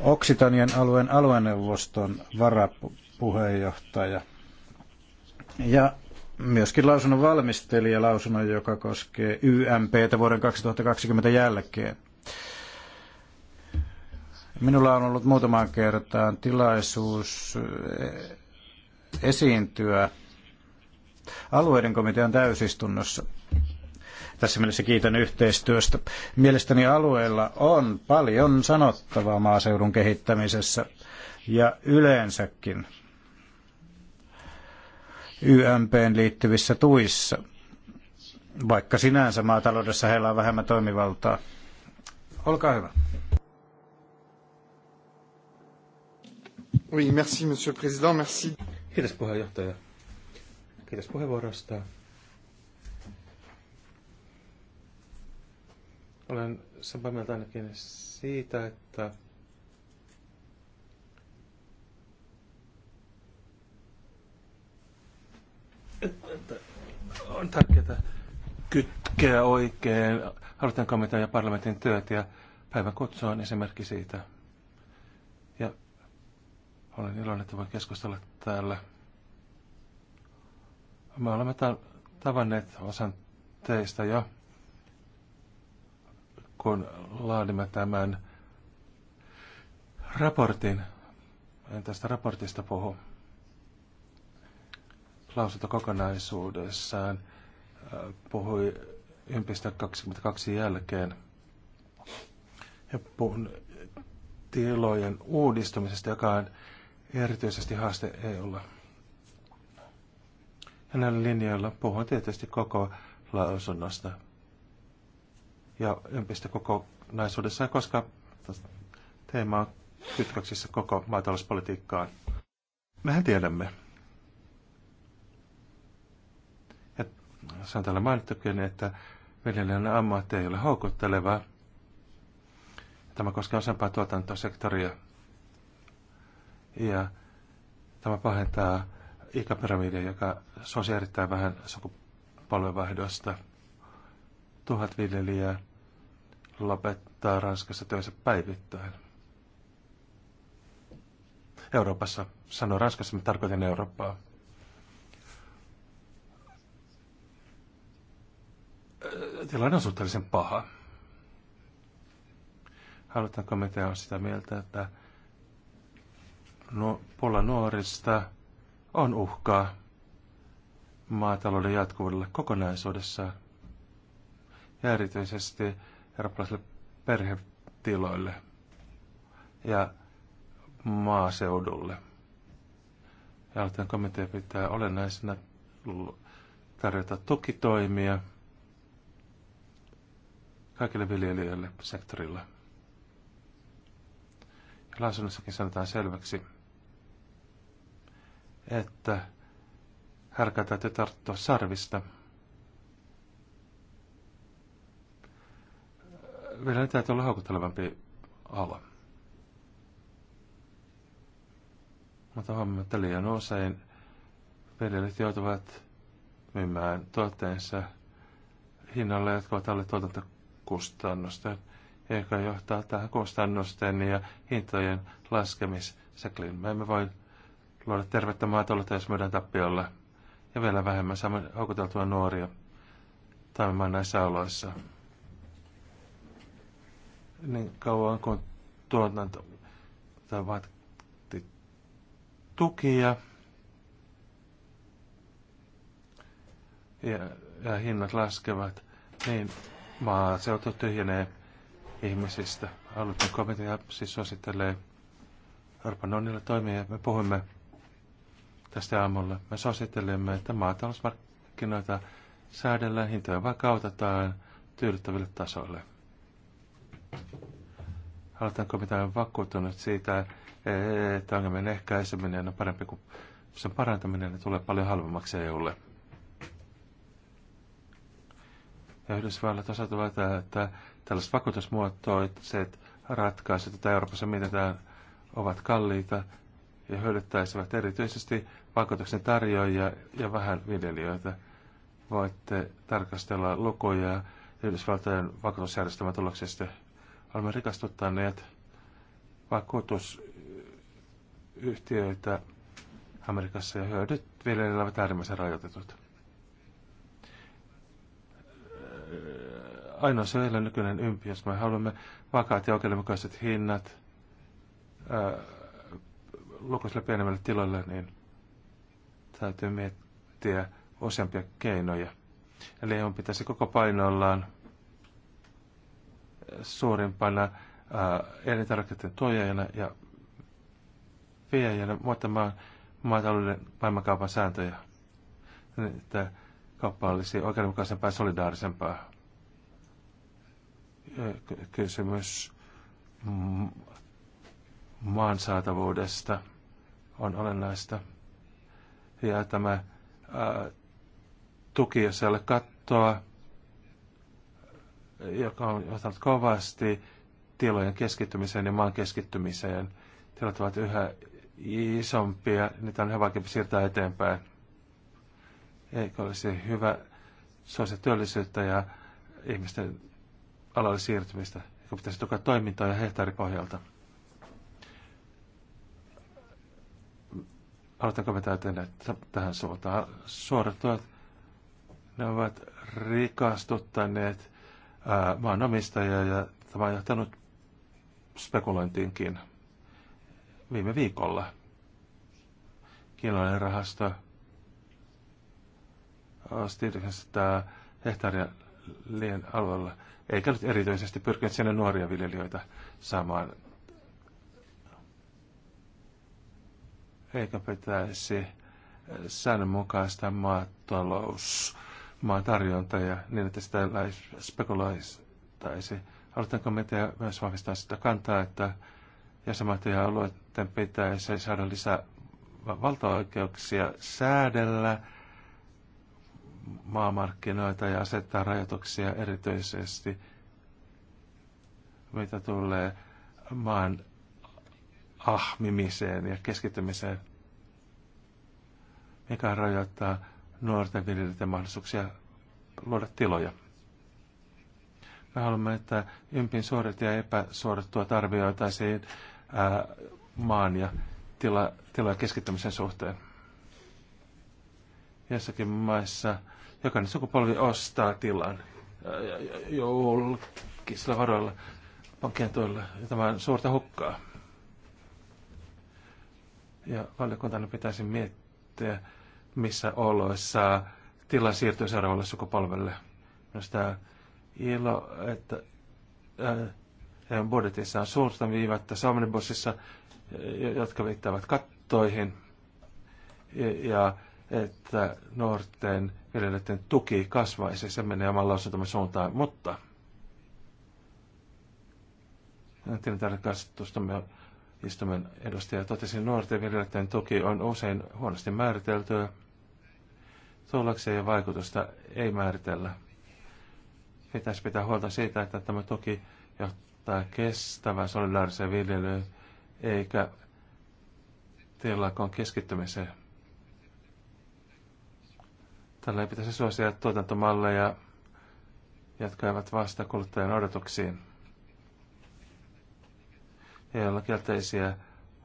Oksitanien alueen alueneuvoston varapuheenjohtaja. Ja myöskin lausunnon valmistelija lausunnon, joka koskee YMPtä vuoden 2020 jälkeen. Minulla on ollut muutamaan kertaan tilaisuus eh, esiintyä alueiden komitean täysistunnossa. Tässä mielessä kiitän yhteistyöstä. Mielestäni alueella on paljon sanottavaa maaseudun kehittämisessä ja yleensäkin YMPn liittyvissä tuissa, vaikka sinänsä maataloudessa heillä on vähemmän toimivaltaa. Olkaa hyvä. Oui, merci, monsieur le président, merci. Kiitos puheenjohtaja. Kiitos puheenvuorosta. Olen samaa mieltä ainakin siitä, että on tärkeää kytkeä oikein aloitteen komitean ja parlamentin työt ja päivän kutsu on esimerkki siitä. Ja olen iloinen, että voin keskustella täällä. Me olemme tavanneet osan teistä jo kun laadimme tämän raportin, en tästä raportista puhu, lausunto kokonaisuudessaan äh, puhui ympistä 22 jälkeen ja puhun tilojen uudistumisesta, joka on erityisesti haaste EUlla. Ja näillä linjoilla puhun tietysti koko lausunnosta ja naisuudessa, koska teema on kytköksissä koko maatalouspolitiikkaan. Mehän tiedämme, ja se on täällä mainittukin, että viljelijän ammatti ei ole houkuttelevaa. Tämä koskee useampaa tuotantosektoria. Ja tämä pahentaa ikäpyramidia, joka sosiaalittaa erittäin vähän sukupolvenvaihdosta. Tuhat viljelijää lopettaa Ranskassa työnsä päivittäin. Euroopassa, sanoo Ranskassa, mä tarkoitan Eurooppaa. Tilanne on suhteellisen paha. Halutaan komitea on sitä mieltä, että no, nuorista on uhkaa maatalouden jatkuvuudelle kokonaisuudessaan. Ja erityisesti eurooppalaisille perhetiloille ja maaseudulle. Ja komitea pitää olennaisena tarjota tukitoimia kaikille viljelijöille sektorilla. Ja lausunnossakin sanotaan selväksi, että härkää täytyy tarttua sarvista – meillä täytyy olla haukuttelevampi ala. Mutta huomioon, että liian usein viljelijät joutuvat myymään tuotteensa hinnalle, jotka ovat alle tuotantokustannusten, joka johtaa tähän kustannusten ja hintojen laskemissäkliin. Me emme voi luoda tervettä maataloutta, jos myydään tappiolla. Ja vielä vähemmän saamme houkuteltua nuoria toimimaan näissä oloissa niin kauan kuin tuotanto tukia ja, ja hinnat laskevat, niin maaseutu tyhjenee ihmisistä. Aloitin komitea siis suosittelee Euroopan unionille toimia ja me puhumme tästä aamulla. Me suosittelemme, että maatalousmarkkinoita säädellään, hintoja vakautetaan tyydyttäville tasoille. Halutaanko mitään vakuuttunut siitä, että ongelmien ehkäiseminen on parempi kuin sen parantaminen, niin tulee paljon halvemmaksi EUlle. Ja Yhdysvallat osoittavat, että tällaiset vakuutusmuotoiset ratkaisut, joita Euroopassa mietitään, ovat kalliita ja hyödyttäisivät erityisesti vakuutuksen tarjoajia ja vähän viljelijöitä. Voitte tarkastella lukuja Yhdysvaltojen vakuutusjärjestelmätuloksista, olemme rikastuttaneet vakuutusyhtiöitä Amerikassa ja hyödyt vielä ovat äärimmäisen rajoitetut. Ainoa se ei nykyinen ympi, jos me haluamme vakaat ja oikeudenmukaiset hinnat lukuisille pienemmille tiloille, niin täytyy miettiä useampia keinoja. Eli on e pitäisi koko painollaan suurimpana äh, elintarvikkeiden tuojajana ja viejänä muuttamaan maatalouden maailmankaupan sääntöjä, niin että kauppa olisi oikeudenmukaisempaa ja solidaarisempaa. Kysymys maan saatavuudesta on olennaista. Ja tämä ää, äh, tuki, jos ei ole kattoa, joka on johtanut kovasti tilojen keskittymiseen ja maan keskittymiseen. Tilat ovat yhä isompia, niitä on yhä siirtää eteenpäin. Eikö olisi hyvä suosia työllisyyttä ja ihmisten alalle siirtymistä, joka pitäisi tukea toimintaa ja hehtaaripohjalta? Aloitanko me täyteen tähän suuntaan? Suorat ne ovat rikastuttaneet maanomistaja ja tämä on johtanut spekulointiinkin viime viikolla. Kiinalainen rahasto osti sitä hehtaaria liian alueella, eikä nyt erityisesti pyrkinyt sinne nuoria viljelijöitä saamaan. Eikä pitäisi säännönmukaista maatalous maan tarjonta ja niin, että sitä ei Halutaanko Halutaan komitea myös vahvistaa sitä kantaa, että jäsenmaat ja alueiden pitäisi saada lisää valtaoikeuksia säädellä maamarkkinoita ja asettaa rajoituksia erityisesti, mitä tulee maan ahmimiseen ja keskittymiseen, mikä rajoittaa nuorten viljelijöiden mahdollisuuksia luoda tiloja. Me haluamme, että ympin suorat ja epäsuorat tuot arvioitaisiin ää, maan ja tila, tilojen keskittämisen suhteen. Jossakin maissa jokainen sukupolvi ostaa tilan julkisilla varoilla pankkien tuilla. Tämä on suurta hukkaa. Ja valiokuntana pitäisi miettiä, missä oloissa tila siirtyy seuraavalle sukupolvelle. Minusta ilo, että ää, äh, budjetissa on suurta viivettä Somnibussissa, jotka viittaavat kattoihin, ja, ja että nuorten viljelijöiden tuki kasvaisi. Se menee oman lausuntamme suuntaan, mutta tilintarkastustamme istuman edustaja totesi, nuorten viljelijöiden tuki on usein huonosti määriteltyä. Tuollakseen ja vaikutusta ei määritellä. Pitäisi pitää huolta siitä, että tämä tuki johtaa kestävää solidaariseen viljelyyn, eikä tilakon keskittymiseen. Tällä ei pitäisi suosia tuotantomalleja, jotka eivät vasta kuluttajan odotuksiin heillä kielteisiä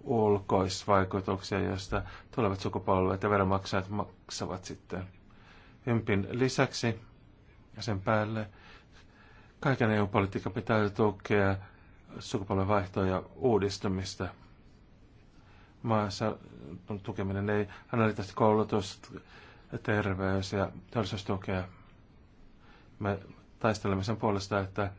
ulkoisvaikutuksia, joista tulevat sukupolvet ja veronmaksajat maksavat sitten. Ympin lisäksi ja sen päälle kaiken EU-politiikka pitää tukea sukupolven vaihtoa ja uudistumista. Maassa tukeminen ei analyyttistä koulutus, terveys ja teollisuustukea. Me taistelemme sen puolesta, että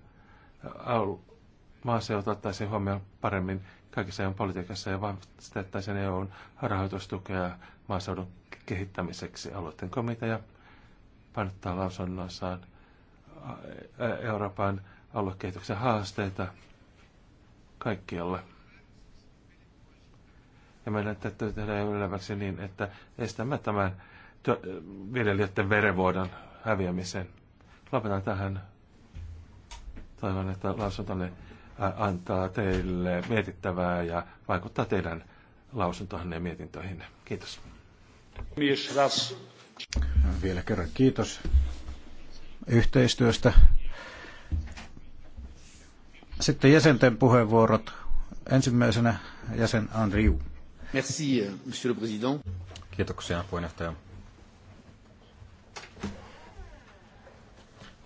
maaseutu ottaisiin huomioon paremmin kaikissa EU politiikassa ja vahvistettaisiin EUn rahoitustukea maaseudun kehittämiseksi alueiden komitea painottaa lausunnoissaan Euroopan aluekehityksen haasteita kaikkialle. Ja meidän täytyy tehdä yleväksi niin, että estämme tämän viljelijöiden verenvuodon häviämisen. Lopetan tähän. Toivon, että lausuntonne antaa teille mietittävää ja vaikuttaa teidän lausuntoihin ja mietintöihin. Kiitos. Vielä kerran kiitos yhteistyöstä. Sitten jäsenten puheenvuorot. Ensimmäisenä jäsen Andriu. Merci, monsieur le président. Kiitoksia puheenjohtaja.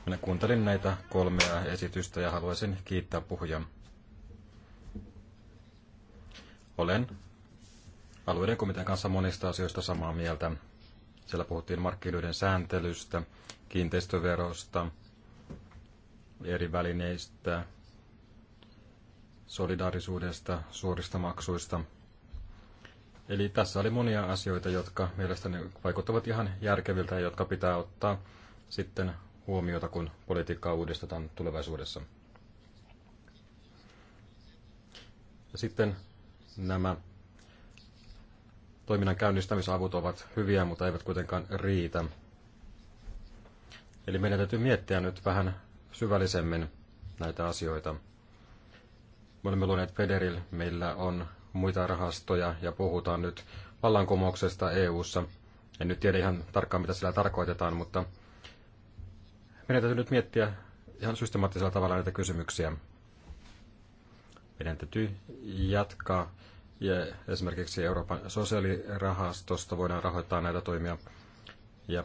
Minä kuuntelin näitä kolmea esitystä ja haluaisin kiittää puhujan. Olen alueiden komitean kanssa monista asioista samaa mieltä. Siellä puhuttiin markkinoiden sääntelystä, kiinteistöverosta, eri välineistä, solidaarisuudesta, suorista maksuista. Eli tässä oli monia asioita, jotka mielestäni vaikuttavat ihan järkeviltä ja jotka pitää ottaa sitten huomiota, kun politiikkaa uudistetaan tulevaisuudessa. Ja sitten nämä toiminnan käynnistämisavut ovat hyviä, mutta eivät kuitenkaan riitä. Eli meidän täytyy miettiä nyt vähän syvällisemmin näitä asioita. Me olemme luoneet Federil, meillä on muita rahastoja ja puhutaan nyt vallankumouksesta EU:ssa. En nyt tiedä ihan tarkkaan, mitä sillä tarkoitetaan, mutta meidän täytyy nyt miettiä ihan systemaattisella tavalla näitä kysymyksiä. Meidän täytyy jatkaa ja esimerkiksi Euroopan sosiaalirahastosta voidaan rahoittaa näitä toimia. Ja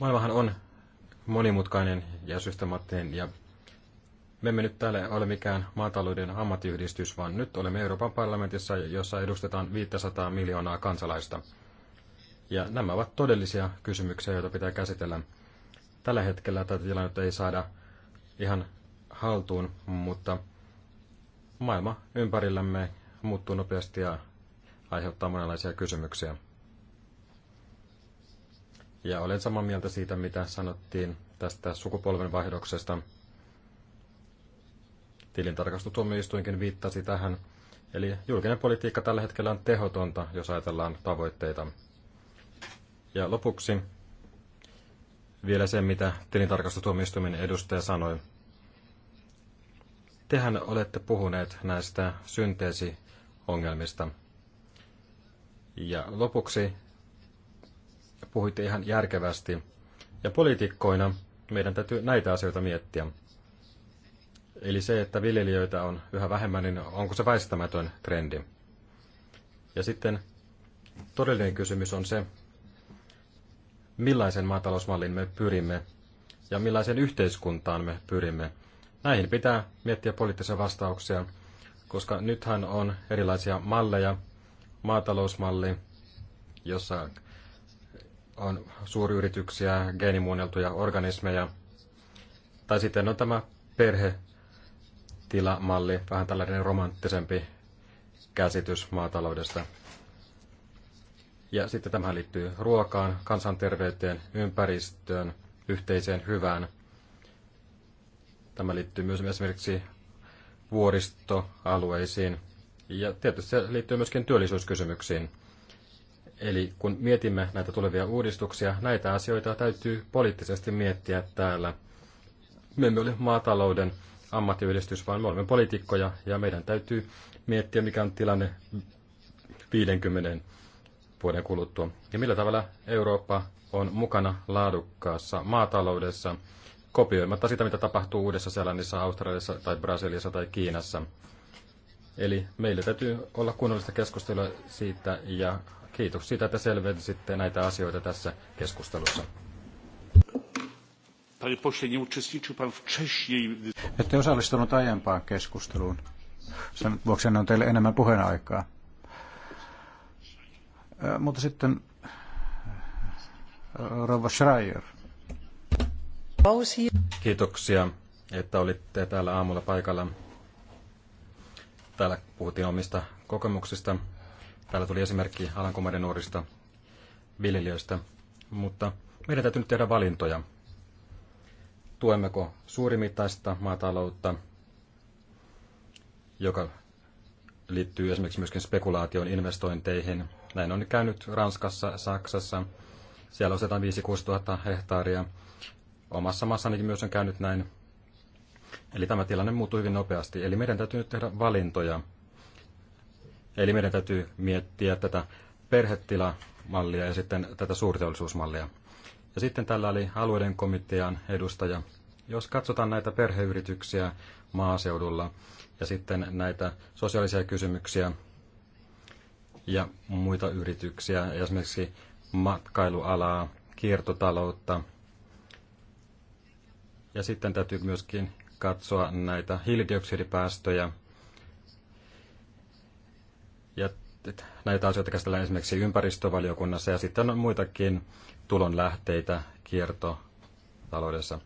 maailmahan on monimutkainen ja systemaattinen ja me emme nyt täällä ole mikään maatalouden ammattiyhdistys, vaan nyt olemme Euroopan parlamentissa, jossa edustetaan 500 miljoonaa kansalaista. Ja nämä ovat todellisia kysymyksiä, joita pitää käsitellä. Tällä hetkellä tätä tilannetta ei saada ihan haltuun, mutta maailma ympärillämme muuttuu nopeasti ja aiheuttaa monenlaisia kysymyksiä. Ja olen samaa mieltä siitä, mitä sanottiin tästä sukupolvenvaihdoksesta. Tilintarkastustuomioistuinkin viittasi tähän. Eli julkinen politiikka tällä hetkellä on tehotonta, jos ajatellaan tavoitteita. Ja lopuksi vielä se, mitä tilintarkastustuomioistuimen edustaja sanoi. Tehän olette puhuneet näistä synteesiongelmista. Ja lopuksi puhuitte ihan järkevästi. Ja poliitikkoina meidän täytyy näitä asioita miettiä. Eli se, että viljelijöitä on yhä vähemmän, niin onko se väistämätön trendi? Ja sitten todellinen kysymys on se, millaisen maatalousmallin me pyrimme ja millaiseen yhteiskuntaan me pyrimme. Näihin pitää miettiä poliittisia vastauksia, koska nythän on erilaisia malleja. Maatalousmalli, jossa on suuryrityksiä, geenimuunneltuja organismeja. Tai sitten on tämä perhetilamalli, vähän tällainen romanttisempi käsitys maataloudesta. Ja sitten tämä liittyy ruokaan, kansanterveyteen, ympäristöön, yhteiseen hyvään. Tämä liittyy myös esimerkiksi vuoristoalueisiin. Ja tietysti se liittyy myöskin työllisyyskysymyksiin. Eli kun mietimme näitä tulevia uudistuksia, näitä asioita täytyy poliittisesti miettiä täällä. Me emme ole maatalouden ammattiyhdistys, vaan me olemme poliitikkoja ja meidän täytyy miettiä, mikä on tilanne 50 vuoden kuluttua. Ja millä tavalla Eurooppa on mukana laadukkaassa maataloudessa kopioimatta sitä, mitä tapahtuu Uudessa Seelannissa, Australiassa tai Brasiliassa tai Kiinassa. Eli meillä täytyy olla kunnollista keskustelua siitä ja kiitos siitä, että selvensitte näitä asioita tässä keskustelussa. Ette osallistunut aiempaan keskusteluun. Sen vuoksi on teille enemmän puheenaikaa. Mutta sitten Rova Schreier. Kiitoksia, että olitte täällä aamulla paikalla. Täällä puhuttiin omista kokemuksista. Täällä tuli esimerkki Alankomaiden nuorista viljelijöistä, mutta meidän täytyy nyt tehdä valintoja. Tuemmeko suurimittaista maataloutta, joka liittyy esimerkiksi myöskin spekulaation investointeihin – näin on käynyt Ranskassa, Saksassa. Siellä on 105-6 tuhatta hehtaaria. Omassa maassanikin myös on käynyt näin. Eli tämä tilanne muuttuu hyvin nopeasti. Eli meidän täytyy nyt tehdä valintoja. Eli meidän täytyy miettiä tätä perhetilamallia ja sitten tätä suurteollisuusmallia. Ja sitten tällä oli alueiden komitean edustaja. Jos katsotaan näitä perheyrityksiä maaseudulla ja sitten näitä sosiaalisia kysymyksiä, ja muita yrityksiä, esimerkiksi matkailualaa, kiertotaloutta. Ja sitten täytyy myöskin katsoa näitä hiilidioksidipäästöjä. Ja näitä asioita käsitellään esimerkiksi ympäristövaliokunnassa ja sitten on muitakin tulonlähteitä kiertotaloudessa.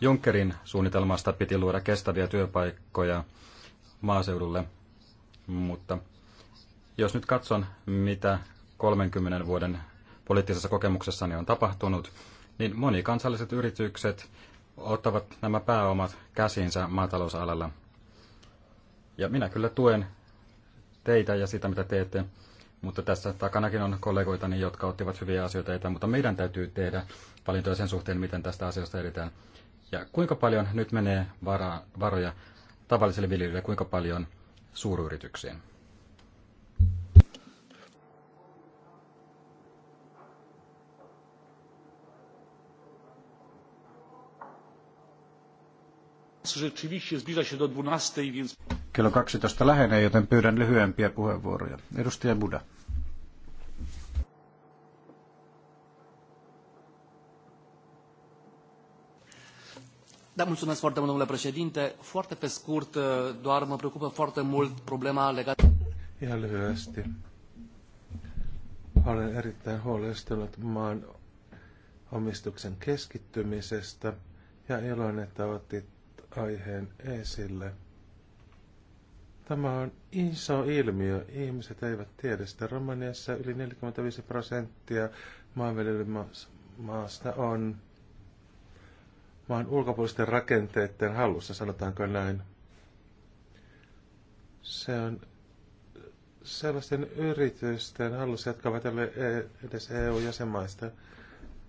Junckerin suunnitelmasta piti luoda kestäviä työpaikkoja maaseudulle, mutta – jos nyt katson, mitä 30 vuoden poliittisessa kokemuksessani niin on tapahtunut, niin monikansalliset yritykset ottavat nämä pääomat käsiinsä maatalousalalla. Ja minä kyllä tuen teitä ja sitä, mitä teette, mutta tässä takanakin on kollegoitani, jotka ottivat hyviä asioita eteen, mutta meidän täytyy tehdä valintoja sen suhteen, miten tästä asiasta edetään. Ja kuinka paljon nyt menee varoja tavallisille viljelijöille, kuinka paljon suuryrityksiin? Kello 12 lähenee, joten pyydän lyhyempiä puheenvuoroja. Edustaja Buda. Da, mulțumesc foarte mult, domnule președinte. Foarte pe scurt, doar mă preocupă foarte mult problema legată... Ihan lyhyesti. Olen erittäin huolestunut maan omistuksen keskittymisestä ja iloinen, että otit aiheen esille. Tämä on iso ilmiö. Ihmiset eivät tiedä sitä. Romaniassa yli 45 prosenttia maanviljelymaasta on maan ulkopuolisten rakenteiden hallussa, sanotaanko näin. Se on sellaisten yritysten hallussa, jotka ovat e- edes EU-jäsenmaista.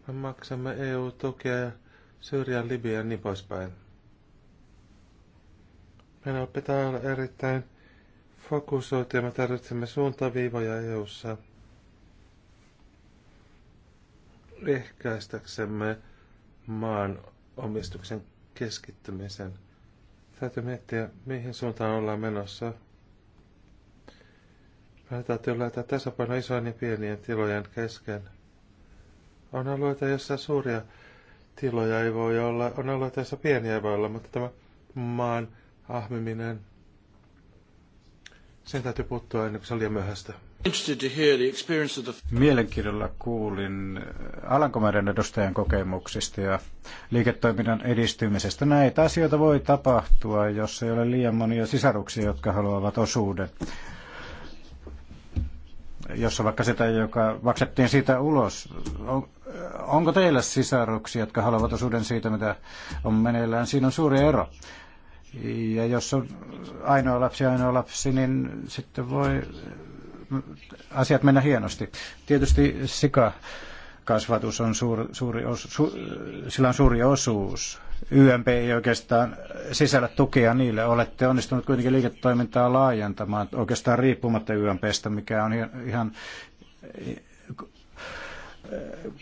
Me maksamme EU-tukea Syyrian, Libyan, ja niin poispäin. Meidän pitää olla erittäin fokusoitu ja me tarvitsemme suuntaviivoja EU-ssa ehkäistäksemme maan omistuksen keskittymisen. Täytyy miettiä, mihin suuntaan ollaan menossa. Meidän täytyy laittaa tasapaino isojen ja pienien tilojen kesken. On alueita, joissa suuria tiloja ei voi olla, on alueita, joissa pieniä ei voi olla, mutta tämä maan ahmiminen. Sen täytyy puuttua ennen kuin se on liian myöhäistä. Mielenkiinnolla kuulin äh, Alankomaiden edustajan kokemuksista ja liiketoiminnan edistymisestä. Näitä asioita voi tapahtua, jos ei ole liian monia sisaruksia, jotka haluavat osuuden. Jos on vaikka sitä, joka maksettiin siitä ulos. Äh, onko teillä sisaruksia, jotka haluavat osuuden siitä, mitä on meneillään? Siinä on suuri ero. Ja jos on ainoa lapsi, ainoa lapsi, niin sitten voi asiat mennä hienosti. Tietysti sika kasvatus on suuri, suuri osu, su, sillä on suuri osuus. YMP ei oikeastaan sisällä tukea niille. Olette onnistunut kuitenkin liiketoimintaa laajentamaan oikeastaan riippumatta YMPstä, mikä on ihan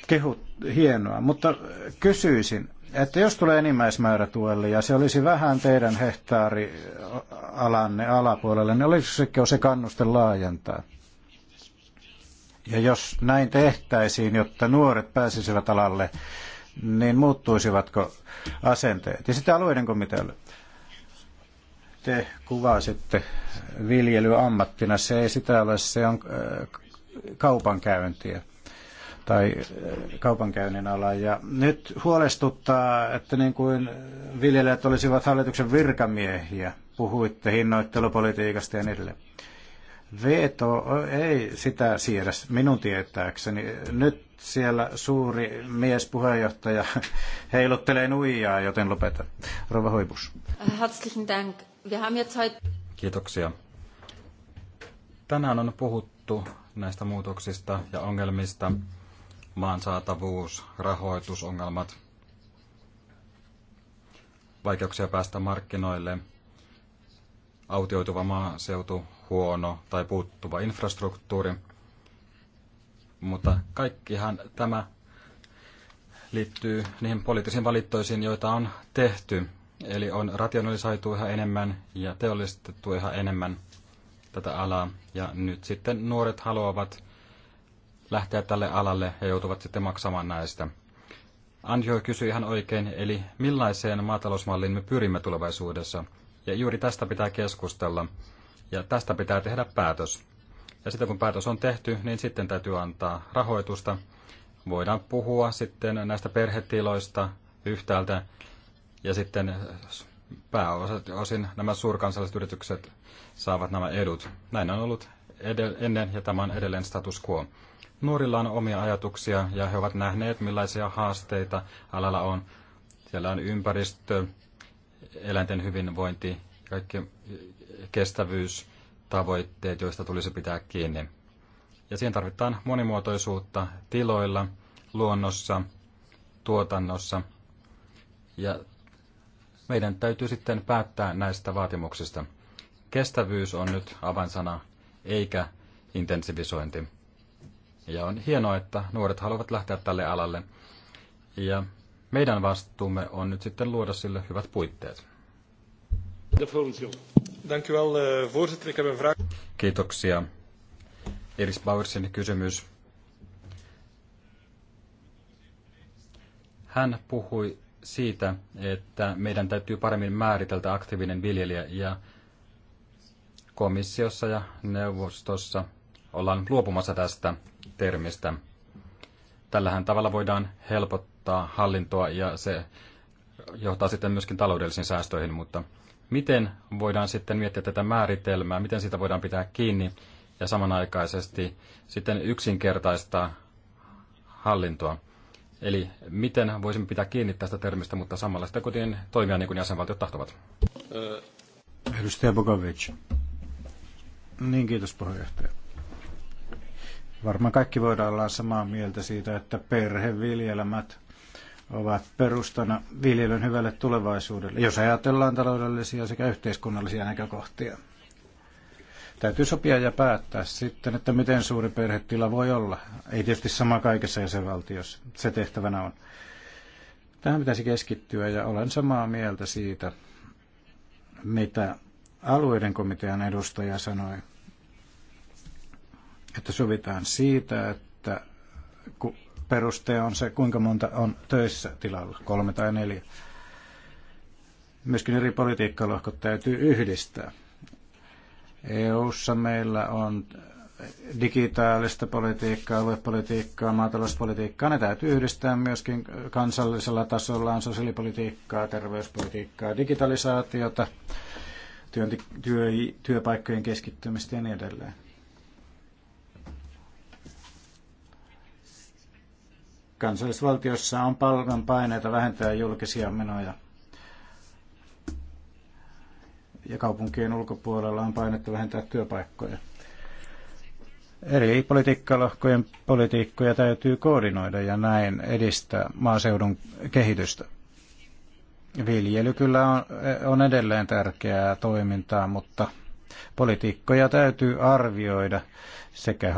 kehut hienoa. Mutta kysyisin, että jos tulee enimmäismäärä tuelle ja se olisi vähän teidän hehtaarialanne äh, alapuolelle, niin olisiko se kannuste laajentaa? Ja jos näin tehtäisiin, jotta nuoret pääsisivät alalle, niin muuttuisivatko asenteet? Ja sitten alueiden komitealle. Te kuvasitte viljelyammattina, se ei sitä ole, se on äh, kaupankäyntiä tai eh, kaupankäynnin ala. Ja nyt huolestuttaa, että niin kuin viljelijät olisivat hallituksen virkamiehiä. Puhuitte hinnoittelupolitiikasta ja niin edelleen. Veto ei sitä siedä minun tietääkseni. Nyt siellä suuri mies puheenjohtaja heiluttelee nuijaa, joten lopeta. Rova Hoibus. Kiitoksia. Tänään on puhuttu näistä muutoksista ja ongelmista, maan saatavuus, rahoitusongelmat, vaikeuksia päästä markkinoille, autioituva maaseutu, huono tai puuttuva infrastruktuuri. Mutta kaikkihan tämä liittyy niihin poliittisiin valittoisiin, joita on tehty. Eli on rationalisoitu ihan enemmän ja teollistettu ihan enemmän tätä alaa. Ja nyt sitten nuoret haluavat lähteä tälle alalle ja joutuvat sitten maksamaan näistä. Anjo kysyi ihan oikein, eli millaiseen maatalousmalliin me pyrimme tulevaisuudessa. Ja juuri tästä pitää keskustella ja tästä pitää tehdä päätös. Ja sitten kun päätös on tehty, niin sitten täytyy antaa rahoitusta. Voidaan puhua sitten näistä perhetiloista yhtäältä ja sitten pääosin nämä suurkansalliset yritykset saavat nämä edut. Näin on ollut edelleen, ennen ja tämä on edelleen status quo. Nuorilla on omia ajatuksia ja he ovat nähneet, millaisia haasteita alalla on. Siellä on ympäristö, eläinten hyvinvointi, kaikki kestävyystavoitteet, joista tulisi pitää kiinni. Ja siihen tarvitaan monimuotoisuutta tiloilla, luonnossa, tuotannossa. Ja meidän täytyy sitten päättää näistä vaatimuksista. Kestävyys on nyt avainsana, eikä intensivisointi. Ja on hienoa, että nuoret haluavat lähteä tälle alalle. Ja meidän vastuumme on nyt sitten luoda sille hyvät puitteet. Eh, Kiitoksia. Iris Bauersin kysymys. Hän puhui siitä, että meidän täytyy paremmin määritellä aktiivinen viljelijä ja komissiossa ja neuvostossa ollaan luopumassa tästä termistä. Tällähän tavalla voidaan helpottaa hallintoa ja se johtaa sitten myöskin taloudellisiin säästöihin, mutta miten voidaan sitten miettiä tätä määritelmää, miten sitä voidaan pitää kiinni ja samanaikaisesti sitten yksinkertaistaa hallintoa. Eli miten voisimme pitää kiinni tästä termistä, mutta samalla sitä kuitenkin toimia niin kuin jäsenvaltiot tahtovat. Äh. Edustaja Bogovic. Niin, kiitos puheenjohtaja. Varmaan kaikki voidaan olla samaa mieltä siitä, että perheviljelmät ovat perustana viljelyn hyvälle tulevaisuudelle, jos ajatellaan taloudellisia sekä yhteiskunnallisia näkökohtia. Täytyy sopia ja päättää sitten, että miten suuri perhetila voi olla. Ei tietysti sama kaikessa jäsenvaltiossa. Se tehtävänä on. Tähän pitäisi keskittyä ja olen samaa mieltä siitä, mitä alueiden komitean edustaja sanoi että sovitaan siitä, että peruste on se, kuinka monta on töissä tilalla, kolme tai neljä. Myöskin eri politiikkalohkot täytyy yhdistää. EU:ssa meillä on digitaalista politiikkaa, aluepolitiikkaa, maatalouspolitiikkaa. Ne täytyy yhdistää myöskin kansallisella tasolla on sosiaalipolitiikkaa, terveyspolitiikkaa, digitalisaatiota, työ, työ, työpaikkojen keskittymistä ja niin edelleen. kansallisvaltiossa on paljon paineita vähentää julkisia menoja. Ja kaupunkien ulkopuolella on painetta vähentää työpaikkoja. Eri politiikkalohkojen politiikkoja täytyy koordinoida ja näin edistää maaseudun kehitystä. Viljely kyllä on, on edelleen tärkeää toimintaa, mutta politiikkoja täytyy arvioida sekä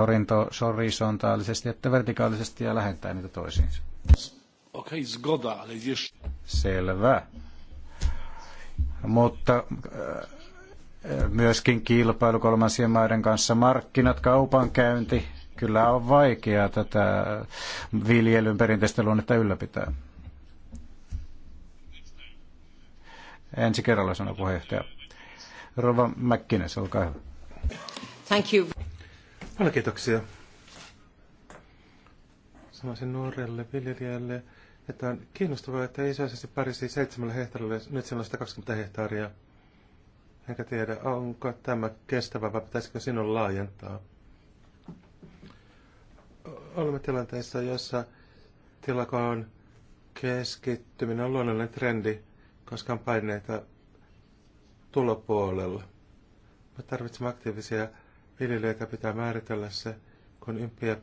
horisontaalisesti että vertikaalisesti ja lähentää niitä toisiinsa. Okei, okay, zgoda, ale Selvä. Mutta äh, myöskin kilpailu kolmansien maiden kanssa, markkinat, kaupankäynti, kyllä on vaikeaa tätä viljelyn perinteistä luonnetta ylläpitää. Ensi kerralla sanoo puheenjohtaja. Rova Mäkkinen, olkaa hyvä. Thank you. Paljon kiitoksia. Sanoisin nuorelle viljelijälle, että on kiinnostavaa, että isäisesti parisi seitsemällä hehtaarilla, nyt siellä on 120 hehtaaria. Enkä tiedä, onko tämä kestävä vai pitäisikö sinun laajentaa. Olemme tilanteessa, jossa tilakoon keskittyminen on luonnollinen trendi, koska on paineita tulopuolella. Me tarvitsemme aktiivisia viljelijöitä pitää määritellä se, kun ympiä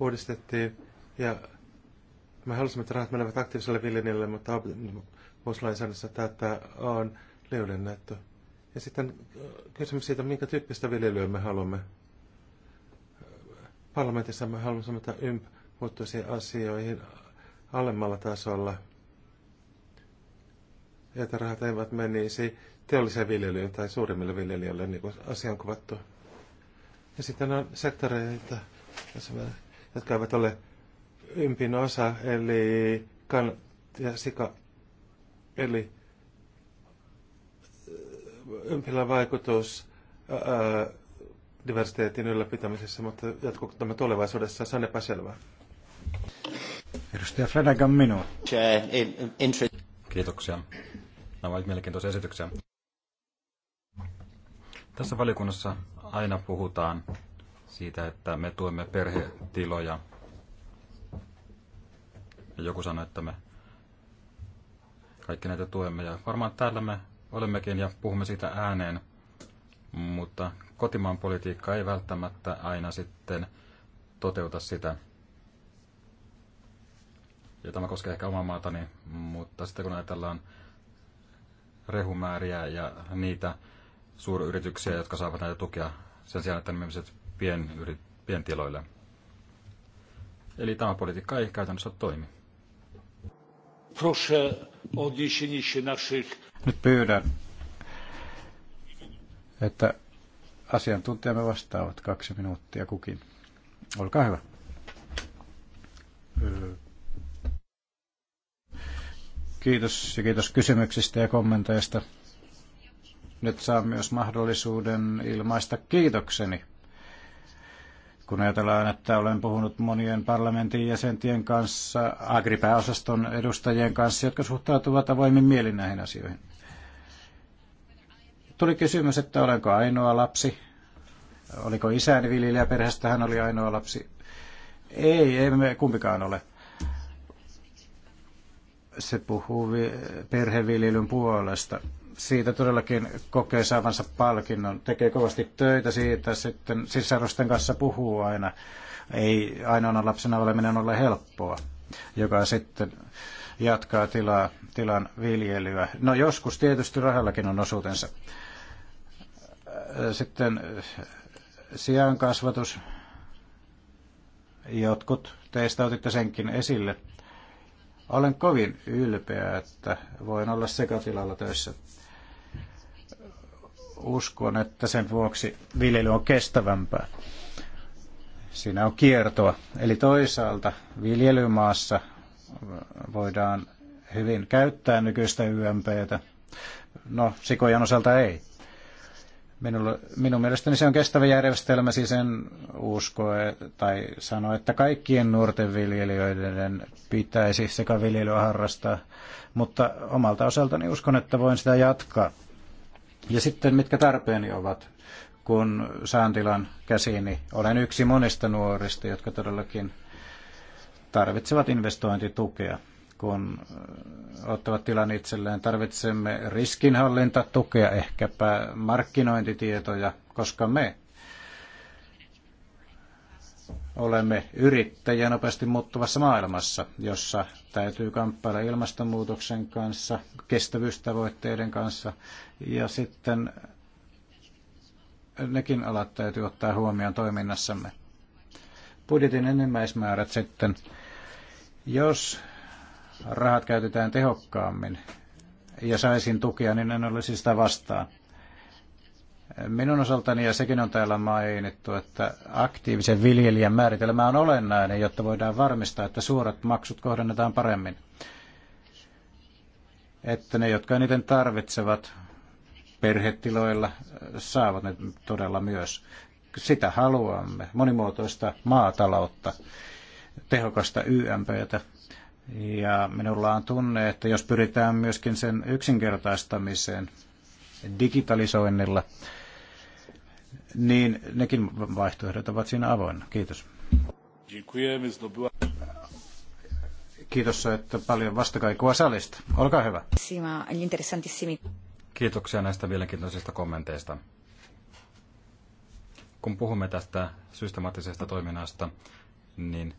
uudistettiin. Ja me halusimme, että rahat menevät aktiiviselle viljelijälle, mutta vuosilainsäädännössä tätä on liudennettu. Ja sitten äh, kysymys siitä, minkä tyyppistä viljelyä me haluamme. Parlamentissa me haluamme, että ymp muuttuisi asioihin alemmalla tasolla. Että rahat eivät menisi teolliseen viljelyyn tai suurimmille viljelijöille, niin kuin asia on kuvattu. Ja sitten on sektoreita, jotka eivät ole ympin osa, eli kan ja sika, eli ympillä vaikutus ää, diversiteetin ylläpitämisessä, mutta jatkuuko tämä tulevaisuudessa, se on epäselvää. Edustaja Flanagan, minua. Kiitoksia. Nämä ovat mielenkiintoisia esityksiä. Tässä valikunnassa aina puhutaan siitä, että me tuemme perhetiloja. Ja joku sanoi, että me kaikki näitä tuemme. Ja varmaan täällä me olemmekin ja puhumme siitä ääneen. Mutta kotimaan politiikka ei välttämättä aina sitten toteuta sitä. Ja tämä koskee ehkä omaa maatani, mutta sitten kun ajatellaan rehumääriä ja niitä suuryrityksiä, jotka saavat näitä tukea sen sijaan, että nimimiset pienyrit, pientiloille. Eli tämä politiikka ei käytännössä toimi. Nyt pyydän, että asiantuntijamme vastaavat kaksi minuuttia kukin. Olkaa hyvä. Kiitos ja kiitos kysymyksistä ja kommenteista. Nyt saan myös mahdollisuuden ilmaista kiitokseni. Kun ajatellaan, että olen puhunut monien parlamentin jäsentien kanssa, agripääosaston edustajien kanssa, jotka suhtautuvat avoimin mielin näihin asioihin. Tuli kysymys, että olenko ainoa lapsi. Oliko isäni viljelijäperheestä, hän oli ainoa lapsi. Ei, ei me kumpikaan ole se puhuu perheviljelyn puolesta siitä todellakin kokee saavansa palkinnon. Tekee kovasti töitä siitä, sitten sisarusten kanssa puhuu aina. Ei ainoana lapsena oleminen ole helppoa, joka sitten jatkaa tilaa, tilan viljelyä. No joskus tietysti rahallakin on osuutensa. Sitten kasvatus. Jotkut teistä otitte senkin esille. Olen kovin ylpeä, että voin olla sekatilalla töissä uskon, että sen vuoksi viljely on kestävämpää. Siinä on kiertoa. Eli toisaalta viljelymaassa voidaan hyvin käyttää nykyistä YMPtä. No, sikojan osalta ei. Minulla, minun mielestäni se on kestävä järjestelmä, siis en usko tai sano, että kaikkien nuorten viljelijöiden pitäisi sekä viljelyä harrastaa, mutta omalta osaltani uskon, että voin sitä jatkaa. Ja sitten mitkä tarpeeni ovat, kun saan tilan käsiini. Olen yksi monista nuorista, jotka todellakin tarvitsevat investointitukea, kun ottavat tilan itselleen. Tarvitsemme riskinhallintatukea, ehkäpä markkinointitietoja, koska me Olemme yrittäjiä nopeasti muuttuvassa maailmassa, jossa täytyy kamppailla ilmastonmuutoksen kanssa, kestävyystavoitteiden kanssa ja sitten nekin alat täytyy ottaa huomioon toiminnassamme. Budjetin enimmäismäärät sitten, jos rahat käytetään tehokkaammin ja saisin tukea, niin en olisi sitä vastaan. Minun osaltani, ja sekin on täällä mainittu, että aktiivisen viljelijän määritelmä on olennainen, jotta voidaan varmistaa, että suorat maksut kohdennetaan paremmin. Että ne, jotka eniten tarvitsevat perhetiloilla, saavat ne todella myös. Sitä haluamme, monimuotoista maataloutta, tehokasta YMPtä. Ja minulla on tunne, että jos pyritään myöskin sen yksinkertaistamiseen digitalisoinnilla, niin nekin vaihtoehdot ovat siinä avoinna. Kiitos. Kiitos, että paljon vastakaikua salista. Olkaa hyvä. Kiitoksia näistä mielenkiintoisista kommenteista. Kun puhumme tästä systemaattisesta toiminnasta, niin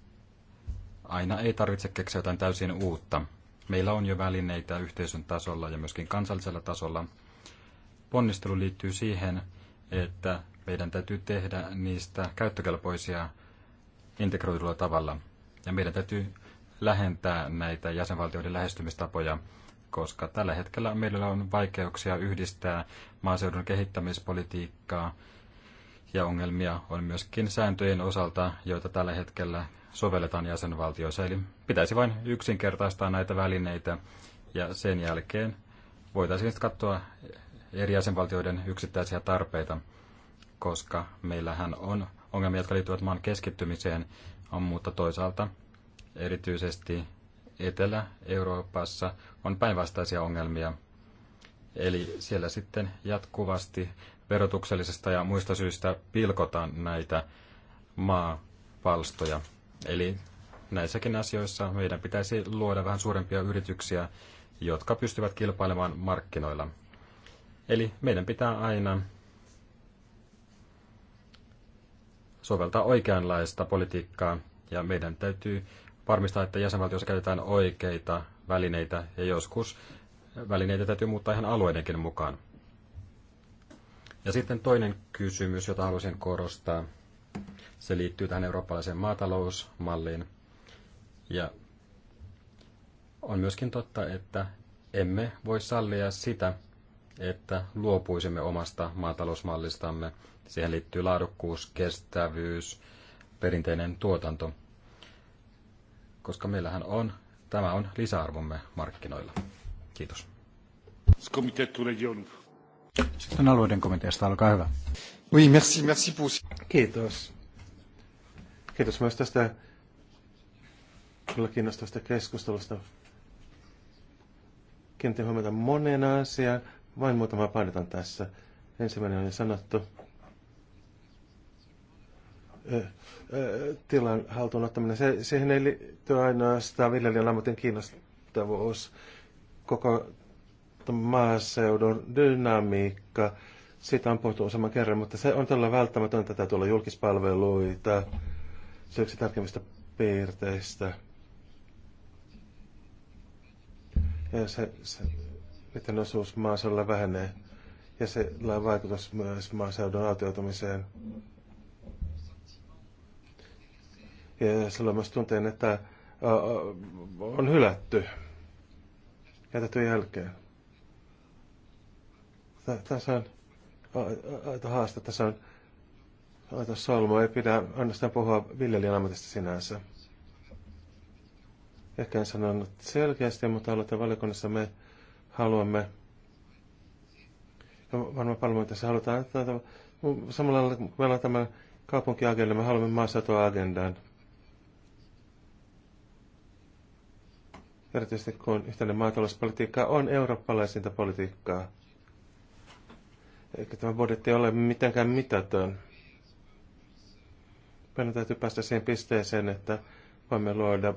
aina ei tarvitse keksiä jotain täysin uutta. Meillä on jo välineitä yhteisön tasolla ja myöskin kansallisella tasolla. Ponnistelu liittyy siihen, että meidän täytyy tehdä niistä käyttökelpoisia integroidulla tavalla. Ja meidän täytyy lähentää näitä jäsenvaltioiden lähestymistapoja, koska tällä hetkellä meillä on vaikeuksia yhdistää maaseudun kehittämispolitiikkaa ja ongelmia on myöskin sääntöjen osalta, joita tällä hetkellä sovelletaan jäsenvaltioissa. Eli pitäisi vain yksinkertaistaa näitä välineitä ja sen jälkeen voitaisiin katsoa eri jäsenvaltioiden yksittäisiä tarpeita, koska meillähän on ongelmia, jotka liittyvät maan keskittymiseen, mutta toisaalta erityisesti Etelä-Euroopassa on päinvastaisia ongelmia. Eli siellä sitten jatkuvasti verotuksellisesta ja muista syistä pilkotaan näitä maapalstoja. Eli näissäkin asioissa meidän pitäisi luoda vähän suurempia yrityksiä, jotka pystyvät kilpailemaan markkinoilla. Eli meidän pitää aina soveltaa oikeanlaista politiikkaa ja meidän täytyy varmistaa, että jäsenvaltiossa käytetään oikeita välineitä ja joskus välineitä täytyy muuttaa ihan alueidenkin mukaan. Ja sitten toinen kysymys, jota haluaisin korostaa, se liittyy tähän eurooppalaiseen maatalousmalliin. Ja on myöskin totta, että emme voi sallia sitä, että luopuisimme omasta maatalousmallistamme. Siihen liittyy laadukkuus, kestävyys, perinteinen tuotanto, koska meillähän on, tämä on lisäarvomme markkinoilla. Kiitos. Sitten alueiden komiteasta, olkaa hyvä. Oui, merci, merci pour... Kiitos. Kiitos myös tästä kyllä kiinnostavasta keskustelusta. Kiinnitin huomiota monen asian. Vain muutama painotan tässä. Ensimmäinen on jo sanottu. Tilan haltuun ottaminen, se, siihen ei liittyy ainoastaan viljelijän ammatin kiinnostavuus, koko maaseudun dynamiikka, siitä on puhuttu useamman kerran, mutta se on todella välttämätöntä, täytyy tulla julkispalveluita, se on yksi tärkeimmistä piirteistä. Ja se, se miten osuus maaseudulla vähenee. Ja se on vaikutus myös maaseudun autioitumiseen. Ja silloin myös tunteen, että on hylätty, jätetty jälkeen. Tässä on aito haaste, tässä on aito solmu. Ei pidä ainoastaan puhua viljelijän ammatista sinänsä. Ehkä en sanonut selkeästi, mutta aloitan valiokunnassa me haluamme, ja no, varmaan tässä halutaan, että samalla lailla kun meillä on tämä kaupunkiagenda, me haluamme maaseutoa-agendaan. Erityisesti kun yhteinen maatalouspolitiikka on eurooppalaisinta politiikkaa. Eikä tämä budjetti ole mitenkään mitätön. Meidän täytyy päästä siihen pisteeseen, että voimme luoda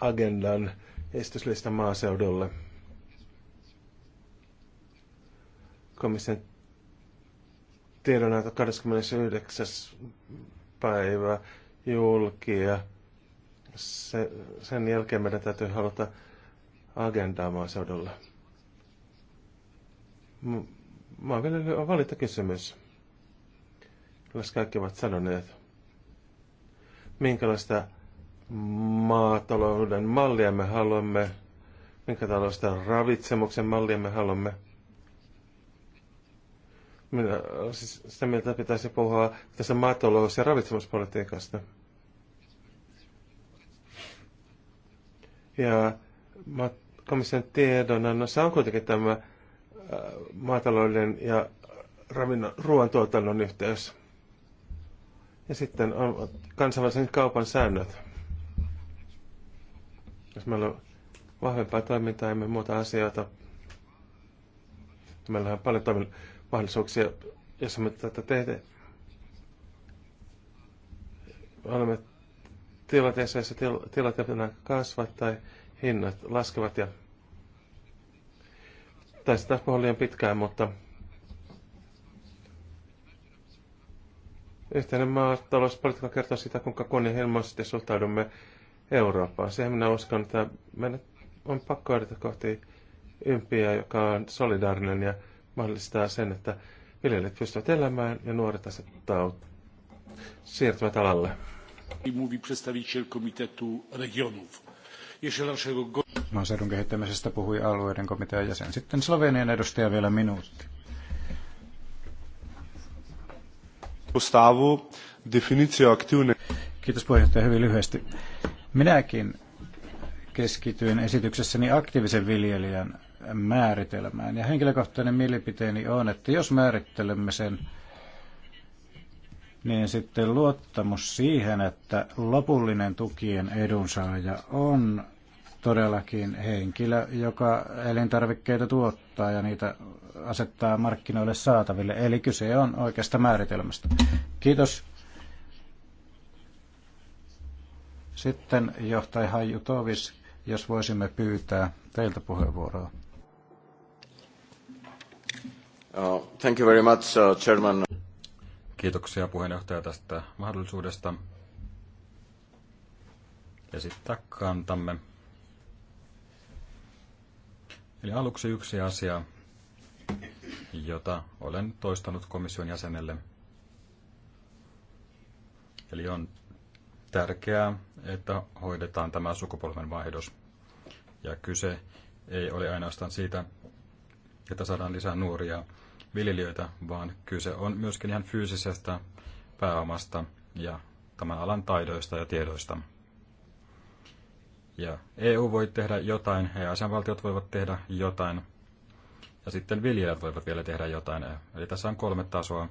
agendan esityslistan maaseudulle. komission tiedonanto 29. päivä julki ja se, sen jälkeen meidän täytyy haluta agendaa maaseudulla. vielä on kysymys. Jos kaikki ovat sanoneet, minkälaista maatalouden mallia me haluamme, minkä ravitsemuksen mallia me haluamme – minä siis sitä mieltä pitäisi puhua tässä maatalous- ja ravitsemuspolitiikasta. Ja komission tiedonannossa on kuitenkin tämä äh, maatalouden ja ravinnon, ruoantuotannon yhteys. Ja sitten on kansainvälisen kaupan säännöt. Jos meillä on vahvempaa toimintaa, emme muuta asioita. meillä on paljon toimintaa mahdollisuuksia, jos me tätä tehdään. Olemme tilanteessa, jossa tilat tilanteena kasvat tai hinnat laskevat. Ja, tai sitä puhua liian pitkään, mutta yhteinen maatalouspolitiikka kertoo sitä, kuinka kunnianhimoisesti suhtaudumme Eurooppaan. Siihen minä uskon, että meidän on pakko edetä kohti ympiä, joka on solidaarinen ja mahdollistaa sen, että viljelijät pystyvät elämään ja nuoret asettavat siirtyvät alalle. Mówi przedstawiciel Komitetu Regionów. Maaseudun kehittämisestä puhui alueiden komitean jäsen. Sitten Slovenian edustaja vielä minuutti. Gustavo, definitio aktiivinen. Kiitos puheenjohtaja hyvin lyhyesti. Minäkin keskityin esityksessäni aktiivisen viljelijän määritelmään. Ja henkilökohtainen mielipiteeni on, että jos määrittelemme sen, niin sitten luottamus siihen, että lopullinen tukien edunsaaja on todellakin henkilö, joka elintarvikkeita tuottaa ja niitä asettaa markkinoille saataville. Eli kyse on oikeasta määritelmästä. Kiitos. Sitten johtaja Haju Tovis, jos voisimme pyytää teiltä puheenvuoroa. Uh, thank you very much, uh, Chairman. Kiitoksia puheenjohtaja tästä mahdollisuudesta esittää kantamme. Eli aluksi yksi asia, jota olen toistanut komission jäsenelle. Eli on tärkeää, että hoidetaan tämä sukupolven vaihdos. Ja kyse ei ole ainoastaan siitä, että saadaan lisää nuoria viljelijöitä, vaan kyse on myöskin ihan fyysisestä pääomasta ja tämän alan taidoista ja tiedoista. Ja EU voi tehdä jotain, ja e asianvaltiot voivat tehdä jotain, ja sitten viljelijät voivat vielä tehdä jotain. Eli tässä on kolme tasoa,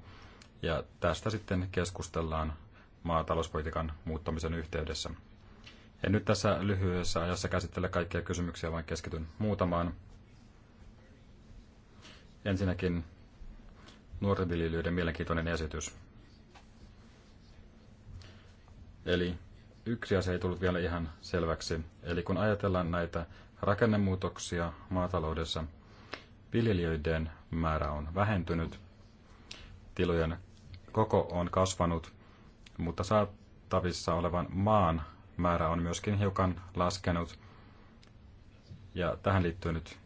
ja tästä sitten keskustellaan maatalouspolitiikan muuttamisen yhteydessä. En nyt tässä lyhyessä ajassa käsittele kaikkia kysymyksiä, vaan keskityn muutamaan. Ensinnäkin nuorten viljelijöiden mielenkiintoinen esitys. Eli yksi asia ei tullut vielä ihan selväksi. Eli kun ajatellaan näitä rakennemuutoksia maataloudessa, viljelijöiden määrä on vähentynyt, tilojen koko on kasvanut, mutta saatavissa olevan maan määrä on myöskin hiukan laskenut. Ja tähän liittyy nyt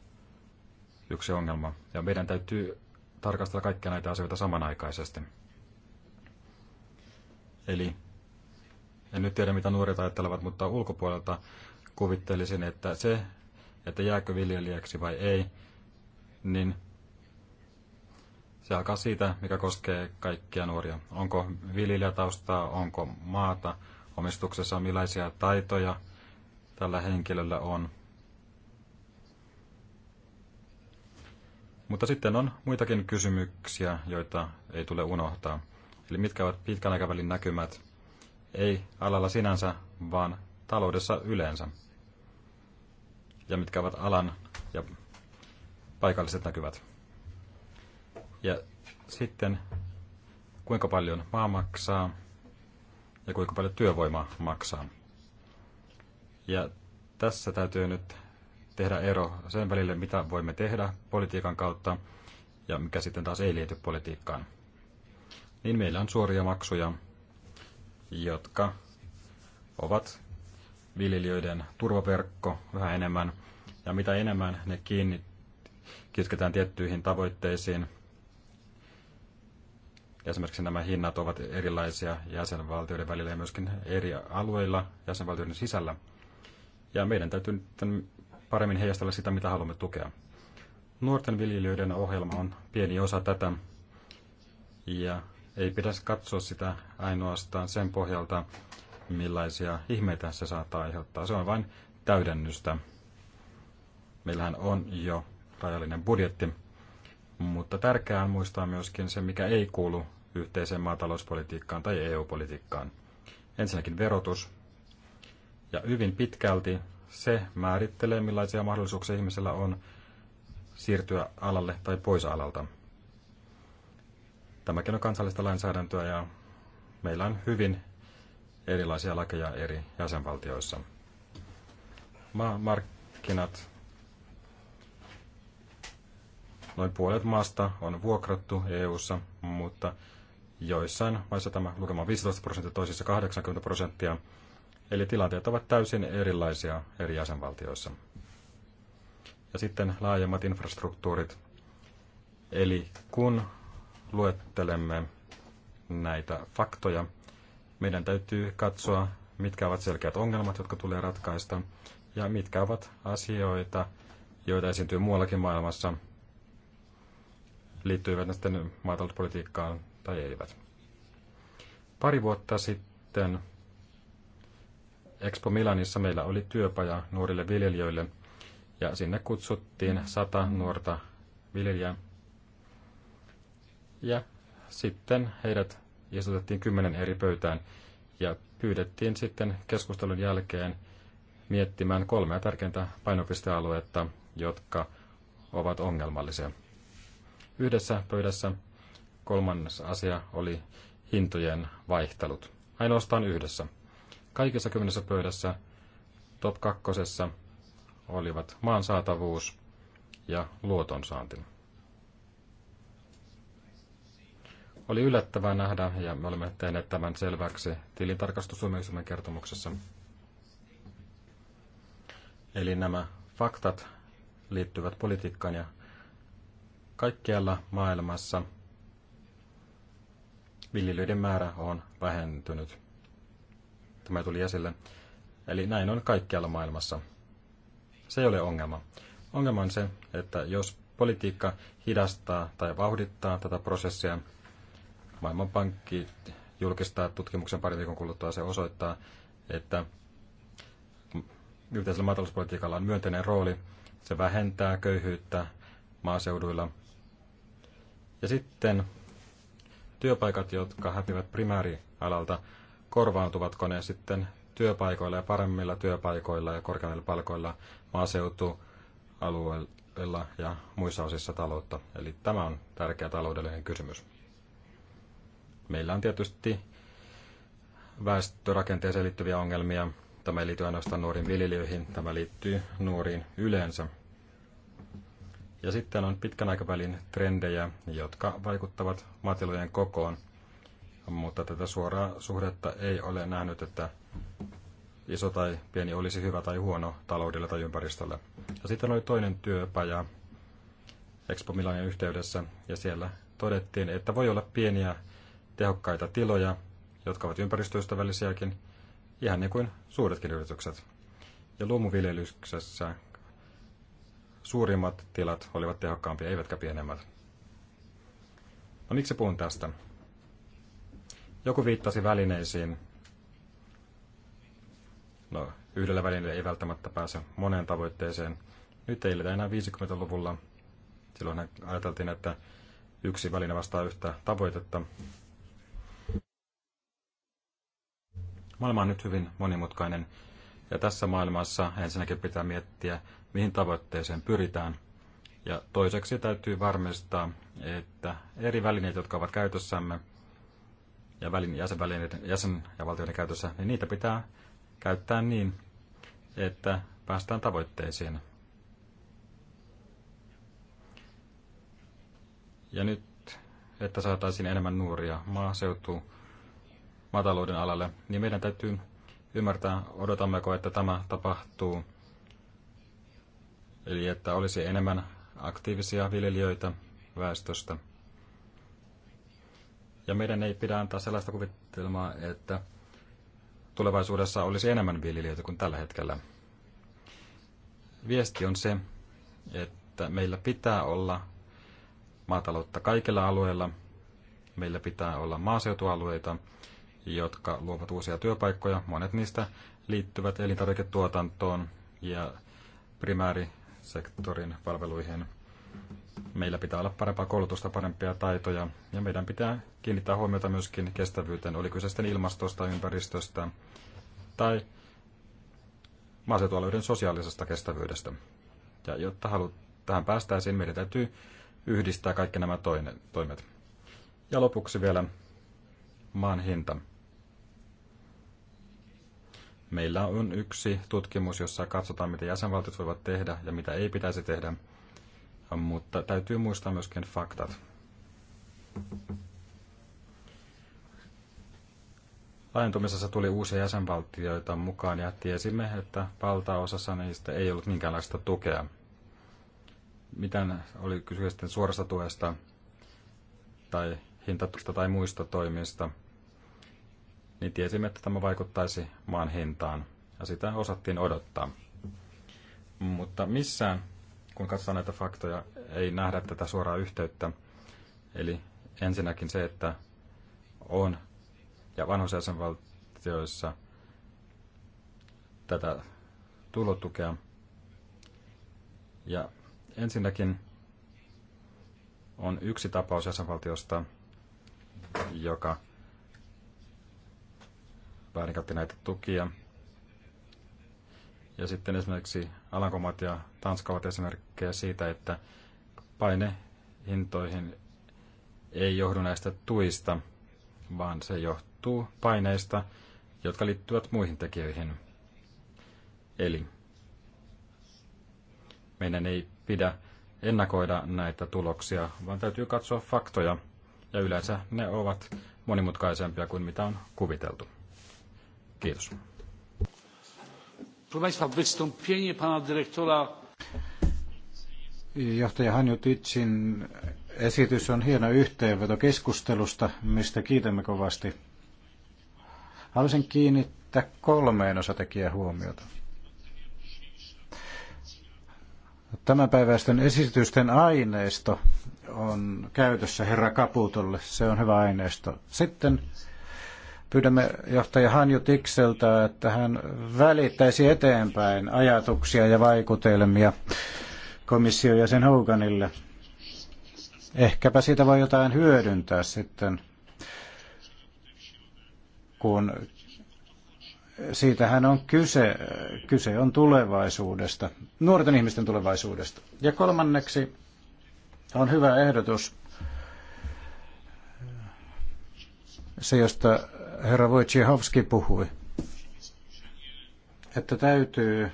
yksi ongelma. Ja meidän täytyy tarkastella kaikkia näitä asioita samanaikaisesti. Eli en nyt tiedä, mitä nuoret ajattelevat, mutta ulkopuolelta kuvittelisin, että se, että jääkö viljelijäksi vai ei, niin se alkaa siitä, mikä koskee kaikkia nuoria. Onko viljelijätaustaa, onko maata, omistuksessa, millaisia taitoja tällä henkilöllä on – Mutta sitten on muitakin kysymyksiä, joita ei tule unohtaa. Eli mitkä ovat pitkän aikavälin näkymät? Ei alalla sinänsä, vaan taloudessa yleensä. Ja mitkä ovat alan ja paikalliset näkymät. Ja sitten kuinka paljon maa maksaa ja kuinka paljon työvoima maksaa. Ja tässä täytyy nyt tehdä ero sen välille, mitä voimme tehdä politiikan kautta ja mikä sitten taas ei liity politiikkaan. Niin meillä on suoria maksuja, jotka ovat viljelijöiden turvaverkko vähän enemmän. Ja mitä enemmän ne kiinni kytketään tiettyihin tavoitteisiin, esimerkiksi nämä hinnat ovat erilaisia jäsenvaltioiden välillä ja myöskin eri alueilla jäsenvaltioiden sisällä. Ja meidän täytyy paremmin heijastella sitä, mitä haluamme tukea. Nuorten viljelijöiden ohjelma on pieni osa tätä, ja ei pidä katsoa sitä ainoastaan sen pohjalta, millaisia ihmeitä se saattaa aiheuttaa. Se on vain täydennystä. Meillähän on jo rajallinen budjetti, mutta tärkeää on muistaa myöskin se, mikä ei kuulu yhteiseen maatalouspolitiikkaan tai EU-politiikkaan. Ensinnäkin verotus. Ja hyvin pitkälti se määrittelee, millaisia mahdollisuuksia ihmisellä on siirtyä alalle tai pois alalta. Tämäkin on kansallista lainsäädäntöä ja meillä on hyvin erilaisia lakeja eri jäsenvaltioissa. Maamarkkinat. Noin puolet maasta on vuokrattu EU:ssa, mutta joissain maissa tämä lukema 15 prosenttia, toisissa 80 prosenttia. Eli tilanteet ovat täysin erilaisia eri jäsenvaltioissa. Ja sitten laajemmat infrastruktuurit. Eli kun luettelemme näitä faktoja, meidän täytyy katsoa, mitkä ovat selkeät ongelmat, jotka tulee ratkaista, ja mitkä ovat asioita, joita esiintyy muuallakin maailmassa, liittyivät ne sitten maatalouspolitiikkaan tai eivät. Pari vuotta sitten Expo Milanissa meillä oli työpaja nuorille viljelijöille ja sinne kutsuttiin sata nuorta viljelijää. Ja sitten heidät istutettiin kymmenen eri pöytään ja pyydettiin sitten keskustelun jälkeen miettimään kolmea tärkeintä painopistealuetta, jotka ovat ongelmallisia. Yhdessä pöydässä kolmannes asia oli hintojen vaihtelut. Ainoastaan yhdessä. Kaikissa kymmenessä pöydässä top kakkosessa olivat maan saatavuus ja luotonsaanti. Oli yllättävää nähdä, ja me olemme tehneet tämän selväksi tilintarkastustuomioistuimen kertomuksessa. Eli nämä faktat liittyvät politiikkaan ja kaikkialla maailmassa viljelyiden määrä on vähentynyt tämä tuli esille. Eli näin on kaikkialla maailmassa. Se ei ole ongelma. Ongelma on se, että jos politiikka hidastaa tai vauhdittaa tätä prosessia, Maailmanpankki julkistaa tutkimuksen pari viikon kuluttua, se osoittaa, että yhteisellä maatalouspolitiikalla on myönteinen rooli. Se vähentää köyhyyttä maaseuduilla. Ja sitten työpaikat, jotka häpivät primäärialalta, korvaantuvatko ne sitten työpaikoilla ja paremmilla työpaikoilla ja korkeammilla palkoilla maaseutualueilla ja muissa osissa taloutta. Eli tämä on tärkeä taloudellinen kysymys. Meillä on tietysti väestörakenteeseen liittyviä ongelmia. Tämä ei liity ainoastaan nuoriin viljelijöihin, tämä liittyy nuoriin yleensä. Ja sitten on pitkän aikavälin trendejä, jotka vaikuttavat maatilojen kokoon – mutta tätä suoraa suhdetta ei ole nähnyt, että iso tai pieni olisi hyvä tai huono taloudelle tai ympäristölle. Ja sitten oli toinen työpaja Expo Milanin yhteydessä, ja siellä todettiin, että voi olla pieniä tehokkaita tiloja, jotka ovat ympäristöystävällisiäkin, ihan niin kuin suuretkin yritykset. Ja luomuviljelyksessä suurimmat tilat olivat tehokkaampia, eivätkä pienemmät. No miksi puhun tästä? Joku viittasi välineisiin. No, yhdellä välineellä ei välttämättä pääse moneen tavoitteeseen. Nyt ei enää 50-luvulla. Silloin ajateltiin, että yksi väline vastaa yhtä tavoitetta. Maailma on nyt hyvin monimutkainen, ja tässä maailmassa ensinnäkin pitää miettiä, mihin tavoitteeseen pyritään. Ja toiseksi täytyy varmistaa, että eri välineet, jotka ovat käytössämme, ja välin, jäsenvälineiden, jäsen- ja valtioiden käytössä, niin niitä pitää käyttää niin, että päästään tavoitteisiin. Ja nyt, että saataisiin enemmän nuoria maaseutu maatalouden alalle, niin meidän täytyy ymmärtää, odotammeko, että tämä tapahtuu. Eli että olisi enemmän aktiivisia viljelijöitä väestöstä. Ja meidän ei pidä antaa sellaista kuvitelmaa, että tulevaisuudessa olisi enemmän viljelijöitä kuin tällä hetkellä. Viesti on se, että meillä pitää olla maataloutta kaikilla alueilla. Meillä pitää olla maaseutualueita, jotka luovat uusia työpaikkoja. Monet niistä liittyvät elintarviketuotantoon ja primäärisektorin palveluihin – Meillä pitää olla parempaa koulutusta, parempia taitoja ja meidän pitää kiinnittää huomiota myöskin kestävyyteen, oli kyse sitten ilmastosta, ympäristöstä tai maaseutualueiden sosiaalisesta kestävyydestä. Ja jotta halu, tähän päästäisiin, meidän täytyy yhdistää kaikki nämä toine, toimet. Ja lopuksi vielä maan hinta. Meillä on yksi tutkimus, jossa katsotaan, mitä jäsenvaltiot voivat tehdä ja mitä ei pitäisi tehdä – mutta täytyy muistaa myöskin faktat. Laajentumisessa tuli uusia jäsenvaltioita mukaan ja tiesimme, että valtaosassa niistä ei ollut minkäänlaista tukea. Mitään oli kyse sitten suorasta tuesta tai hintatusta tai muista toimista, niin tiesimme, että tämä vaikuttaisi maan hintaan ja sitä osattiin odottaa. Mutta missään kun katsotaan näitä faktoja, ei nähdä tätä suoraa yhteyttä. Eli ensinnäkin se, että on ja vanhoissa jäsenvaltioissa tätä tulotukea. Ja ensinnäkin on yksi tapaus jäsenvaltiosta, joka väärinkäytti näitä tukia ja sitten esimerkiksi Alankomaat ja Tanska ovat esimerkkejä siitä, että paine hintoihin ei johdu näistä tuista, vaan se johtuu paineista, jotka liittyvät muihin tekijöihin. Eli meidän ei pidä ennakoida näitä tuloksia, vaan täytyy katsoa faktoja, ja yleensä ne ovat monimutkaisempia kuin mitä on kuviteltu. Kiitos. Proszę Państwa, wystąpienie Pana Dyrektora... Johtaja esitys on hieno yhteenveto keskustelusta, mistä kiitämme kovasti. Haluaisin kiinnittää kolmeen osatekijään huomiota. Tämänpäiväisten esitysten aineisto on käytössä herra Kaputolle. Se on hyvä aineisto. Sitten Pyydämme johtaja Hanju Tikseltä, että hän välittäisi eteenpäin ajatuksia ja vaikutelmia komission jäsen Hoganille. Ehkäpä siitä voi jotain hyödyntää sitten, kun siitähän on kyse, kyse on tulevaisuudesta, nuorten ihmisten tulevaisuudesta. Ja kolmanneksi on hyvä ehdotus, se josta herra Wojciechowski puhui, että täytyy,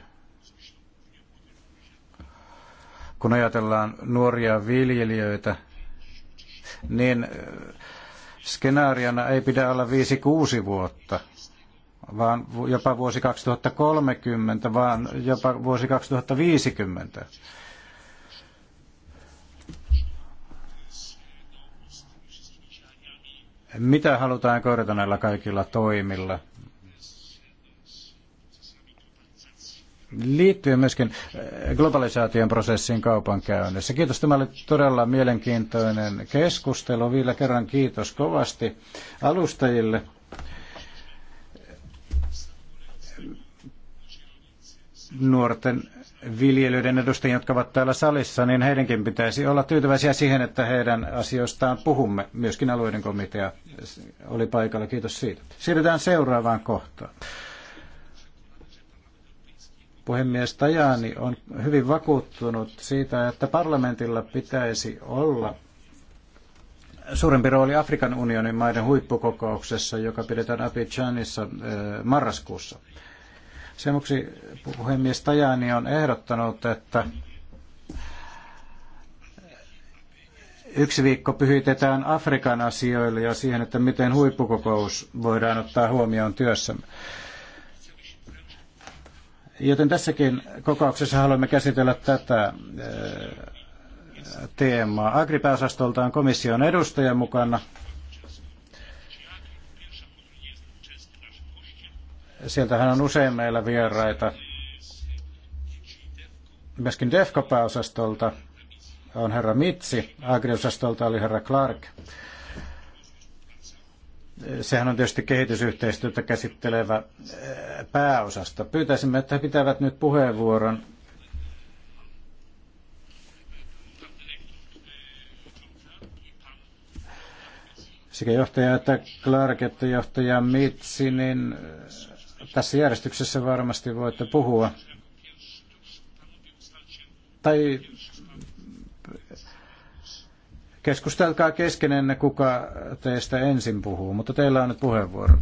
kun ajatellaan nuoria viljelijöitä, niin äh, skenaariona ei pidä olla 5-6 vuotta, vaan jopa vuosi 2030, vaan jopa vuosi 2050 mitä halutaan korjata näillä kaikilla toimilla. Liittyen myöskin eh, globalisaation prosessin kaupankäynnissä. Kiitos, tämä oli todella mielenkiintoinen keskustelu. Vielä kerran kiitos kovasti alustajille. Nuorten viljelijöiden edustajien, jotka ovat täällä salissa, niin heidänkin pitäisi olla tyytyväisiä siihen, että heidän asioistaan puhumme. Myöskin alueiden komitea oli paikalla. Kiitos siitä. Siirrytään seuraavaan kohtaan. Puhemies Tajani on hyvin vakuuttunut siitä, että parlamentilla pitäisi olla suurempi rooli Afrikan unionin maiden huippukokouksessa, joka pidetään Abidjanissa eh, marraskuussa. Sen vuoksi puhemies Tajani on ehdottanut, että yksi viikko pyhitetään Afrikan asioille ja siihen, että miten huippukokous voidaan ottaa huomioon työssämme. Joten tässäkin kokouksessa haluamme käsitellä tätä eh, teemaa. Agripääosastolta on komission edustaja mukana Sieltähän on usein meillä vieraita. Myöskin DEFCO-pääosastolta on herra Mitsi, Agri-osastolta oli herra Clark. Sehän on tietysti kehitysyhteistyötä käsittelevä eh, pääosasto. Pyytäisimme, että he pitävät nyt puheenvuoron sekä johtaja että Clark että johtaja Mitsi, niin eh, tässä järjestyksessä varmasti voitte puhua. Tai keskustelkaa keskenenne, kuka teistä ensin puhuu, mutta teillä on nyt puheenvuoro.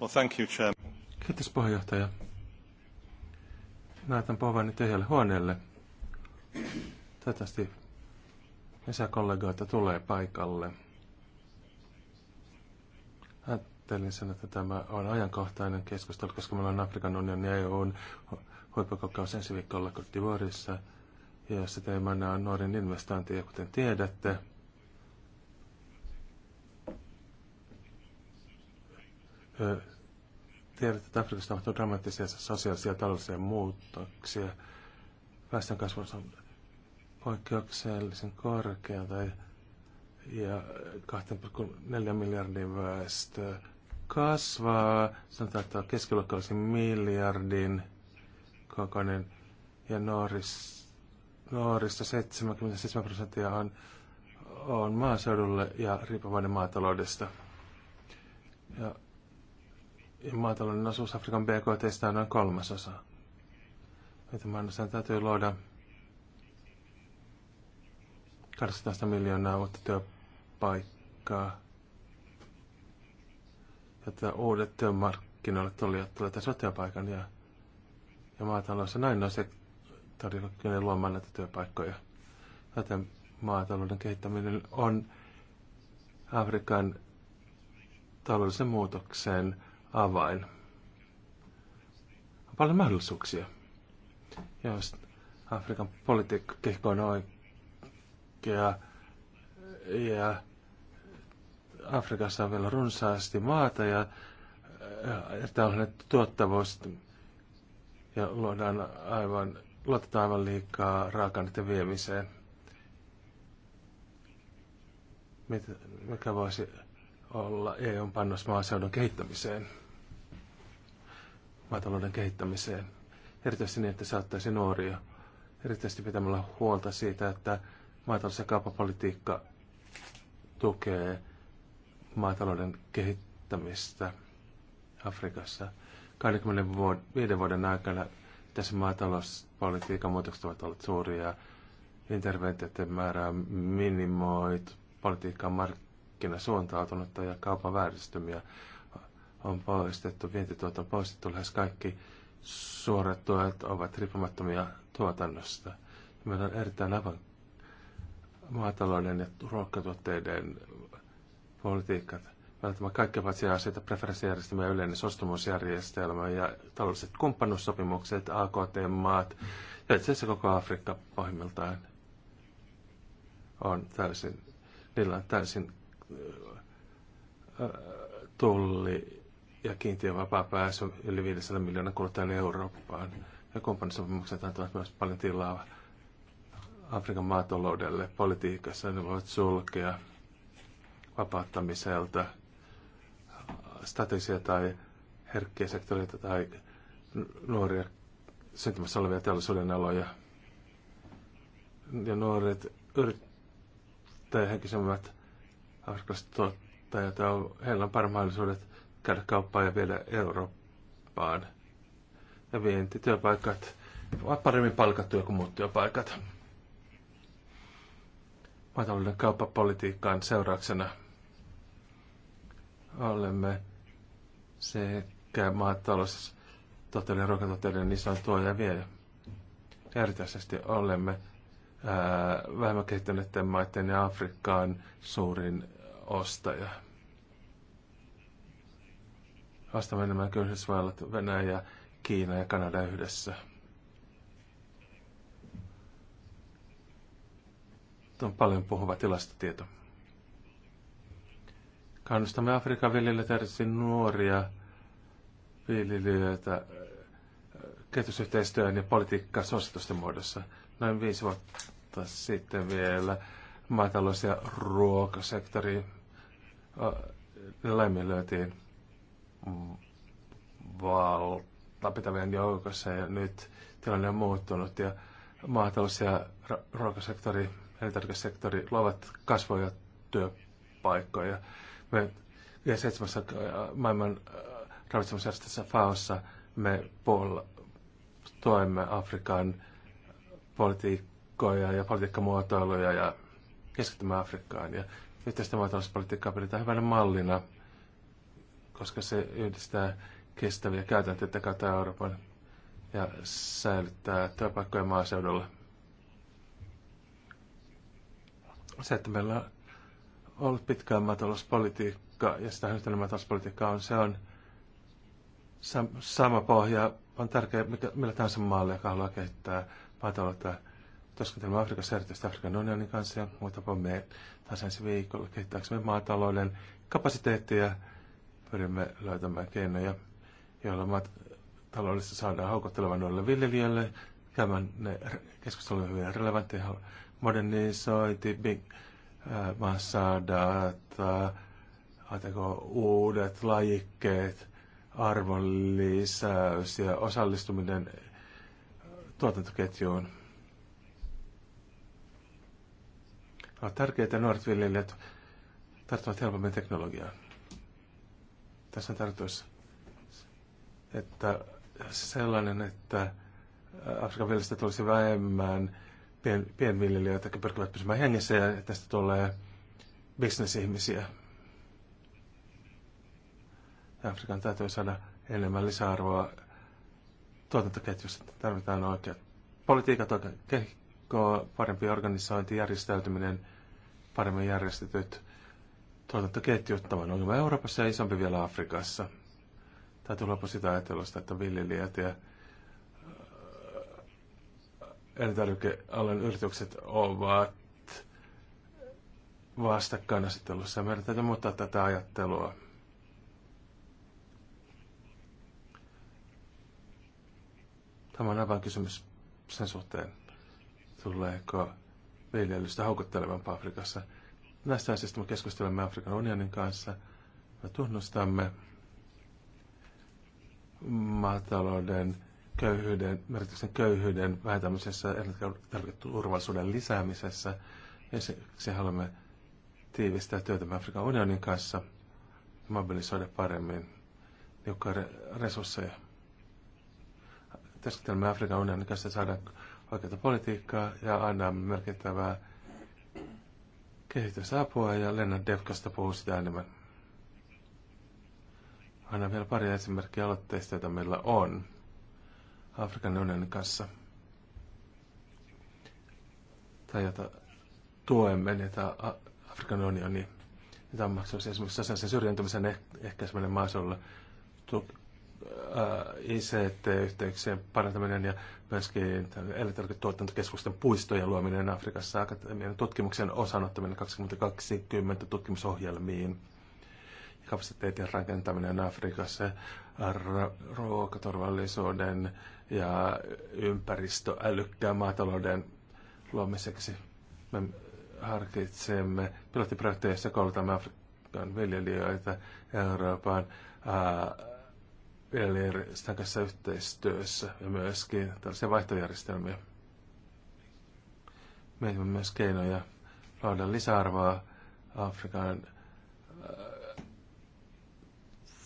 Well, thank you, Chair. Kiitos puheenjohtaja. Näytän pohvani teille huoneelle. Toivottavasti lisäkollegoita tulee paikalle. Teille sen, että tämä on ajankohtainen keskustelu, koska meillä on Afrikan unionin ja EUn huippukokous ensi viikolla Kotivuorissa, jossa teemana on nuorin investointi, ja kuten tiedätte, tiedät, että Afrikassa tapahtuu dramaattisia sosiaalisia ja taloudellisia muutoksia. Väestönkasvu on poikkeuksellisen korkea tai ja 2,4 miljardin väestö kasvaa, sanotaan, että olisi miljardin kokoinen, ja nuoris, nuorista 77 prosenttia on, on maaseudulle ja riippuvainen maataloudesta. Ja, ja maatalouden osuus Afrikan BKT on noin kolmasosa. Joten maailmassa täytyy luoda 18 miljoonaa uutta työpaikkaa että uudet työmarkkinoille tulijat tulevat paikan ja, ja maatalous ja näin on se tarjolla luomaan näitä työpaikkoja. Joten maatalouden kehittäminen on Afrikan taloudellisen muutokseen avain. On paljon mahdollisuuksia. Ja jos Afrikan politiikka on oikea ja Afrikassa on vielä runsaasti maata ja äh, tällainen tuottavuus ja luodaan aivan, luotetaan aivan liikaa raaka-aineiden viemiseen. Mikä voisi olla EUn pannos maaseudun kehittämiseen, maatalouden kehittämiseen, erityisesti niin, että saattaisi nuoria, erityisesti pitämällä huolta siitä, että maatalous- ja kauppapolitiikka tukee maatalouden kehittämistä Afrikassa. 25 vuoden aikana tässä maatalouspolitiikan muutokset ovat olleet suuria. Interventioiden määrä minimoit, politiikan markkina on ja kaupan vääristymiä on poistettu, vientituot on poistettu, lähes kaikki suorat tuet ovat riippumattomia tuotannosta. Meillä on erittäin avan maatalouden ja ruokatuotteiden politiikat. Välttämättä kaikki paitsi asioita, preferenssijärjestelmä ja yleinen sostumusjärjestelmä ja taloudelliset kumppanuussopimukset, AKT-maat ja itse asiassa koko Afrikka pahimmiltaan on täysin, niillä on täysin äh, tulli ja kiintiö vapaa pääsy yli 500 miljoonaa kuluttajan Eurooppaan. Ja kumppanisopimukset antavat myös paljon tilaa Afrikan maataloudelle politiikassa. Ne voivat sulkea vapauttamiselta statisia tai herkkiä sektoreita tai nuoria syntymässä olevia teollisuuden aloja. Ja nuoret yrittäjähenkisemmät afrikkalaiset tuottajat, heillä on paremmat mahdollisuudet käydä kauppaa ja viedä Eurooppaan. Ja vientityöpaikat ovat paremmin palkattuja kuin muut työpaikat. Maatalouden kauppapolitiikkaan seurauksena – olemme sekä maatalous, totellinen ruokatotellinen, niin se on ja viejä. Erityisesti olemme ää, vähemmän kehittyneiden maiden ja Afrikkaan suurin ostaja. Ostamme enemmän kuin Yhdysvallat, Venäjä, Kiina ja Kanada yhdessä. On paljon puhuva tilastotieto. Kannustamme Afrikan viljelijöitä, erityisesti nuoria viljelijöitä äh, kehitysyhteistyön ja politiikkaa suositusten muodossa. Noin viisi vuotta sitten vielä maatalous- ja ruokasektori äh, laiminlyötiin valtapitävien joukossa ja nyt tilanne on muuttunut ja maatalous- ja ruokasektori, elintarvikesektori luovat kasvoja työpaikkoja. Me g seitsemässä äh, maailman äh, ravitsemusjärjestössä FAOssa me puol- tuemme Afrikan politiikkoja ja politiikkamuotoiluja ja keskittymään Afrikkaan. Ja yhteistä maatalouspolitiikkaa pidetään hyvänä mallina, koska se yhdistää kestäviä käytänteitä kautta Euroopan ja säilyttää työpaikkoja maaseudulla. Se, että meillä on ollut pitkään maatalouspolitiikka ja sitä yhtenä maatalouspolitiikka on. Se on sam- sama pohja, on tärkeä mikä, millä tahansa maalle, joka haluaa kehittää maataloutta. Työskentelemme Afrikassa erityisesti Afrikan unionin kanssa ja muutapa me taas ensi viikolla kehittääksemme maatalouden kapasiteettia. Pyrimme löytämään keinoja, joilla maataloudessa saadaan houkuttelevan noille viljelijöille käymään ne keskusteluja hyvin relevantteja modernisointi, maassa data, uudet lajikkeet, arvonlisäys ja osallistuminen tuotantoketjuun. On tärkeää, että nuoret viljelijät tarttuvat helpommin teknologiaan. Tässä on tarkoitus, että sellainen, että Afrikan viljelijästä tulisi vähemmän pien, pienviljelijöitä, jotka pyrkivät pysymään hengissä ja tästä tulee bisnesihmisiä. Afrikan täytyy saada enemmän lisäarvoa tuotantoketjussa. Tarvitaan oikeat politiikat, oikeat kehikkoa, parempi organisointi, järjestäytyminen, paremmin järjestetyt tuotantoketjut. Tämä on Euroopassa ja isompi vielä Afrikassa. Täytyy lopu sitä ajatella, että viljelijät ja elintarvikealan yritykset ovat vastakkainasettelussa. Meidän täytyy muuttaa tätä ajattelua. Tämä on aivan kysymys sen suhteen, tuleeko viljelystä houkuttelevan Afrikassa. Näistä asioista me keskustelemme Afrikan unionin kanssa. Me tunnustamme maatalouden köyhyyden, merkityksen köyhyyden vähentämisessä, turvallisuuden lisäämisessä. Ja se haluamme tiivistää työtä Afrikan unionin kanssa ja mobilisoida paremmin niukkaa resursseja. Työskentelemme Afrikan unionin kanssa saada oikeata politiikkaa ja aina merkittävää kehitysapua ja Lenna Devkasta puhuu sitä enemmän. Anna vielä pari esimerkkiä aloitteista, joita meillä on. Afrikan unionin kanssa. Tai jota tuemme, niin jota Afrikan unioni, jota on maksamassa esimerkiksi sosiaalisen syrjäytymisen eh- ehkäiseminen maaseudulla, ICT-yhteyksien parantaminen ja myöskin elintarviketuotantokeskusten puistojen luominen Afrikassa akatemian tutkimuksen osanottaminen 2020 tutkimusohjelmiin – kapasiteetin rakentaminen Afrikassa, ruokaturvallisuuden ja ympäristöälykkään maatalouden luomiseksi. Me harkitsemme pilottiprojekteissa koulutamme Afrikan viljelijöitä Euroopan viljelijöiden kanssa yhteistyössä ja myöskin tällaisia vaihtojärjestelmiä. on myös keinoja luoda lisäarvoa Afrikan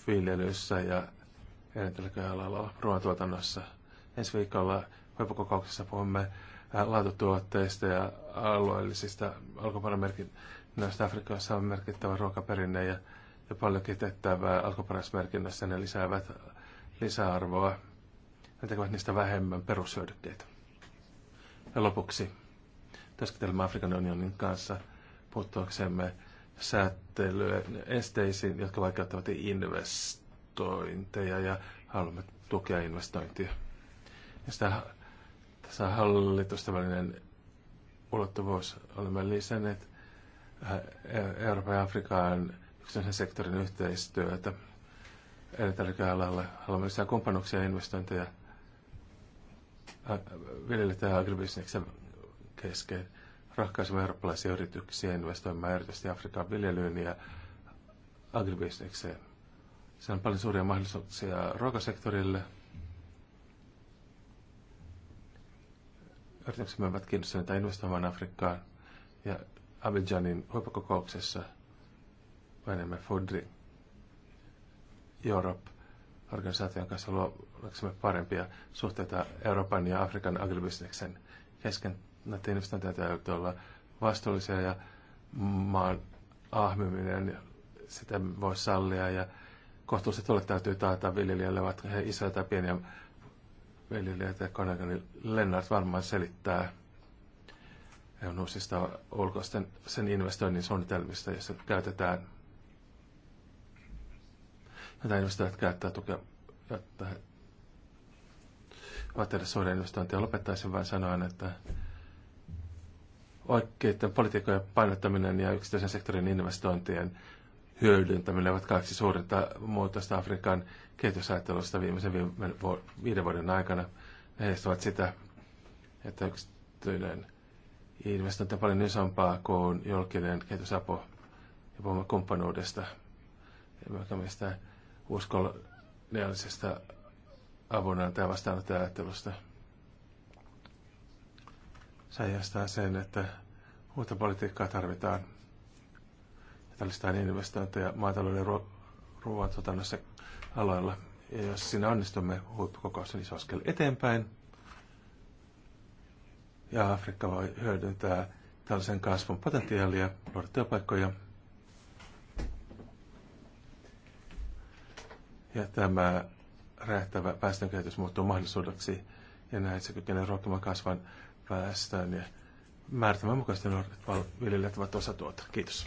viljelyssä ja elintarvikealalla ruoantuotannossa. Ensi viikolla huippukokouksessa puhumme äh, laatutuotteista ja alueellisista alkuperämerkinnöistä. Afrikassa on merkittävä ruokaperinne ja, ja paljon kitettävää alkuperäismerkinnässä. Ne lisäävät lisäarvoa ja tekevät niistä vähemmän perushyödykkeitä. Ja lopuksi työskentelemme Afrikan unionin kanssa puuttuaksemme säätelyä esteisiin, jotka vaikeuttavat investointeja ja haluamme tukea investointia. Ja sitä, tässä hallitusten välinen ulottuvuus olemme lisänneet eh, Euroopan ja Afrikan yksityisen sektorin yhteistyötä elintarvikealalla. Haluamme lisää kumppanuuksia ja investointeja eh, viljelijöiden ja agribisneksen kesken rohkaisemme eurooppalaisia yrityksiä investoimaan erityisesti Afrikan viljelyyn ja agribisnekseen. Se on paljon suuria mahdollisuuksia ruokasektorille. Yrityksemme ovat kiinnostuneita investoimaan Afrikkaan ja Abidjanin huippukokouksessa menemme Fodri, Europe organisaation kanssa luodaksemme parempia suhteita Euroopan ja Afrikan agribisneksen kesken näiden ihmisten täytyy olla vastuullisia ja maan ahmiminen sitä voi sallia ja kohtuulliset tulot täytyy taata viljelijälle, vaikka he isoja tai pieniä viljelijöitä. niin Lennart varmaan selittää on uusista ulkoisten sen investoinnin suunnitelmista, jossa käytetään näitä investoijat käyttää tukea, jotta he ovat tehdä suuria investointeja. Lopettaisin vain sanoen, että oikeiden politiikkojen painottaminen ja yksityisen sektorin investointien hyödyntäminen ovat kaksi suurinta muutosta Afrikan kehitysajattelusta viimeisen viiden vuoden aikana. Ne heistävät sitä, että yksityinen investointi on paljon isompaa kuin julkinen kehitysapu ja puhumme kumppanuudesta, emmekä mistään uskonnollisesta avunantaja vastaanottajattelusta. ajattelusta se sen, että uutta politiikkaa tarvitaan. Ja tällaistaan investointeja maatalouden ruo- ruoantuotannossa aloilla. Ja jos siinä onnistumme huippukokous, niin se askel eteenpäin. Ja Afrikka voi hyödyntää tällaisen kasvun potentiaalia, luoda työpaikkoja. Ja tämä räjähtävä päästönkehitys muuttuu mahdollisuudeksi ja näin se kykenee ruokkimaan kasvan päästään ja määrätämään mukaisesti nuoret viljelijät ovat osa tuota. Kiitos.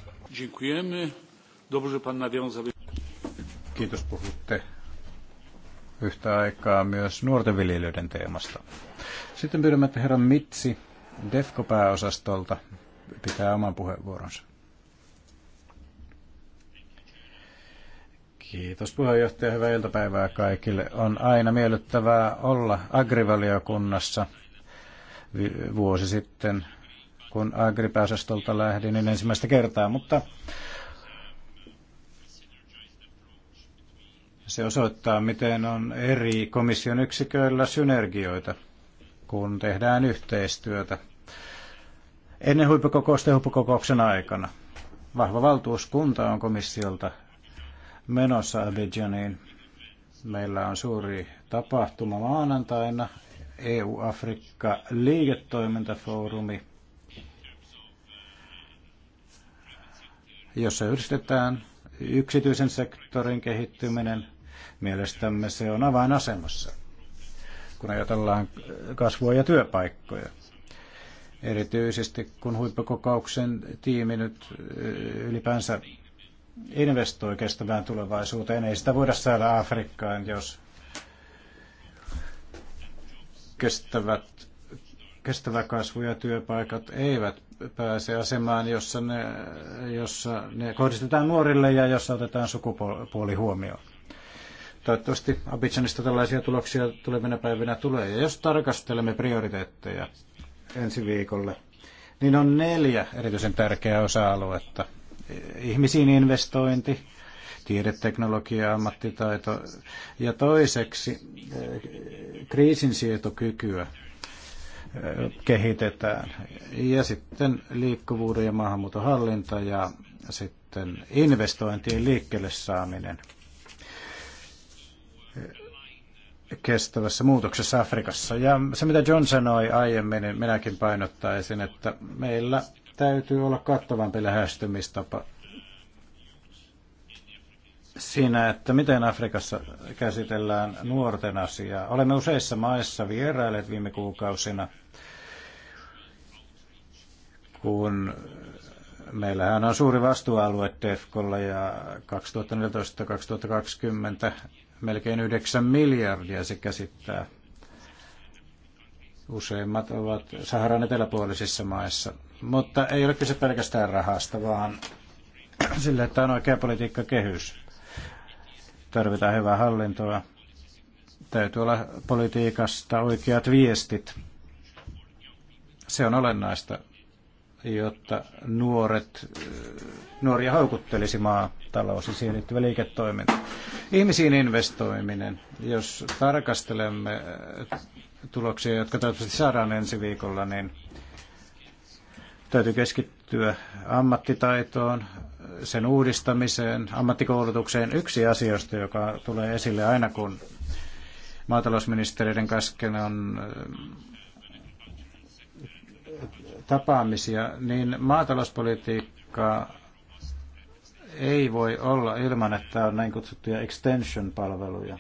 Kiitos puhutte yhtä aikaa myös nuorten viljelijöiden teemasta. Sitten pyydämme, että herra Mitsi DEFCO-pääosastolta pitää oman puheenvuoronsa. Kiitos puheenjohtaja, hyvää iltapäivää kaikille. On aina miellyttävää olla agrivaliokunnassa vuosi sitten, kun Agripäosastolta lähdin, niin ensimmäistä kertaa, mutta se osoittaa, miten on eri komission yksiköillä synergioita, kun tehdään yhteistyötä ennen huippukokousta ja huippukokouksen aikana. Vahva valtuuskunta on komissiolta menossa Abidjaniin. Meillä on suuri tapahtuma maanantaina EU-Afrikka-liiketoimintafoorumi, jossa yhdistetään yksityisen sektorin kehittyminen. Mielestämme se on avainasemassa, kun ajatellaan kasvua ja työpaikkoja. Erityisesti kun huippukokouksen tiimi nyt eh, ylipäänsä investoi kestävään tulevaisuuteen, ei sitä voida saada Afrikkaan, jos kestävät, kestävä kasvu ja työpaikat eivät pääse asemaan, jossa ne, jossa ne kohdistetaan nuorille ja jossa otetaan sukupuoli huomioon. Toivottavasti Abidjanista tällaisia tuloksia tulevina päivinä tulee. Ja jos tarkastelemme prioriteetteja ensi viikolle, niin on neljä erityisen tärkeää osa-aluetta. Ihmisiin investointi, tiedeteknologia, ammattitaito ja toiseksi kriisinsietokykyä kehitetään. Ja sitten liikkuvuuden ja maahanmuuton hallinta ja sitten investointien liikkeelle saaminen kestävässä muutoksessa Afrikassa. Ja se, mitä John sanoi aiemmin, niin minäkin painottaisin, että meillä täytyy olla kattavampi lähestymistapa siinä, että miten Afrikassa käsitellään nuorten asiaa. Olemme useissa maissa vierailleet viime kuukausina, kun meillähän on suuri vastuualue TEFKolla ja 2014-2020 melkein 9 miljardia se käsittää. Useimmat ovat Saharan eteläpuolisissa maissa. Mutta ei ole kyse pelkästään rahasta, vaan sille, että on oikea politiikkakehys. kehys Tarvitaan hyvää hallintoa. Täytyy olla politiikasta oikeat viestit. Se on olennaista, jotta nuoret, nuoria houkuttelisi maatalous ja siihen liittyvä liiketoiminta. Ihmisiin investoiminen, jos tarkastelemme äh, tuloksia, jotka toivottavasti saadaan ensi viikolla, niin täytyy keskittyä keskittyä ammattitaitoon, sen uudistamiseen, ammattikoulutukseen. Yksi asioista, joka tulee esille aina, kun maatalousministeriöiden kasken on äh, tapaamisia, niin maatalouspolitiikka ei voi olla ilman, että on näin kutsuttuja extension-palveluja,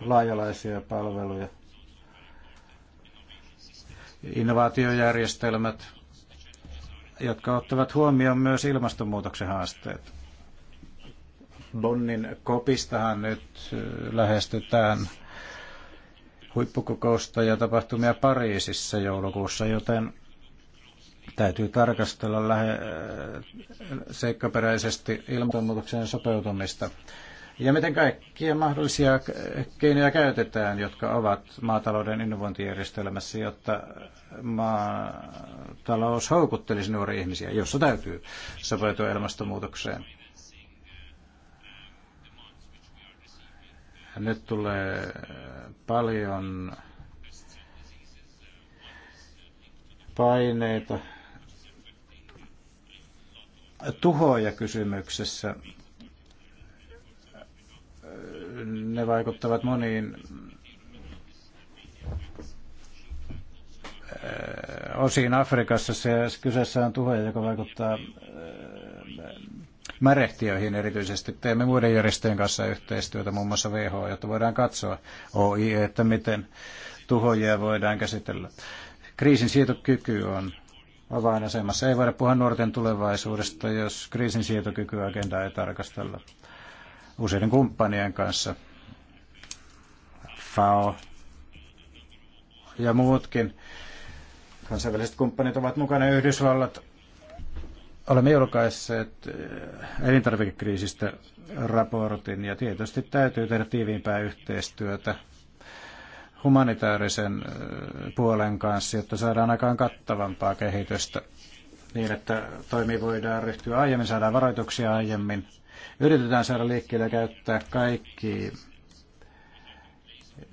laajalaisia palveluja, innovaatiojärjestelmät, jotka ottavat huomioon myös ilmastonmuutoksen haasteet. Bonnin kopistahan nyt lähestytään huippukokousta ja tapahtumia Pariisissa joulukuussa, joten täytyy tarkastella lähe, seikkaperäisesti ilmastonmuutokseen sopeutumista ja miten kaikkia mahdollisia keinoja käytetään, jotka ovat maatalouden innovointijärjestelmässä, jotta maatalous houkuttelisi nuoria ihmisiä, jossa täytyy sopeutua ilmastonmuutokseen. Nyt tulee paljon paineita tuhoja kysymyksessä ne vaikuttavat moniin eh, osiin Afrikassa. Se, kyseessä on tuhoja, joka vaikuttaa eh, märehtiöihin erityisesti. Teemme muiden järjestöjen kanssa yhteistyötä, muun muassa WHO, jotta voidaan katsoa OI, e, että miten tuhojia voidaan käsitellä. Kriisin sietokyky on avainasemassa. Ei voida puhua nuorten tulevaisuudesta, jos kriisin sietokykyä ei tarkastella useiden kumppanien kanssa. FAO ja muutkin kansainväliset kumppanit ovat mukana. Yhdysvallat olemme julkaisseet eh, elintarvikekriisistä raportin ja tietysti täytyy tehdä tiiviimpää yhteistyötä humanitaarisen eh, puolen kanssa, jotta saadaan aikaan kattavampaa kehitystä niin, että toimi voidaan ryhtyä aiemmin, saadaan varoituksia aiemmin yritetään saada liikkeelle ja käyttää kaikki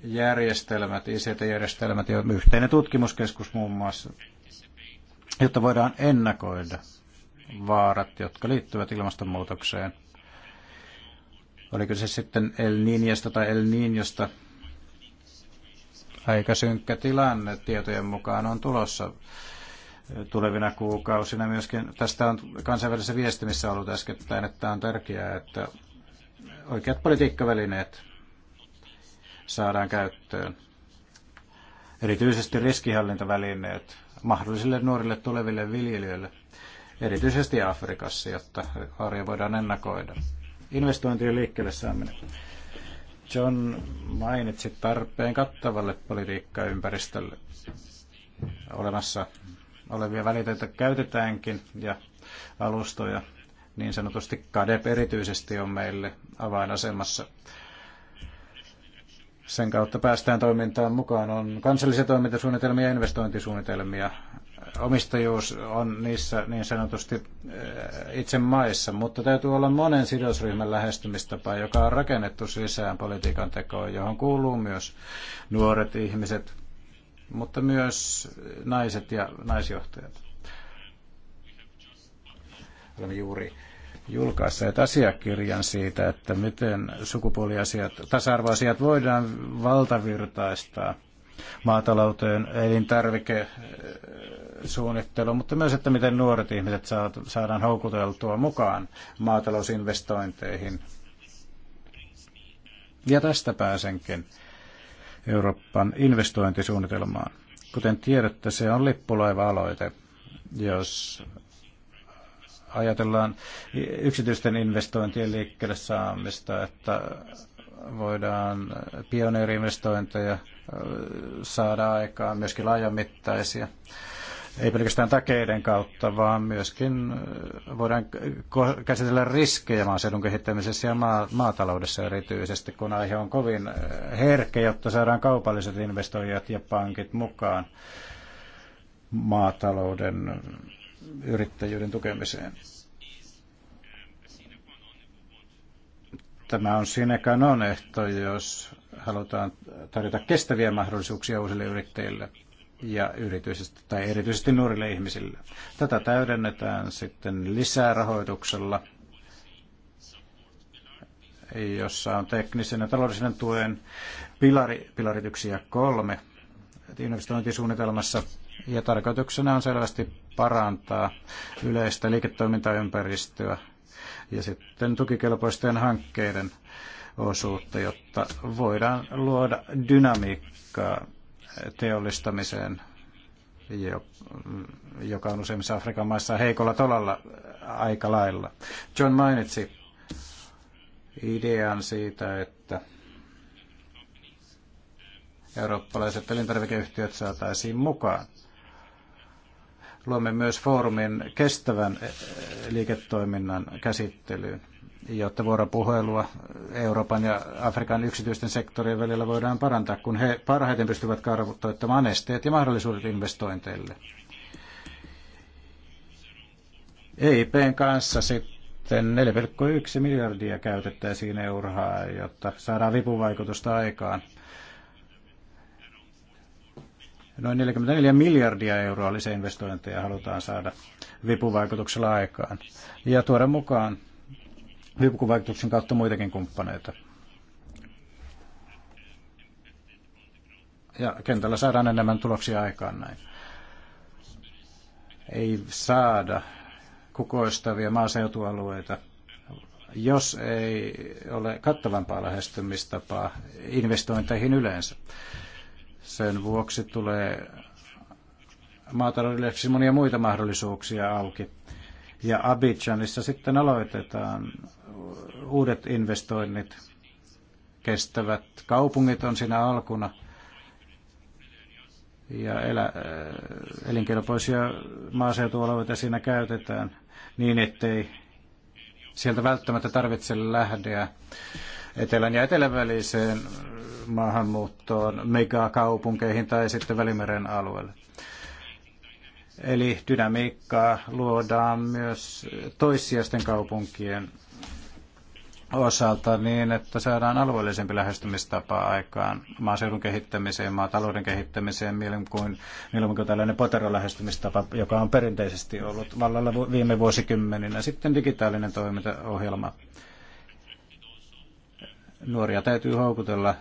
järjestelmät, ICT-järjestelmät ja yhteinen tutkimuskeskus muun muassa, jotta voidaan ennakoida vaarat, jotka liittyvät ilmastonmuutokseen. Oliko se sitten El Niniosta tai El Niniosta? Aika synkkä tilanne tietojen mukaan on tulossa tulevina kuukausina. Myöskin tästä on kansainvälisessä viestimissä ollut äskettäin, että on tärkeää, että oikeat politiikkavälineet saadaan käyttöön. Erityisesti riskihallintavälineet mahdollisille nuorille tuleville viljelijöille, erityisesti Afrikassa, jotta arja voidaan ennakoida. Investointien liikkeelle saaminen. John mainitsi tarpeen kattavalle politiikkaympäristölle olemassa olevia välineitä käytetäänkin ja alustoja, niin sanotusti KADEP erityisesti on meille avainasemassa. Sen kautta päästään toimintaan mukaan. On kansallisia toimintasuunnitelmia ja investointisuunnitelmia. Omistajuus on niissä niin sanotusti eh, itse maissa, mutta täytyy olla monen sidosryhmän lähestymistapa, joka on rakennettu sisään politiikan tekoon, johon kuuluu myös nuoret ihmiset, mutta myös naiset ja naisjohtajat. Olemme juuri julkaisseet asiakirjan siitä, että miten sukupuoliasiat, tasa-arvoasiat voidaan valtavirtaistaa maatalouteen, elintarvikesuunnitteluun, mutta myös, että miten nuoret ihmiset saadaan houkuteltua mukaan maatalousinvestointeihin. Ja tästä pääsenkin Euroopan investointisuunnitelmaan. Kuten tiedätte, se on lippulaiva-aloite, jos ajatellaan yksityisten investointien liikkeelle saamista, että voidaan pioneeriinvestointeja saada aikaan, myöskin laajamittaisia ei pelkästään takeiden kautta, vaan myöskin äh, voidaan käsitellä riskejä maaseudun kehittämisessä ja maataloudessa erityisesti, kun aihe on kovin äh, herkkä, jotta saadaan kaupalliset investoijat ja pankit mukaan maatalouden yrittäjyyden tukemiseen. Tämä on sine non ehto, jos halutaan tarjota kestäviä mahdollisuuksia uusille yrittäjille ja yrityisesti, tai erityisesti nuorille ihmisille. Tätä täydennetään sitten lisärahoituksella, jossa on teknisen ja taloudellisen tuen pilari, pilarit 1 ja 3 investointisuunnitelmassa. Ja tarkoituksena on selvästi parantaa yleistä liiketoimintaympäristöä ja sitten tukikelpoisten hankkeiden osuutta, jotta voidaan luoda dynamiikkaa teollistamiseen, joka on useimmissa Afrikan maissa heikolla tolalla aika lailla. John mainitsi idean siitä, että eurooppalaiset elintarvikeyhtiöt saataisiin mukaan. Luomme myös foorumin kestävän eh, eh, liiketoiminnan käsittelyyn jotta vuoropuhelua Euroopan ja Afrikan yksityisten sektorien välillä voidaan parantaa, kun he parhaiten pystyvät kartoittamaan esteet ja mahdollisuudet investointeille. EIPn kanssa sitten 4,1 miljardia käytettäisiin euroa, jotta saadaan vipuvaikutusta aikaan. Noin 44 miljardia euroa lisäinvestointeja halutaan saada vipuvaikutuksella aikaan ja tuoda mukaan vipukuvaikutuksen kautta muitakin kumppaneita. Ja kentällä saadaan enemmän tuloksia aikaan näin. Ei saada kukoistavia maaseutualueita, jos ei ole kattavampaa lähestymistapaa investointeihin yleensä. Sen vuoksi tulee maataloudelle monia muita mahdollisuuksia auki. Ja Abidjanissa sitten aloitetaan uudet investoinnit, kestävät kaupungit on siinä alkuna ja elä, äh, elinkelpoisia maaseutualueita siinä käytetään niin, ettei sieltä välttämättä tarvitse lähteä etelän ja etelän väliseen maahanmuuttoon, megakaupunkeihin tai sitten Välimeren alueelle. Eli dynamiikkaa luodaan myös toissijaisten kaupunkien osalta niin, että saadaan alueellisempi lähestymistapa aikaan maaseudun kehittämiseen, maatalouden kehittämiseen, mieluummin kuin, mieluummin kuin tällainen poterolähestymistapa, joka on perinteisesti ollut vallalla viime vuosikymmeninä. Sitten digitaalinen toimintaohjelma. Nuoria täytyy houkutella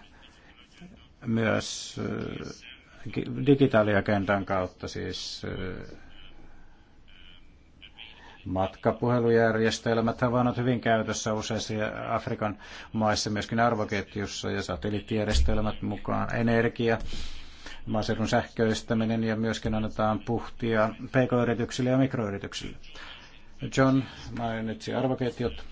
myös äh, digitaaliagendan kautta, siis äh, Matkapuhelujärjestelmät ovat hyvin käytössä useissa Afrikan maissa, myöskin arvoketjussa ja satelliittijärjestelmät mukaan energia maaseudun sähköistäminen ja myöskin annetaan puhtia pk-yrityksille ja mikroyrityksille. John mainitsi arvoketjut.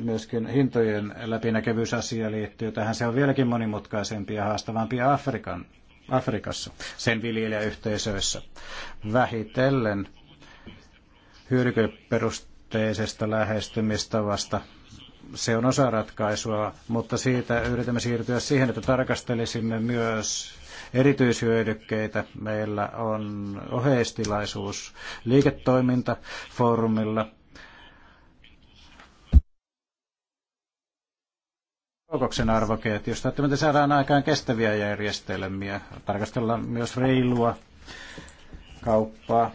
Myöskin hintojen läpinäkyvyysasia liittyy tähän. Se on vieläkin monimutkaisempi ja haastavampi Afrikan Afrikassa, sen viljelijäyhteisöissä. Vähitellen hyödykeperusteisesta lähestymistavasta se on osa ratkaisua, mutta siitä yritämme siirtyä siihen, että tarkastelisimme myös erityishyödykkeitä. Meillä on oheistilaisuus liiketoimintafoorumilla kokouksen arvoketjusta, että miten saadaan aikaan kestäviä järjestelmiä. Tarkastellaan myös reilua kauppaa,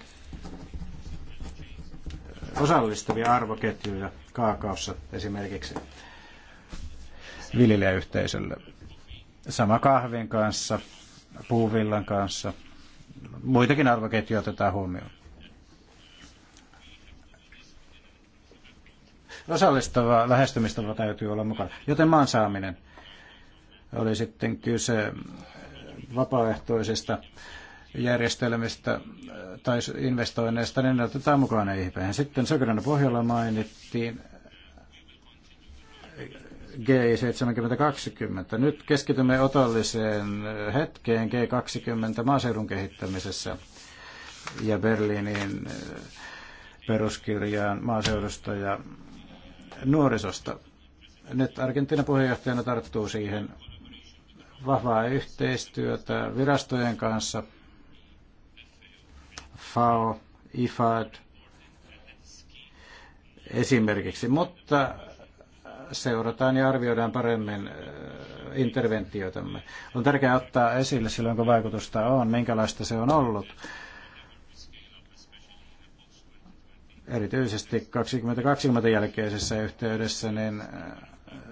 osallistuvia arvoketjuja kaakaossa esimerkiksi viljelijäyhteisölle. Sama kahvin kanssa, puuvillan kanssa. Muitakin arvoketjuja otetaan huomioon. osallistava lähestymistapa täytyy olla mukana. Joten maan saaminen oli sitten kyse vapaaehtoisista järjestelmistä äh, tai investoinneista, niin ne otetaan mukaan EIPhän. Sitten Sokerana pohjalla mainittiin g 7020. Nyt keskitymme otolliseen hetkeen G20 maaseudun kehittämisessä ja Berliinin äh, peruskirjaan maaseudusta ja nuorisosta. Nyt Argentiinan puheenjohtajana tarttuu siihen vahvaa yhteistyötä virastojen kanssa, FAO, IFAD esimerkiksi, mutta seurataan ja arvioidaan paremmin äh, interventioitamme. On tärkeää ottaa esille silloin, kun vaikutusta on, minkälaista se on ollut erityisesti 2020 jälkeisessä yhteydessä, niin äh,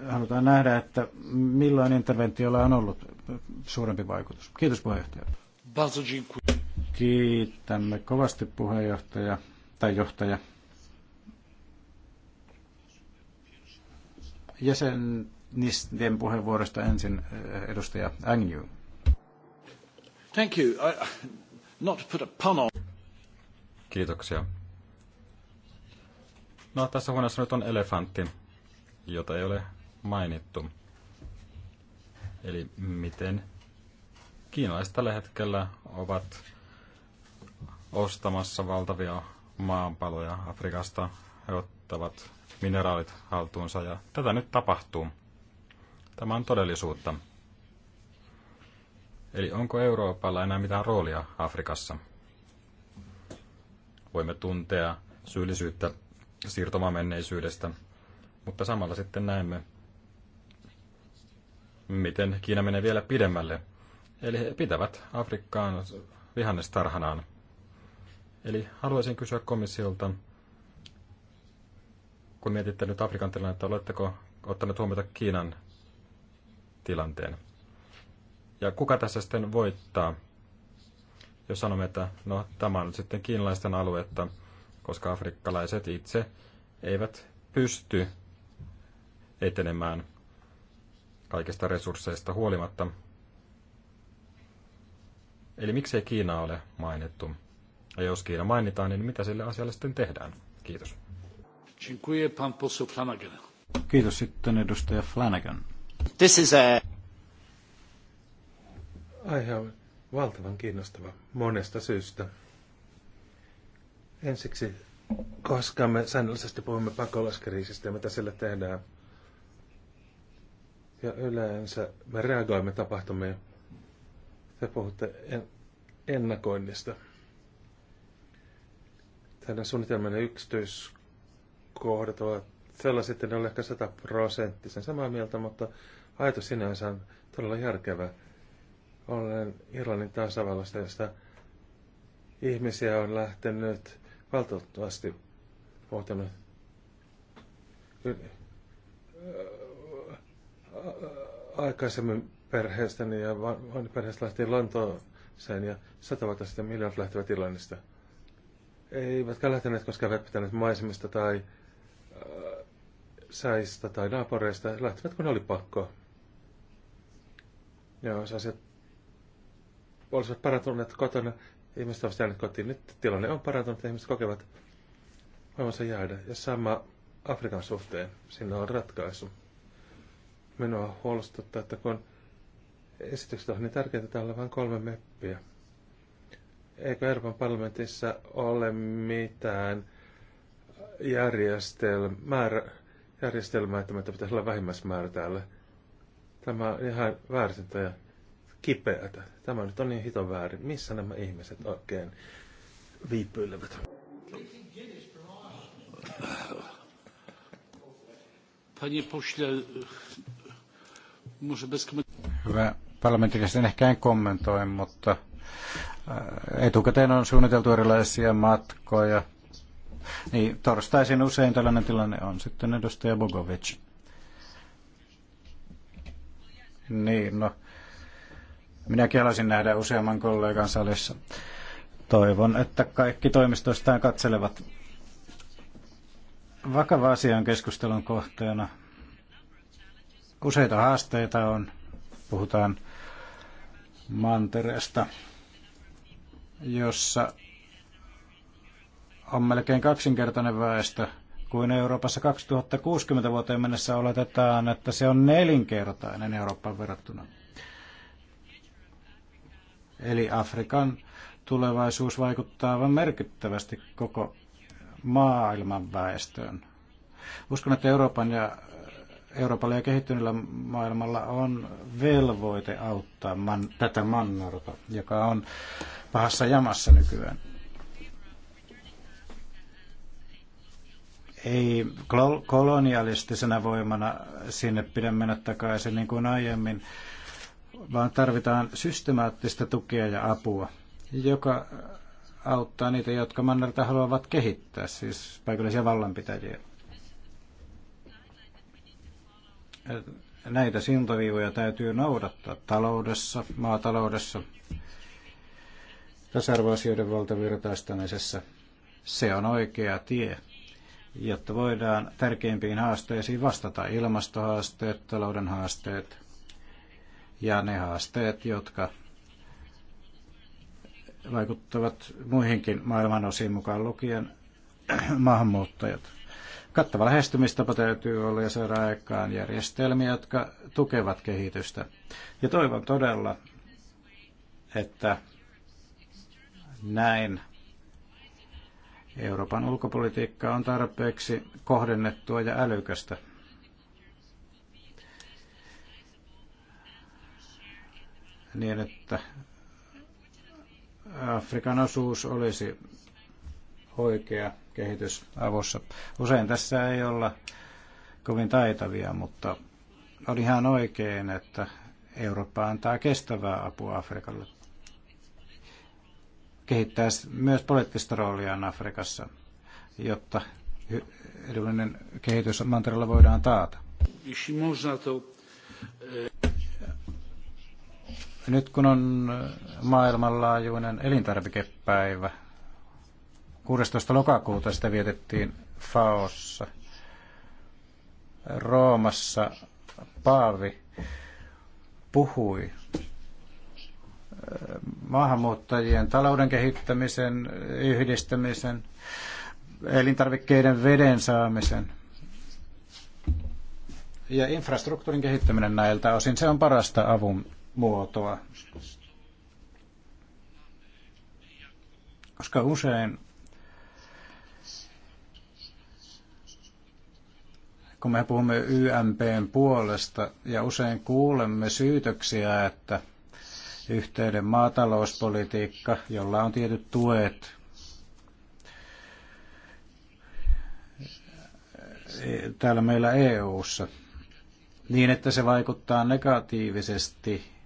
halutaan nähdä, että milloin interventiolla on ollut suurempi vaikutus. Kiitos puheenjohtaja. Kiitämme kovasti puheenjohtaja tai johtaja. Jäsenisten puheenvuorosta ensin äh, edustaja Agnew. Thank you. I, not to put a pun on. Kiitoksia. No, tässä huoneessa nyt on elefantti, jota ei ole mainittu. Eli miten kiinalaiset tällä hetkellä ovat ostamassa valtavia maanpaloja Afrikasta. He ottavat mineraalit haltuunsa ja tätä nyt tapahtuu. Tämä on todellisuutta. Eli onko Euroopalla enää mitään roolia Afrikassa? Voimme tuntea syyllisyyttä siirtomamenneisyydestä, mutta samalla sitten näemme, miten Kiina menee vielä pidemmälle. Eli he pitävät Afrikkaan vihannestarhanaan. Eli haluaisin kysyä komissiolta, kun mietitte nyt Afrikan tilannetta, oletteko ottaneet huomiota Kiinan tilanteen? Ja kuka tässä sitten voittaa, jos sanomme, että no, tämä on sitten kiinalaisten aluetta, koska afrikkalaiset itse eivät pysty etenemään kaikista resursseista huolimatta. Eli miksei Kiina ole mainittu? Ja jos Kiina mainitaan, niin mitä sille asialle sitten tehdään? Kiitos. Kiitos sitten edustaja Flanagan. This is a... Aihe on valtavan kiinnostava monesta syystä. Ensiksi, koska me säännöllisesti puhumme pakolaskriisistä ja mitä sille tehdään, ja yleensä me reagoimme tapahtumiin. Te puhutte en, ennakoinnista. Teidän suunnitelmien yksityiskohdat ovat sellaiset, että ne ovat ehkä sataprosenttisen samaa mieltä, mutta ajatus sinänsä on todella järkevä. Olen Irlannin tasavallasta, josta ihmisiä on lähtenyt valtavasti muutamme aikaisemmin perheestäni ja perheestä lähtien Lontooseen ja sata vuotta sitten miljoonat lähtevät Irlannista. Eivätkä lähteneet koskaan vepitäneet maisemista tai äh, säistä tai naapureista. Lähtivät kun oli pakko. Ja jos asiat olisivat parantuneet kotona, Ihmiset ovat jääneet kotiin. Nyt tilanne on parantunut ja ihmiset kokevat voimansa jäädä. Ja sama Afrikan suhteen. Siinä on ratkaisu. Minua huolestuttaa, että kun esitykset on niin tärkeitä, täällä on vain kolme meppiä. Eikö Euroopan parlamentissa ole mitään järjestelmää, järjestelmää että meitä pitäisi olla vähimmäismäärä täällä? Tämä on ihan ja kipeätä. Tämä nyt on niin hito väärin. Missä nämä ihmiset oikein viipyilevät? Panie pośle, może bez Hyvä parlamentin ehkä en kommentoi, mutta äh, etukäteen on suunniteltu erilaisia matkoja. Niin, torstaisin usein tällainen tilanne on sitten edustaja Bogovic. Niin, no Minäkin haluaisin nähdä useamman kollegan salissa. Toivon, että kaikki toimistoistaan katselevat. Vakava asian keskustelun kohteena. Useita haasteita on. Puhutaan mantereesta, jossa on melkein kaksinkertainen väestö kuin Euroopassa 2060 vuoteen mennessä oletetaan, että se on nelinkertainen Eurooppaan verrattuna. Eli Afrikan tulevaisuus vaikuttaa aivan merkittävästi koko maailman väestöön. Uskon, että Euroopan ja Euroopalla ja kehittyneellä maailmalla on velvoite auttaa man, tätä mannerta, joka on pahassa jamassa nykyään. Ei kolonialistisena voimana sinne pidä mennä takaisin niin kuin aiemmin vaan tarvitaan systemaattista tukea ja apua, joka auttaa niitä, jotka mannerta haluavat kehittää, siis paikallisia vallanpitäjiä. Näitä sintoviivoja täytyy noudattaa taloudessa, maataloudessa, tasa-arvoasioiden valtavirtaistamisessa. Se on oikea tie, jotta voidaan tärkeimpiin haasteisiin vastata ilmastohaasteet, talouden haasteet, ja ne haasteet, jotka vaikuttavat muihinkin maailman osiin mukaan lukien maahanmuuttajat. Kattava lähestymistapa täytyy olla ja saada aikaan järjestelmiä, jotka tukevat kehitystä. Ja toivon todella, että näin Euroopan ulkopolitiikka on tarpeeksi kohdennettua ja älykästä – niin, että Afrikan osuus olisi oikea kehitysavussa. Usein tässä ei olla kovin taitavia, mutta on ihan oikein, että Eurooppa antaa kestävää apua Afrikalle. Kehittää myös poliittista rooliaan Afrikassa, jotta edullinen kehitys mantereella voidaan taata. Nyt kun on maailmanlaajuinen elintarvikepäivä, 16. lokakuuta sitä vietettiin Faossa, Roomassa Paavi puhui maahanmuuttajien talouden kehittämisen, yhdistämisen, elintarvikkeiden veden saamisen ja infrastruktuurin kehittäminen näiltä osin. Se on parasta avun muotoa. Koska usein, kun me puhumme YMPn puolesta ja usein kuulemme syytöksiä, että yhteyden maatalouspolitiikka, jolla on tietyt tuet, täällä meillä EU:ssa niin, että se vaikuttaa negatiivisesti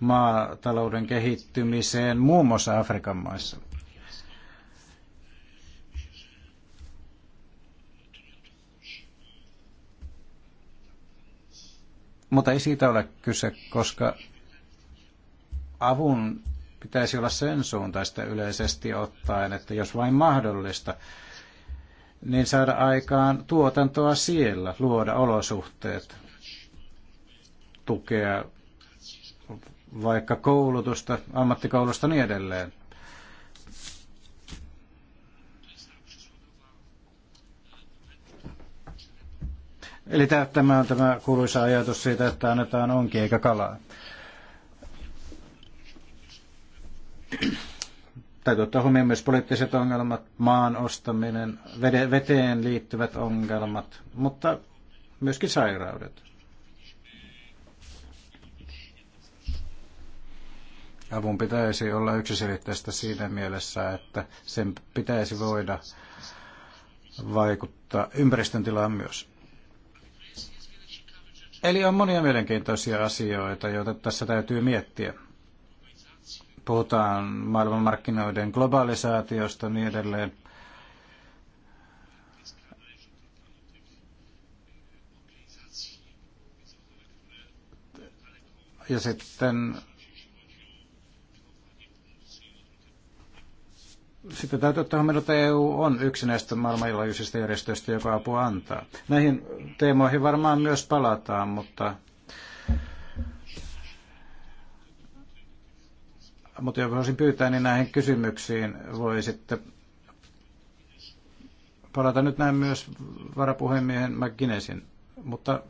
maatalouden kehittymiseen muun muassa Afrikan maissa. Mutta ei siitä ole kyse, koska avun pitäisi olla sen suuntaista yleisesti ottaen, että jos vain mahdollista, niin saada aikaan tuotantoa siellä, luoda olosuhteet, tukea vaikka koulutusta, ammattikoulusta niin edelleen. Eli tämä on tämä kuuluisa ajatus siitä, että annetaan onki eikä kalaa. Täytyy ottaa huomioon myös poliittiset ongelmat, maan ostaminen, veteen liittyvät ongelmat, mutta myöskin sairaudet. Avun pitäisi olla yksiselitteistä siinä mielessä, että sen pitäisi voida vaikuttaa ympäristön tilaan myös. Eli on monia mielenkiintoisia asioita, joita tässä täytyy miettiä. Puhutaan maailmanmarkkinoiden globalisaatiosta ja niin edelleen. Ja sitten Sitten täytyy ottaa huomioon, että EU on yksi näistä maailmanlaajuisista järjestöistä, joka apua antaa. Näihin teemoihin varmaan myös palataan, mutta mutta jos voisin pyytää, niin näihin kysymyksiin voi sitten palata nyt näin myös varapuhemiehen McGinnessin. Mutta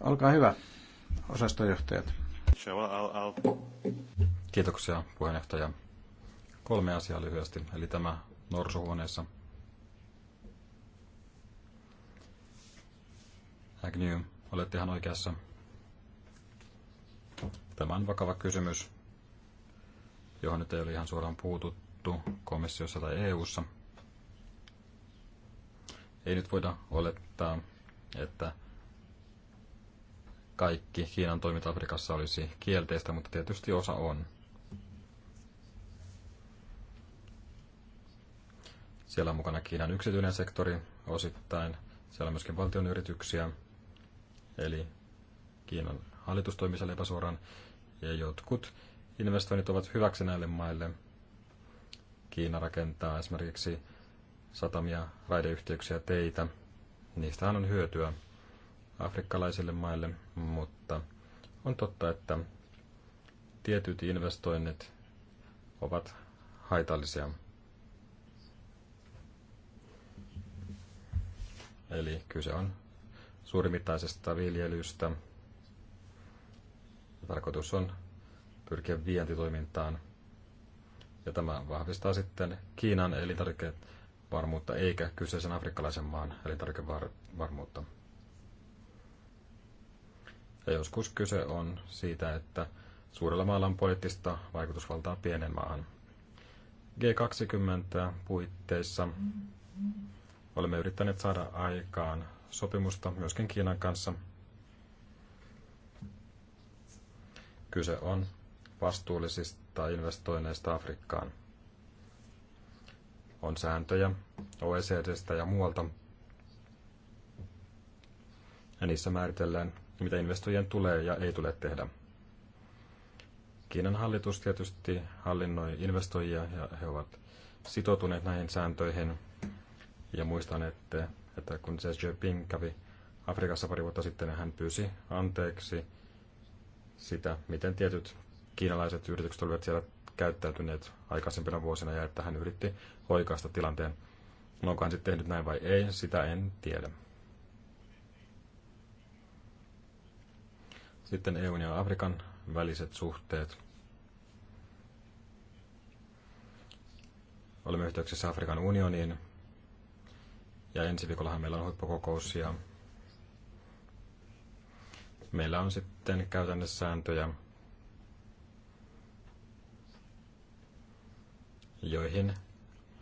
olkaa hyvä, osastojohtajat. Kiitoksia puheenjohtaja. Kolme asiaa lyhyesti, eli tämä norsuhuoneessa. Agnew, olette ihan oikeassa. Tämä on vakava kysymys, johon nyt ei ole ihan suoraan puututtu komissiossa tai EU:ssa. Ei nyt voida olettaa, että kaikki Kiinan toiminta Afrikassa olisi kielteistä, mutta tietysti osa on. Siellä on mukana Kiinan yksityinen sektori osittain. Siellä on myöskin valtion yrityksiä, eli Kiinan hallitus toimii epäsuoraan. Ja jotkut investoinnit ovat hyväksi näille maille. Kiina rakentaa esimerkiksi satamia, raideyhteyksiä, teitä. Niistähän on hyötyä afrikkalaisille maille, mutta on totta, että tietyt investoinnit ovat haitallisia. Eli kyse on suurimittaisesta viljelystä. Tarkoitus on pyrkiä vientitoimintaan. Ja tämä vahvistaa sitten Kiinan varmuutta eikä kyseisen afrikkalaisen maan elintarvikevarmuutta. Ja joskus kyse on siitä, että suurella maalla on poliittista vaikutusvaltaa pienen maahan. G20 puitteissa Olemme yrittäneet saada aikaan sopimusta myöskin Kiinan kanssa. Kyse on vastuullisista investoinneista Afrikkaan. On sääntöjä OECDstä ja muualta. Ja niissä määritellään, mitä investoijien tulee ja ei tule tehdä. Kiinan hallitus tietysti hallinnoi investoijia ja he ovat sitoutuneet näihin sääntöihin ja muistan, että, että kun Xi Jinping kävi Afrikassa pari vuotta sitten, niin hän pyysi anteeksi sitä, miten tietyt kiinalaiset yritykset olivat siellä käyttäytyneet aikaisempina vuosina ja että hän yritti oikaista tilanteen. onko hän sitten tehnyt näin vai ei, sitä en tiedä. Sitten EUn ja Afrikan väliset suhteet. Olemme yhteyksissä Afrikan unioniin ja ensi viikollahan meillä on huippukokous ja meillä on sitten käytännössä sääntöjä, joihin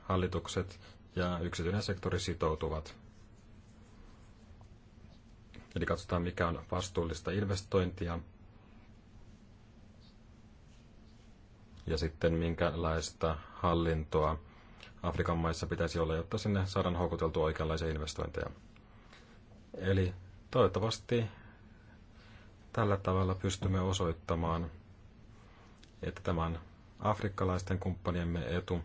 hallitukset ja yksityinen sektori sitoutuvat. Eli katsotaan, mikä on vastuullista investointia ja sitten minkälaista hallintoa Afrikan maissa pitäisi olla, jotta sinne saadaan houkuteltua oikeanlaisia investointeja. Eli toivottavasti tällä tavalla pystymme osoittamaan, että tämän afrikkalaisten kumppaniemme etu,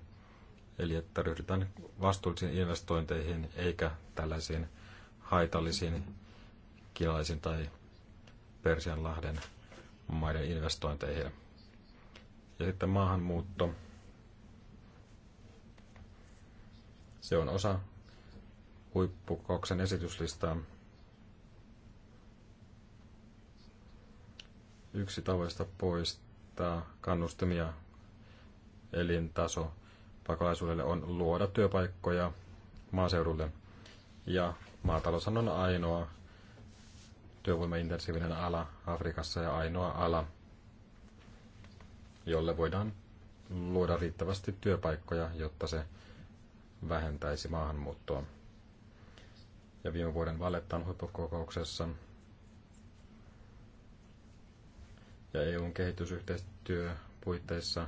eli että ryhdytään vastuullisiin investointeihin eikä tällaisiin haitallisiin kiinalaisiin tai Persianlahden maiden investointeihin. Ja sitten maahanmuutto. Se on osa huippukoksen esityslistaa. Yksi tavoista poistaa kannustimia elintaso pakolaisuudelle on luoda työpaikkoja maaseudulle. Ja maatalous on ainoa työvoimaintensiivinen ala Afrikassa ja ainoa ala, jolle voidaan luoda riittävästi työpaikkoja, jotta se vähentäisi maahanmuuttoa. Ja viime vuoden Valettan huippukokouksessa ja EUn puitteissa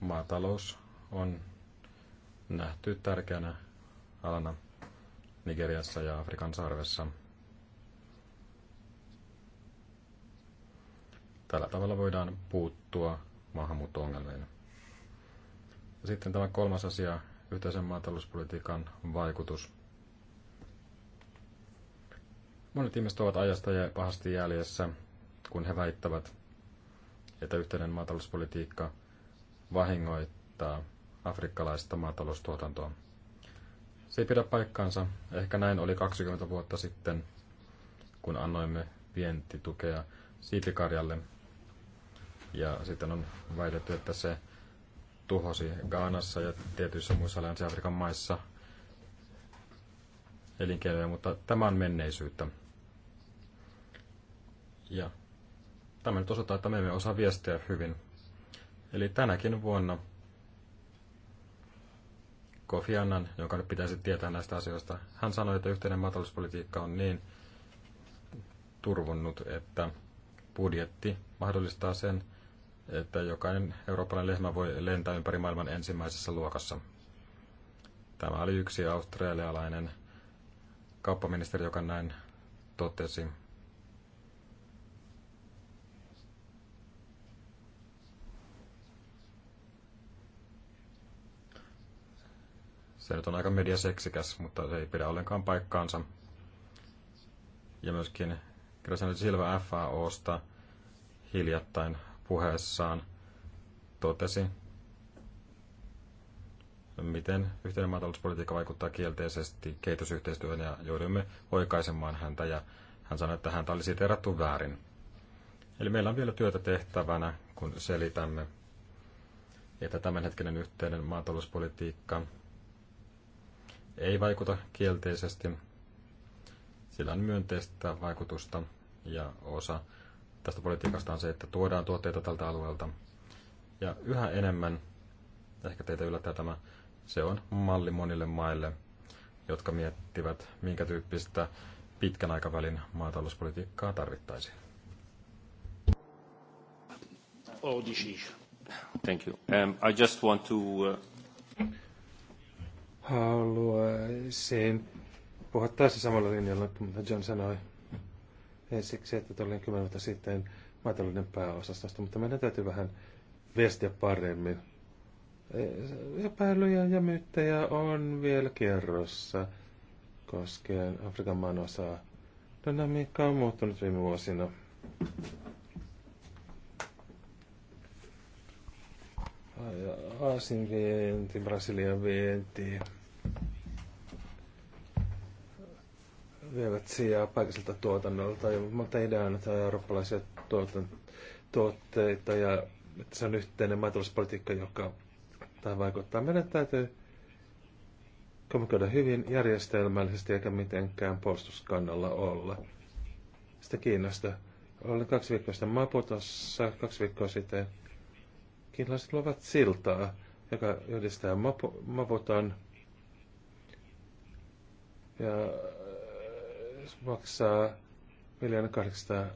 maatalous on nähty tärkeänä alana Nigeriassa ja Afrikan sarvessa. Tällä tavalla voidaan puuttua maahanmuutto-ongelmiin. Sitten tämä kolmas asia, yhteisen maatalouspolitiikan vaikutus. Monet ihmiset ovat ajasta ja pahasti jäljessä, kun he väittävät, että yhteinen maatalouspolitiikka vahingoittaa afrikkalaista maataloustuotantoa. Se ei pidä paikkaansa. Ehkä näin oli 20 vuotta sitten, kun annoimme vientitukea siipikarjalle. Ja sitten on väitetty, että se tuhosi Gaanassa ja tietyissä muissa Länsi-Afrikan maissa elinkeinoja, mutta tämä on menneisyyttä. Ja tämä nyt osoittaa, että me emme osaa viestiä hyvin. Eli tänäkin vuonna Kofi Annan, jonka nyt pitäisi tietää näistä asioista, hän sanoi, että yhteinen maatalouspolitiikka on niin turvonnut, että budjetti mahdollistaa sen, että jokainen eurooppalainen lehmä voi lentää ympäri maailman ensimmäisessä luokassa. Tämä oli yksi australialainen kauppaministeri, joka näin totesi. Se nyt on aika mediaseksikäs, mutta se ei pidä ollenkaan paikkaansa. Ja myöskin nyt Silva FAOsta hiljattain puheessaan totesi, miten yhteinen maatalouspolitiikka vaikuttaa kielteisesti kehitysyhteistyöhön ja joudumme oikaisemaan häntä ja hän sanoi, että häntä oli siteerattu väärin. Eli meillä on vielä työtä tehtävänä, kun selitämme, että tämänhetkinen yhteinen maatalouspolitiikka ei vaikuta kielteisesti. Sillä on myönteistä vaikutusta ja osa tästä politiikasta on se, että tuodaan tuotteita tältä alueelta. Ja yhä enemmän, ehkä teitä yllättää tämä, se on malli monille maille, jotka miettivät, minkä tyyppistä pitkän aikavälin maatalouspolitiikkaa tarvittaisiin. Oh, Thank you. Um, I just want to... Uh... Haluaisin puhua tässä samalla linjalla, mitä John sanoi ensiksi, että olin niin kymmenen vuotta sitten maatalouden pääosastosta, mutta meidän täytyy vähän viestiä paremmin. Eh, epäilyjä ja myyttejä on vielä kierrossa koskien Afrikan maan osaa. Dynamiikka on muuttunut viime vuosina. Aasin vienti, Brasilian vienti, vievät sijaa paikalliselta tuotannolta, ja, mutta idea on, että eurooppalaisia tuotan, tuotteita ja että se on yhteinen maatalouspolitiikka, joka tähän vaikuttaa. Meidän täytyy kommunikoida hyvin järjestelmällisesti eikä mitenkään puolustuskannalla olla. Sitä kiinnosta Olin kaksi viikkoa sitten Maputossa, kaksi viikkoa sitten. Kiinalaiset luovat siltaa, joka yhdistää Maputon. ja maksaa miljoona 800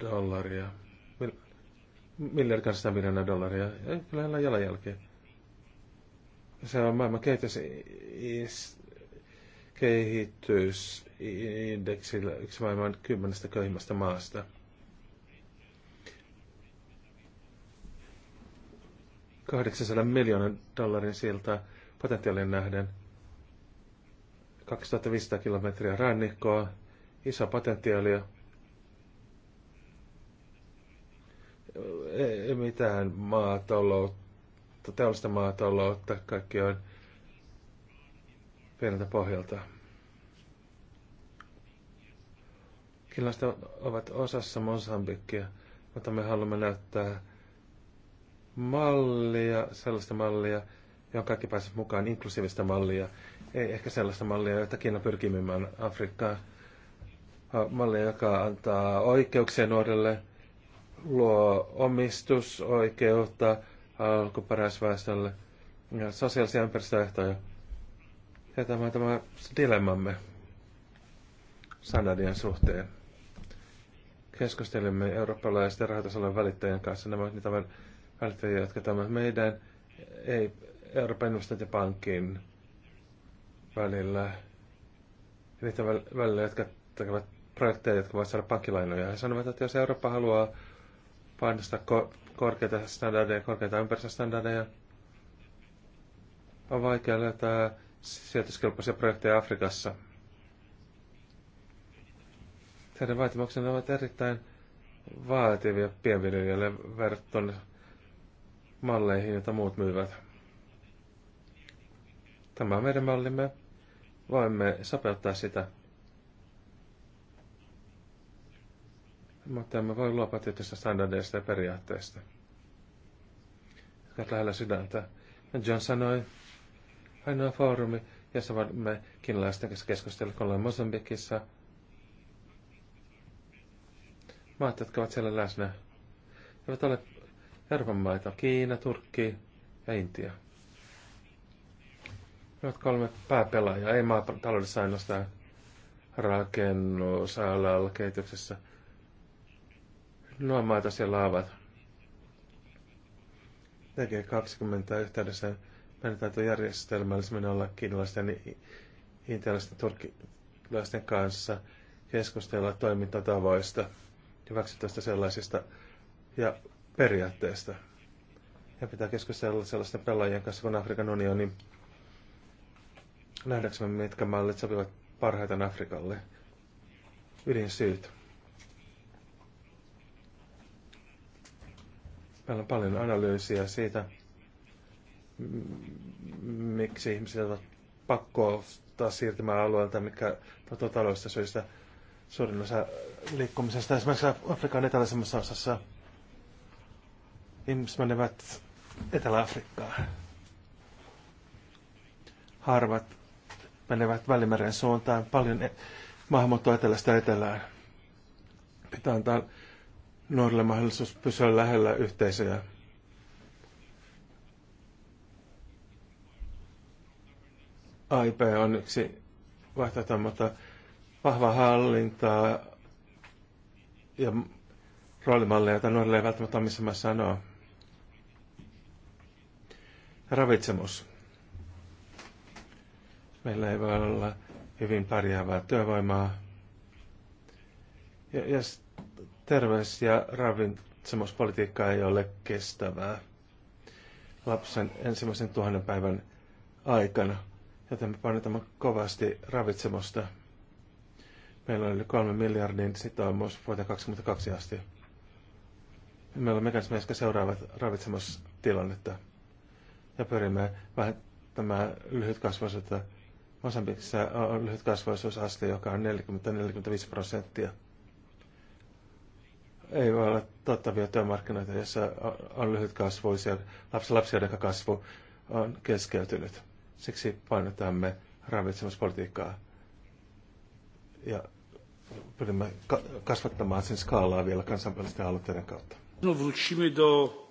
dollaria. Mil, miljardi 800 miljoonaa dollaria. Ja kyllä heillä on jalanjälkeä. Se on maailman kehitys, kehitysindeksillä yksi maailman kymmenestä köyhimmästä maasta. Kahdeksansadan miljoonan dollarin siltä potentiaalin nähden – 2500 kilometriä rannikkoa, iso potentiaali. Ei mitään maataloutta, teollista maataloutta, kaikki on pieneltä pohjalta. Kiinalaiset ovat osassa Mosambikkia, mutta me haluamme näyttää mallia, sellaista mallia, johon kaikki pääsevät mukaan, inklusiivista mallia, ei ehkä sellaista mallia, jota Kiina pyrkii myymään Afrikkaan. Malli, joka antaa oikeuksia nuorille, luo omistusoikeutta alkuperäisväestölle ja sosiaalisia ympäristöehtoja. Ja tämä on tämä dilemmamme standardien suhteen. Keskustelimme eurooppalaisten rahoitusalan välittäjien kanssa. Nämä ovat niitä välittäjiä, jotka tämän meidän ei Euroopan investointipankin välillä, niitä välillä, jotka tekevät projekteja, jotka voivat saada pankkilainoja. He sanovat, että jos Eurooppa haluaa painostaa ko- korkeita standardeja, korkeita ympäristöstandardeja, on vaikea löytää sijoituskelpoisia projekteja Afrikassa. Heidän vaatimuksena ovat erittäin vaativia pienviljelijöille verrattuna malleihin, joita muut myyvät. Tämä on meidän mallimme voimme sopeuttaa sitä. Mutta emme voi luopua tietystä standardeista ja periaatteista, jotka ovat lähellä sydäntä. John sanoi, ainoa foorumi, jossa voimme kiinalaisten kanssa keskustella, kun ollaan Mosambikissa. Maat, jotka ovat siellä läsnä, eivät ole Euroopan maita, Kiina, Turkki ja Intia. Nyt kolme pääpelaajaa, ei maataloudessa ainoastaan rakennusalalla kehityksessä. Nuo maita siellä ovat. Tekee 20 yhteydessä meidän täytyy mennä olla kiinalaisten, intialaisten, turkkilaisten kanssa keskustella toimintatavoista, hyväksyttävistä sellaisista ja periaatteista. Ja pitää keskustella sellaisten pelaajien kanssa kuin Afrikan unionin koska nähdäksemme, mitkä mallit sopivat parhaiten Afrikalle. syyt. Meillä on paljon analyysiä siitä, miksi ihmiset ovat pakko ottaa siirtymään alueelta, mikä taloudellisista syistä suurin osa liikkumisesta. Esimerkiksi Afrikan eteläisemmässä osassa ihmiset menevät Etelä-Afrikkaan. Harvat menevät Välimeren suuntaan. Paljon e- maahanmuuttoa etelästä etelään. Pitää antaa nuorille mahdollisuus pysyä lähellä yhteisöjä. AIP on yksi vaihtoehto, mutta vahva hallinta ja roolimalleja, joita nuorille ei välttämättä ole missä mä sanoa. Ravitsemus. Meillä ei voi olla hyvin pärjäävää työvoimaa. Ja, ja terveys- ja ravitsemuspolitiikka ei ole kestävää lapsen ensimmäisen tuhannen päivän aikana, joten me painotamme kovasti ravitsemusta. Meillä on yli kolme miljardin sitoumus vuoteen 2022 asti. Meillä on mekanismeja, jotka seuraavat ravitsemustilannetta ja pyrimme vähentämään lyhytkasvaisuutta Mosambikissa on lyhyt kasvaisuusaste, joka on 40-45 prosenttia. Ei voi olla tuottavia työmarkkinoita, joissa on lyhyt kasvuisia. Lapsi, lapsi, kasvu on keskeytynyt. Siksi painotamme ravitsemuspolitiikkaa ja pyrimme kasvattamaan sen skaalaa vielä kansainvälisten aloitteiden kautta. No, do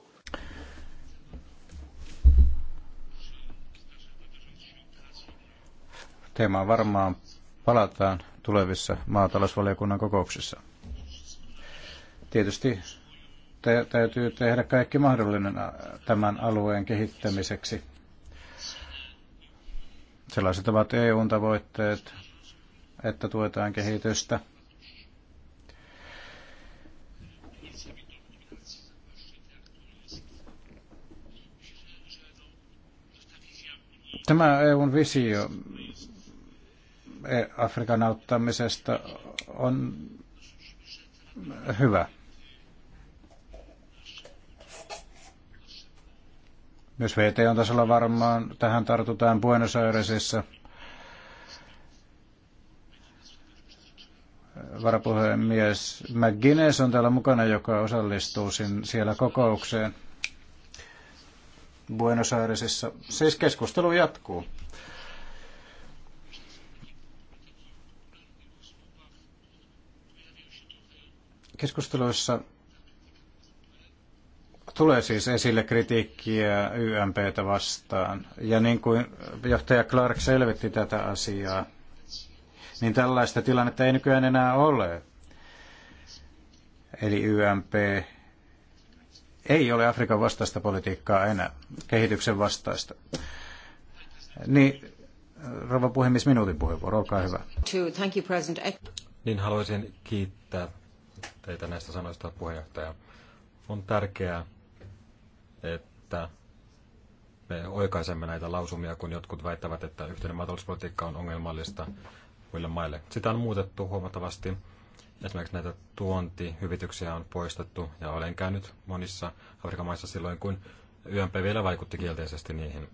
Teemaan varmaan palataan tulevissa maatalousvaliokunnan kokouksissa. Tietysti te- täytyy tehdä kaikki mahdollinen tämän alueen kehittämiseksi. Sellaiset ovat EUn tavoitteet, että tuetaan kehitystä. Tämä EUn visio Afrikan auttamisesta on hyvä. Myös VTOn tasolla varmaan tähän tartutaan Buenos Airesissa. Varapuhemies McGuinness on täällä mukana, joka osallistuu siellä kokoukseen Buenos Airesissa. Siis keskustelu jatkuu. Keskusteluissa tulee siis esille kritiikkiä YMPtä vastaan. Ja niin kuin johtaja Clark selvitti tätä asiaa, niin tällaista tilannetta ei nykyään enää ole. Eli YMP ei ole Afrikan vastaista politiikkaa enää, kehityksen vastaista. Niin, rouva puhemies, minuutin puheenvuoro, olkaa hyvä. Niin haluaisin kiittää teitä näistä sanoista, puheenjohtaja. On tärkeää, että me oikaisemme näitä lausumia, kun jotkut väittävät, että yhteinen maatalouspolitiikka on ongelmallista muille maille. Sitä on muutettu huomattavasti. Esimerkiksi näitä tuontihyvityksiä on poistettu ja olen käynyt monissa Afrikan maissa silloin, kun YMP vielä vaikutti kielteisesti niihin.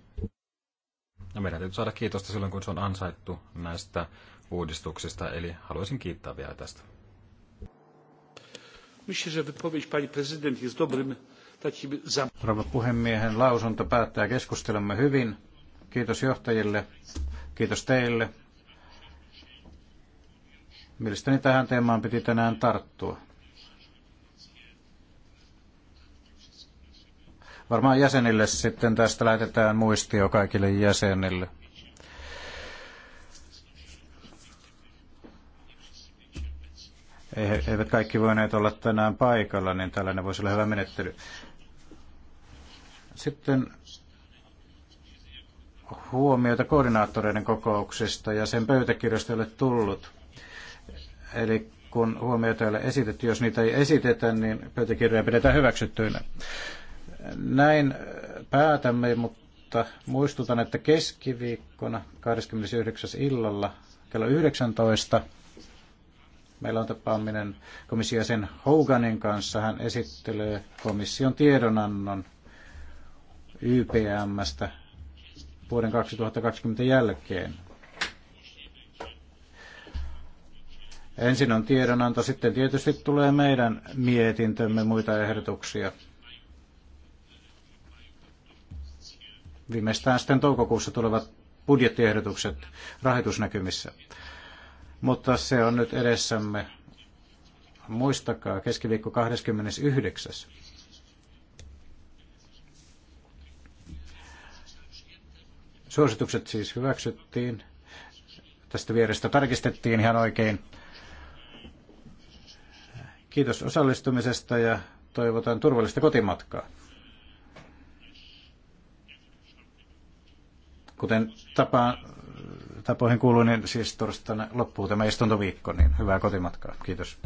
Ja meidän täytyy saada kiitosta silloin, kun se on ansaittu näistä uudistuksista, eli haluaisin kiittää vielä tästä. Myślę, że wypowiedź pani prezydent jest dobrym takim zam... Rouva puhemiehen lausunto päättää keskustelemme hyvin. Kiitos johtajille. Kiitos teille. Mielestäni tähän teemaan piti tänään tarttua. Varmaan jäsenille sitten tästä lähetetään muistio kaikille jäsenille. eivät kaikki voineet olla tänään paikalla, niin tällainen voisi olla hyvä menettely. Sitten huomioita koordinaattoreiden kokouksesta ja sen pöytäkirjasta ei ole tullut. Eli kun huomioita ei ole esitetty, jos niitä ei esitetä, niin pöytäkirjoja pidetään hyväksyttyinä. Näin päätämme, mutta muistutan, että keskiviikkona 29. illalla kello 19 Meillä on tapaaminen komission sen Hoganin kanssa. Hän esittelee komission tiedonannon YPMstä vuoden 2020 jälkeen. Ensin on tiedonanto, sitten tietysti tulee meidän mietintömme muita ehdotuksia. Viimeistään sitten toukokuussa tulevat budjettiehdotukset rahoitusnäkymissä mutta se on nyt edessämme. Muistakaa, keskiviikko 29. Suositukset siis hyväksyttiin. Tästä vierestä tarkistettiin ihan oikein. Kiitos osallistumisesta ja toivotan turvallista kotimatkaa. Kuten tapaan tapoihin kuuluu, niin siis torstaina loppuu tämä istuntoviikko, niin hyvää kotimatkaa. Kiitos.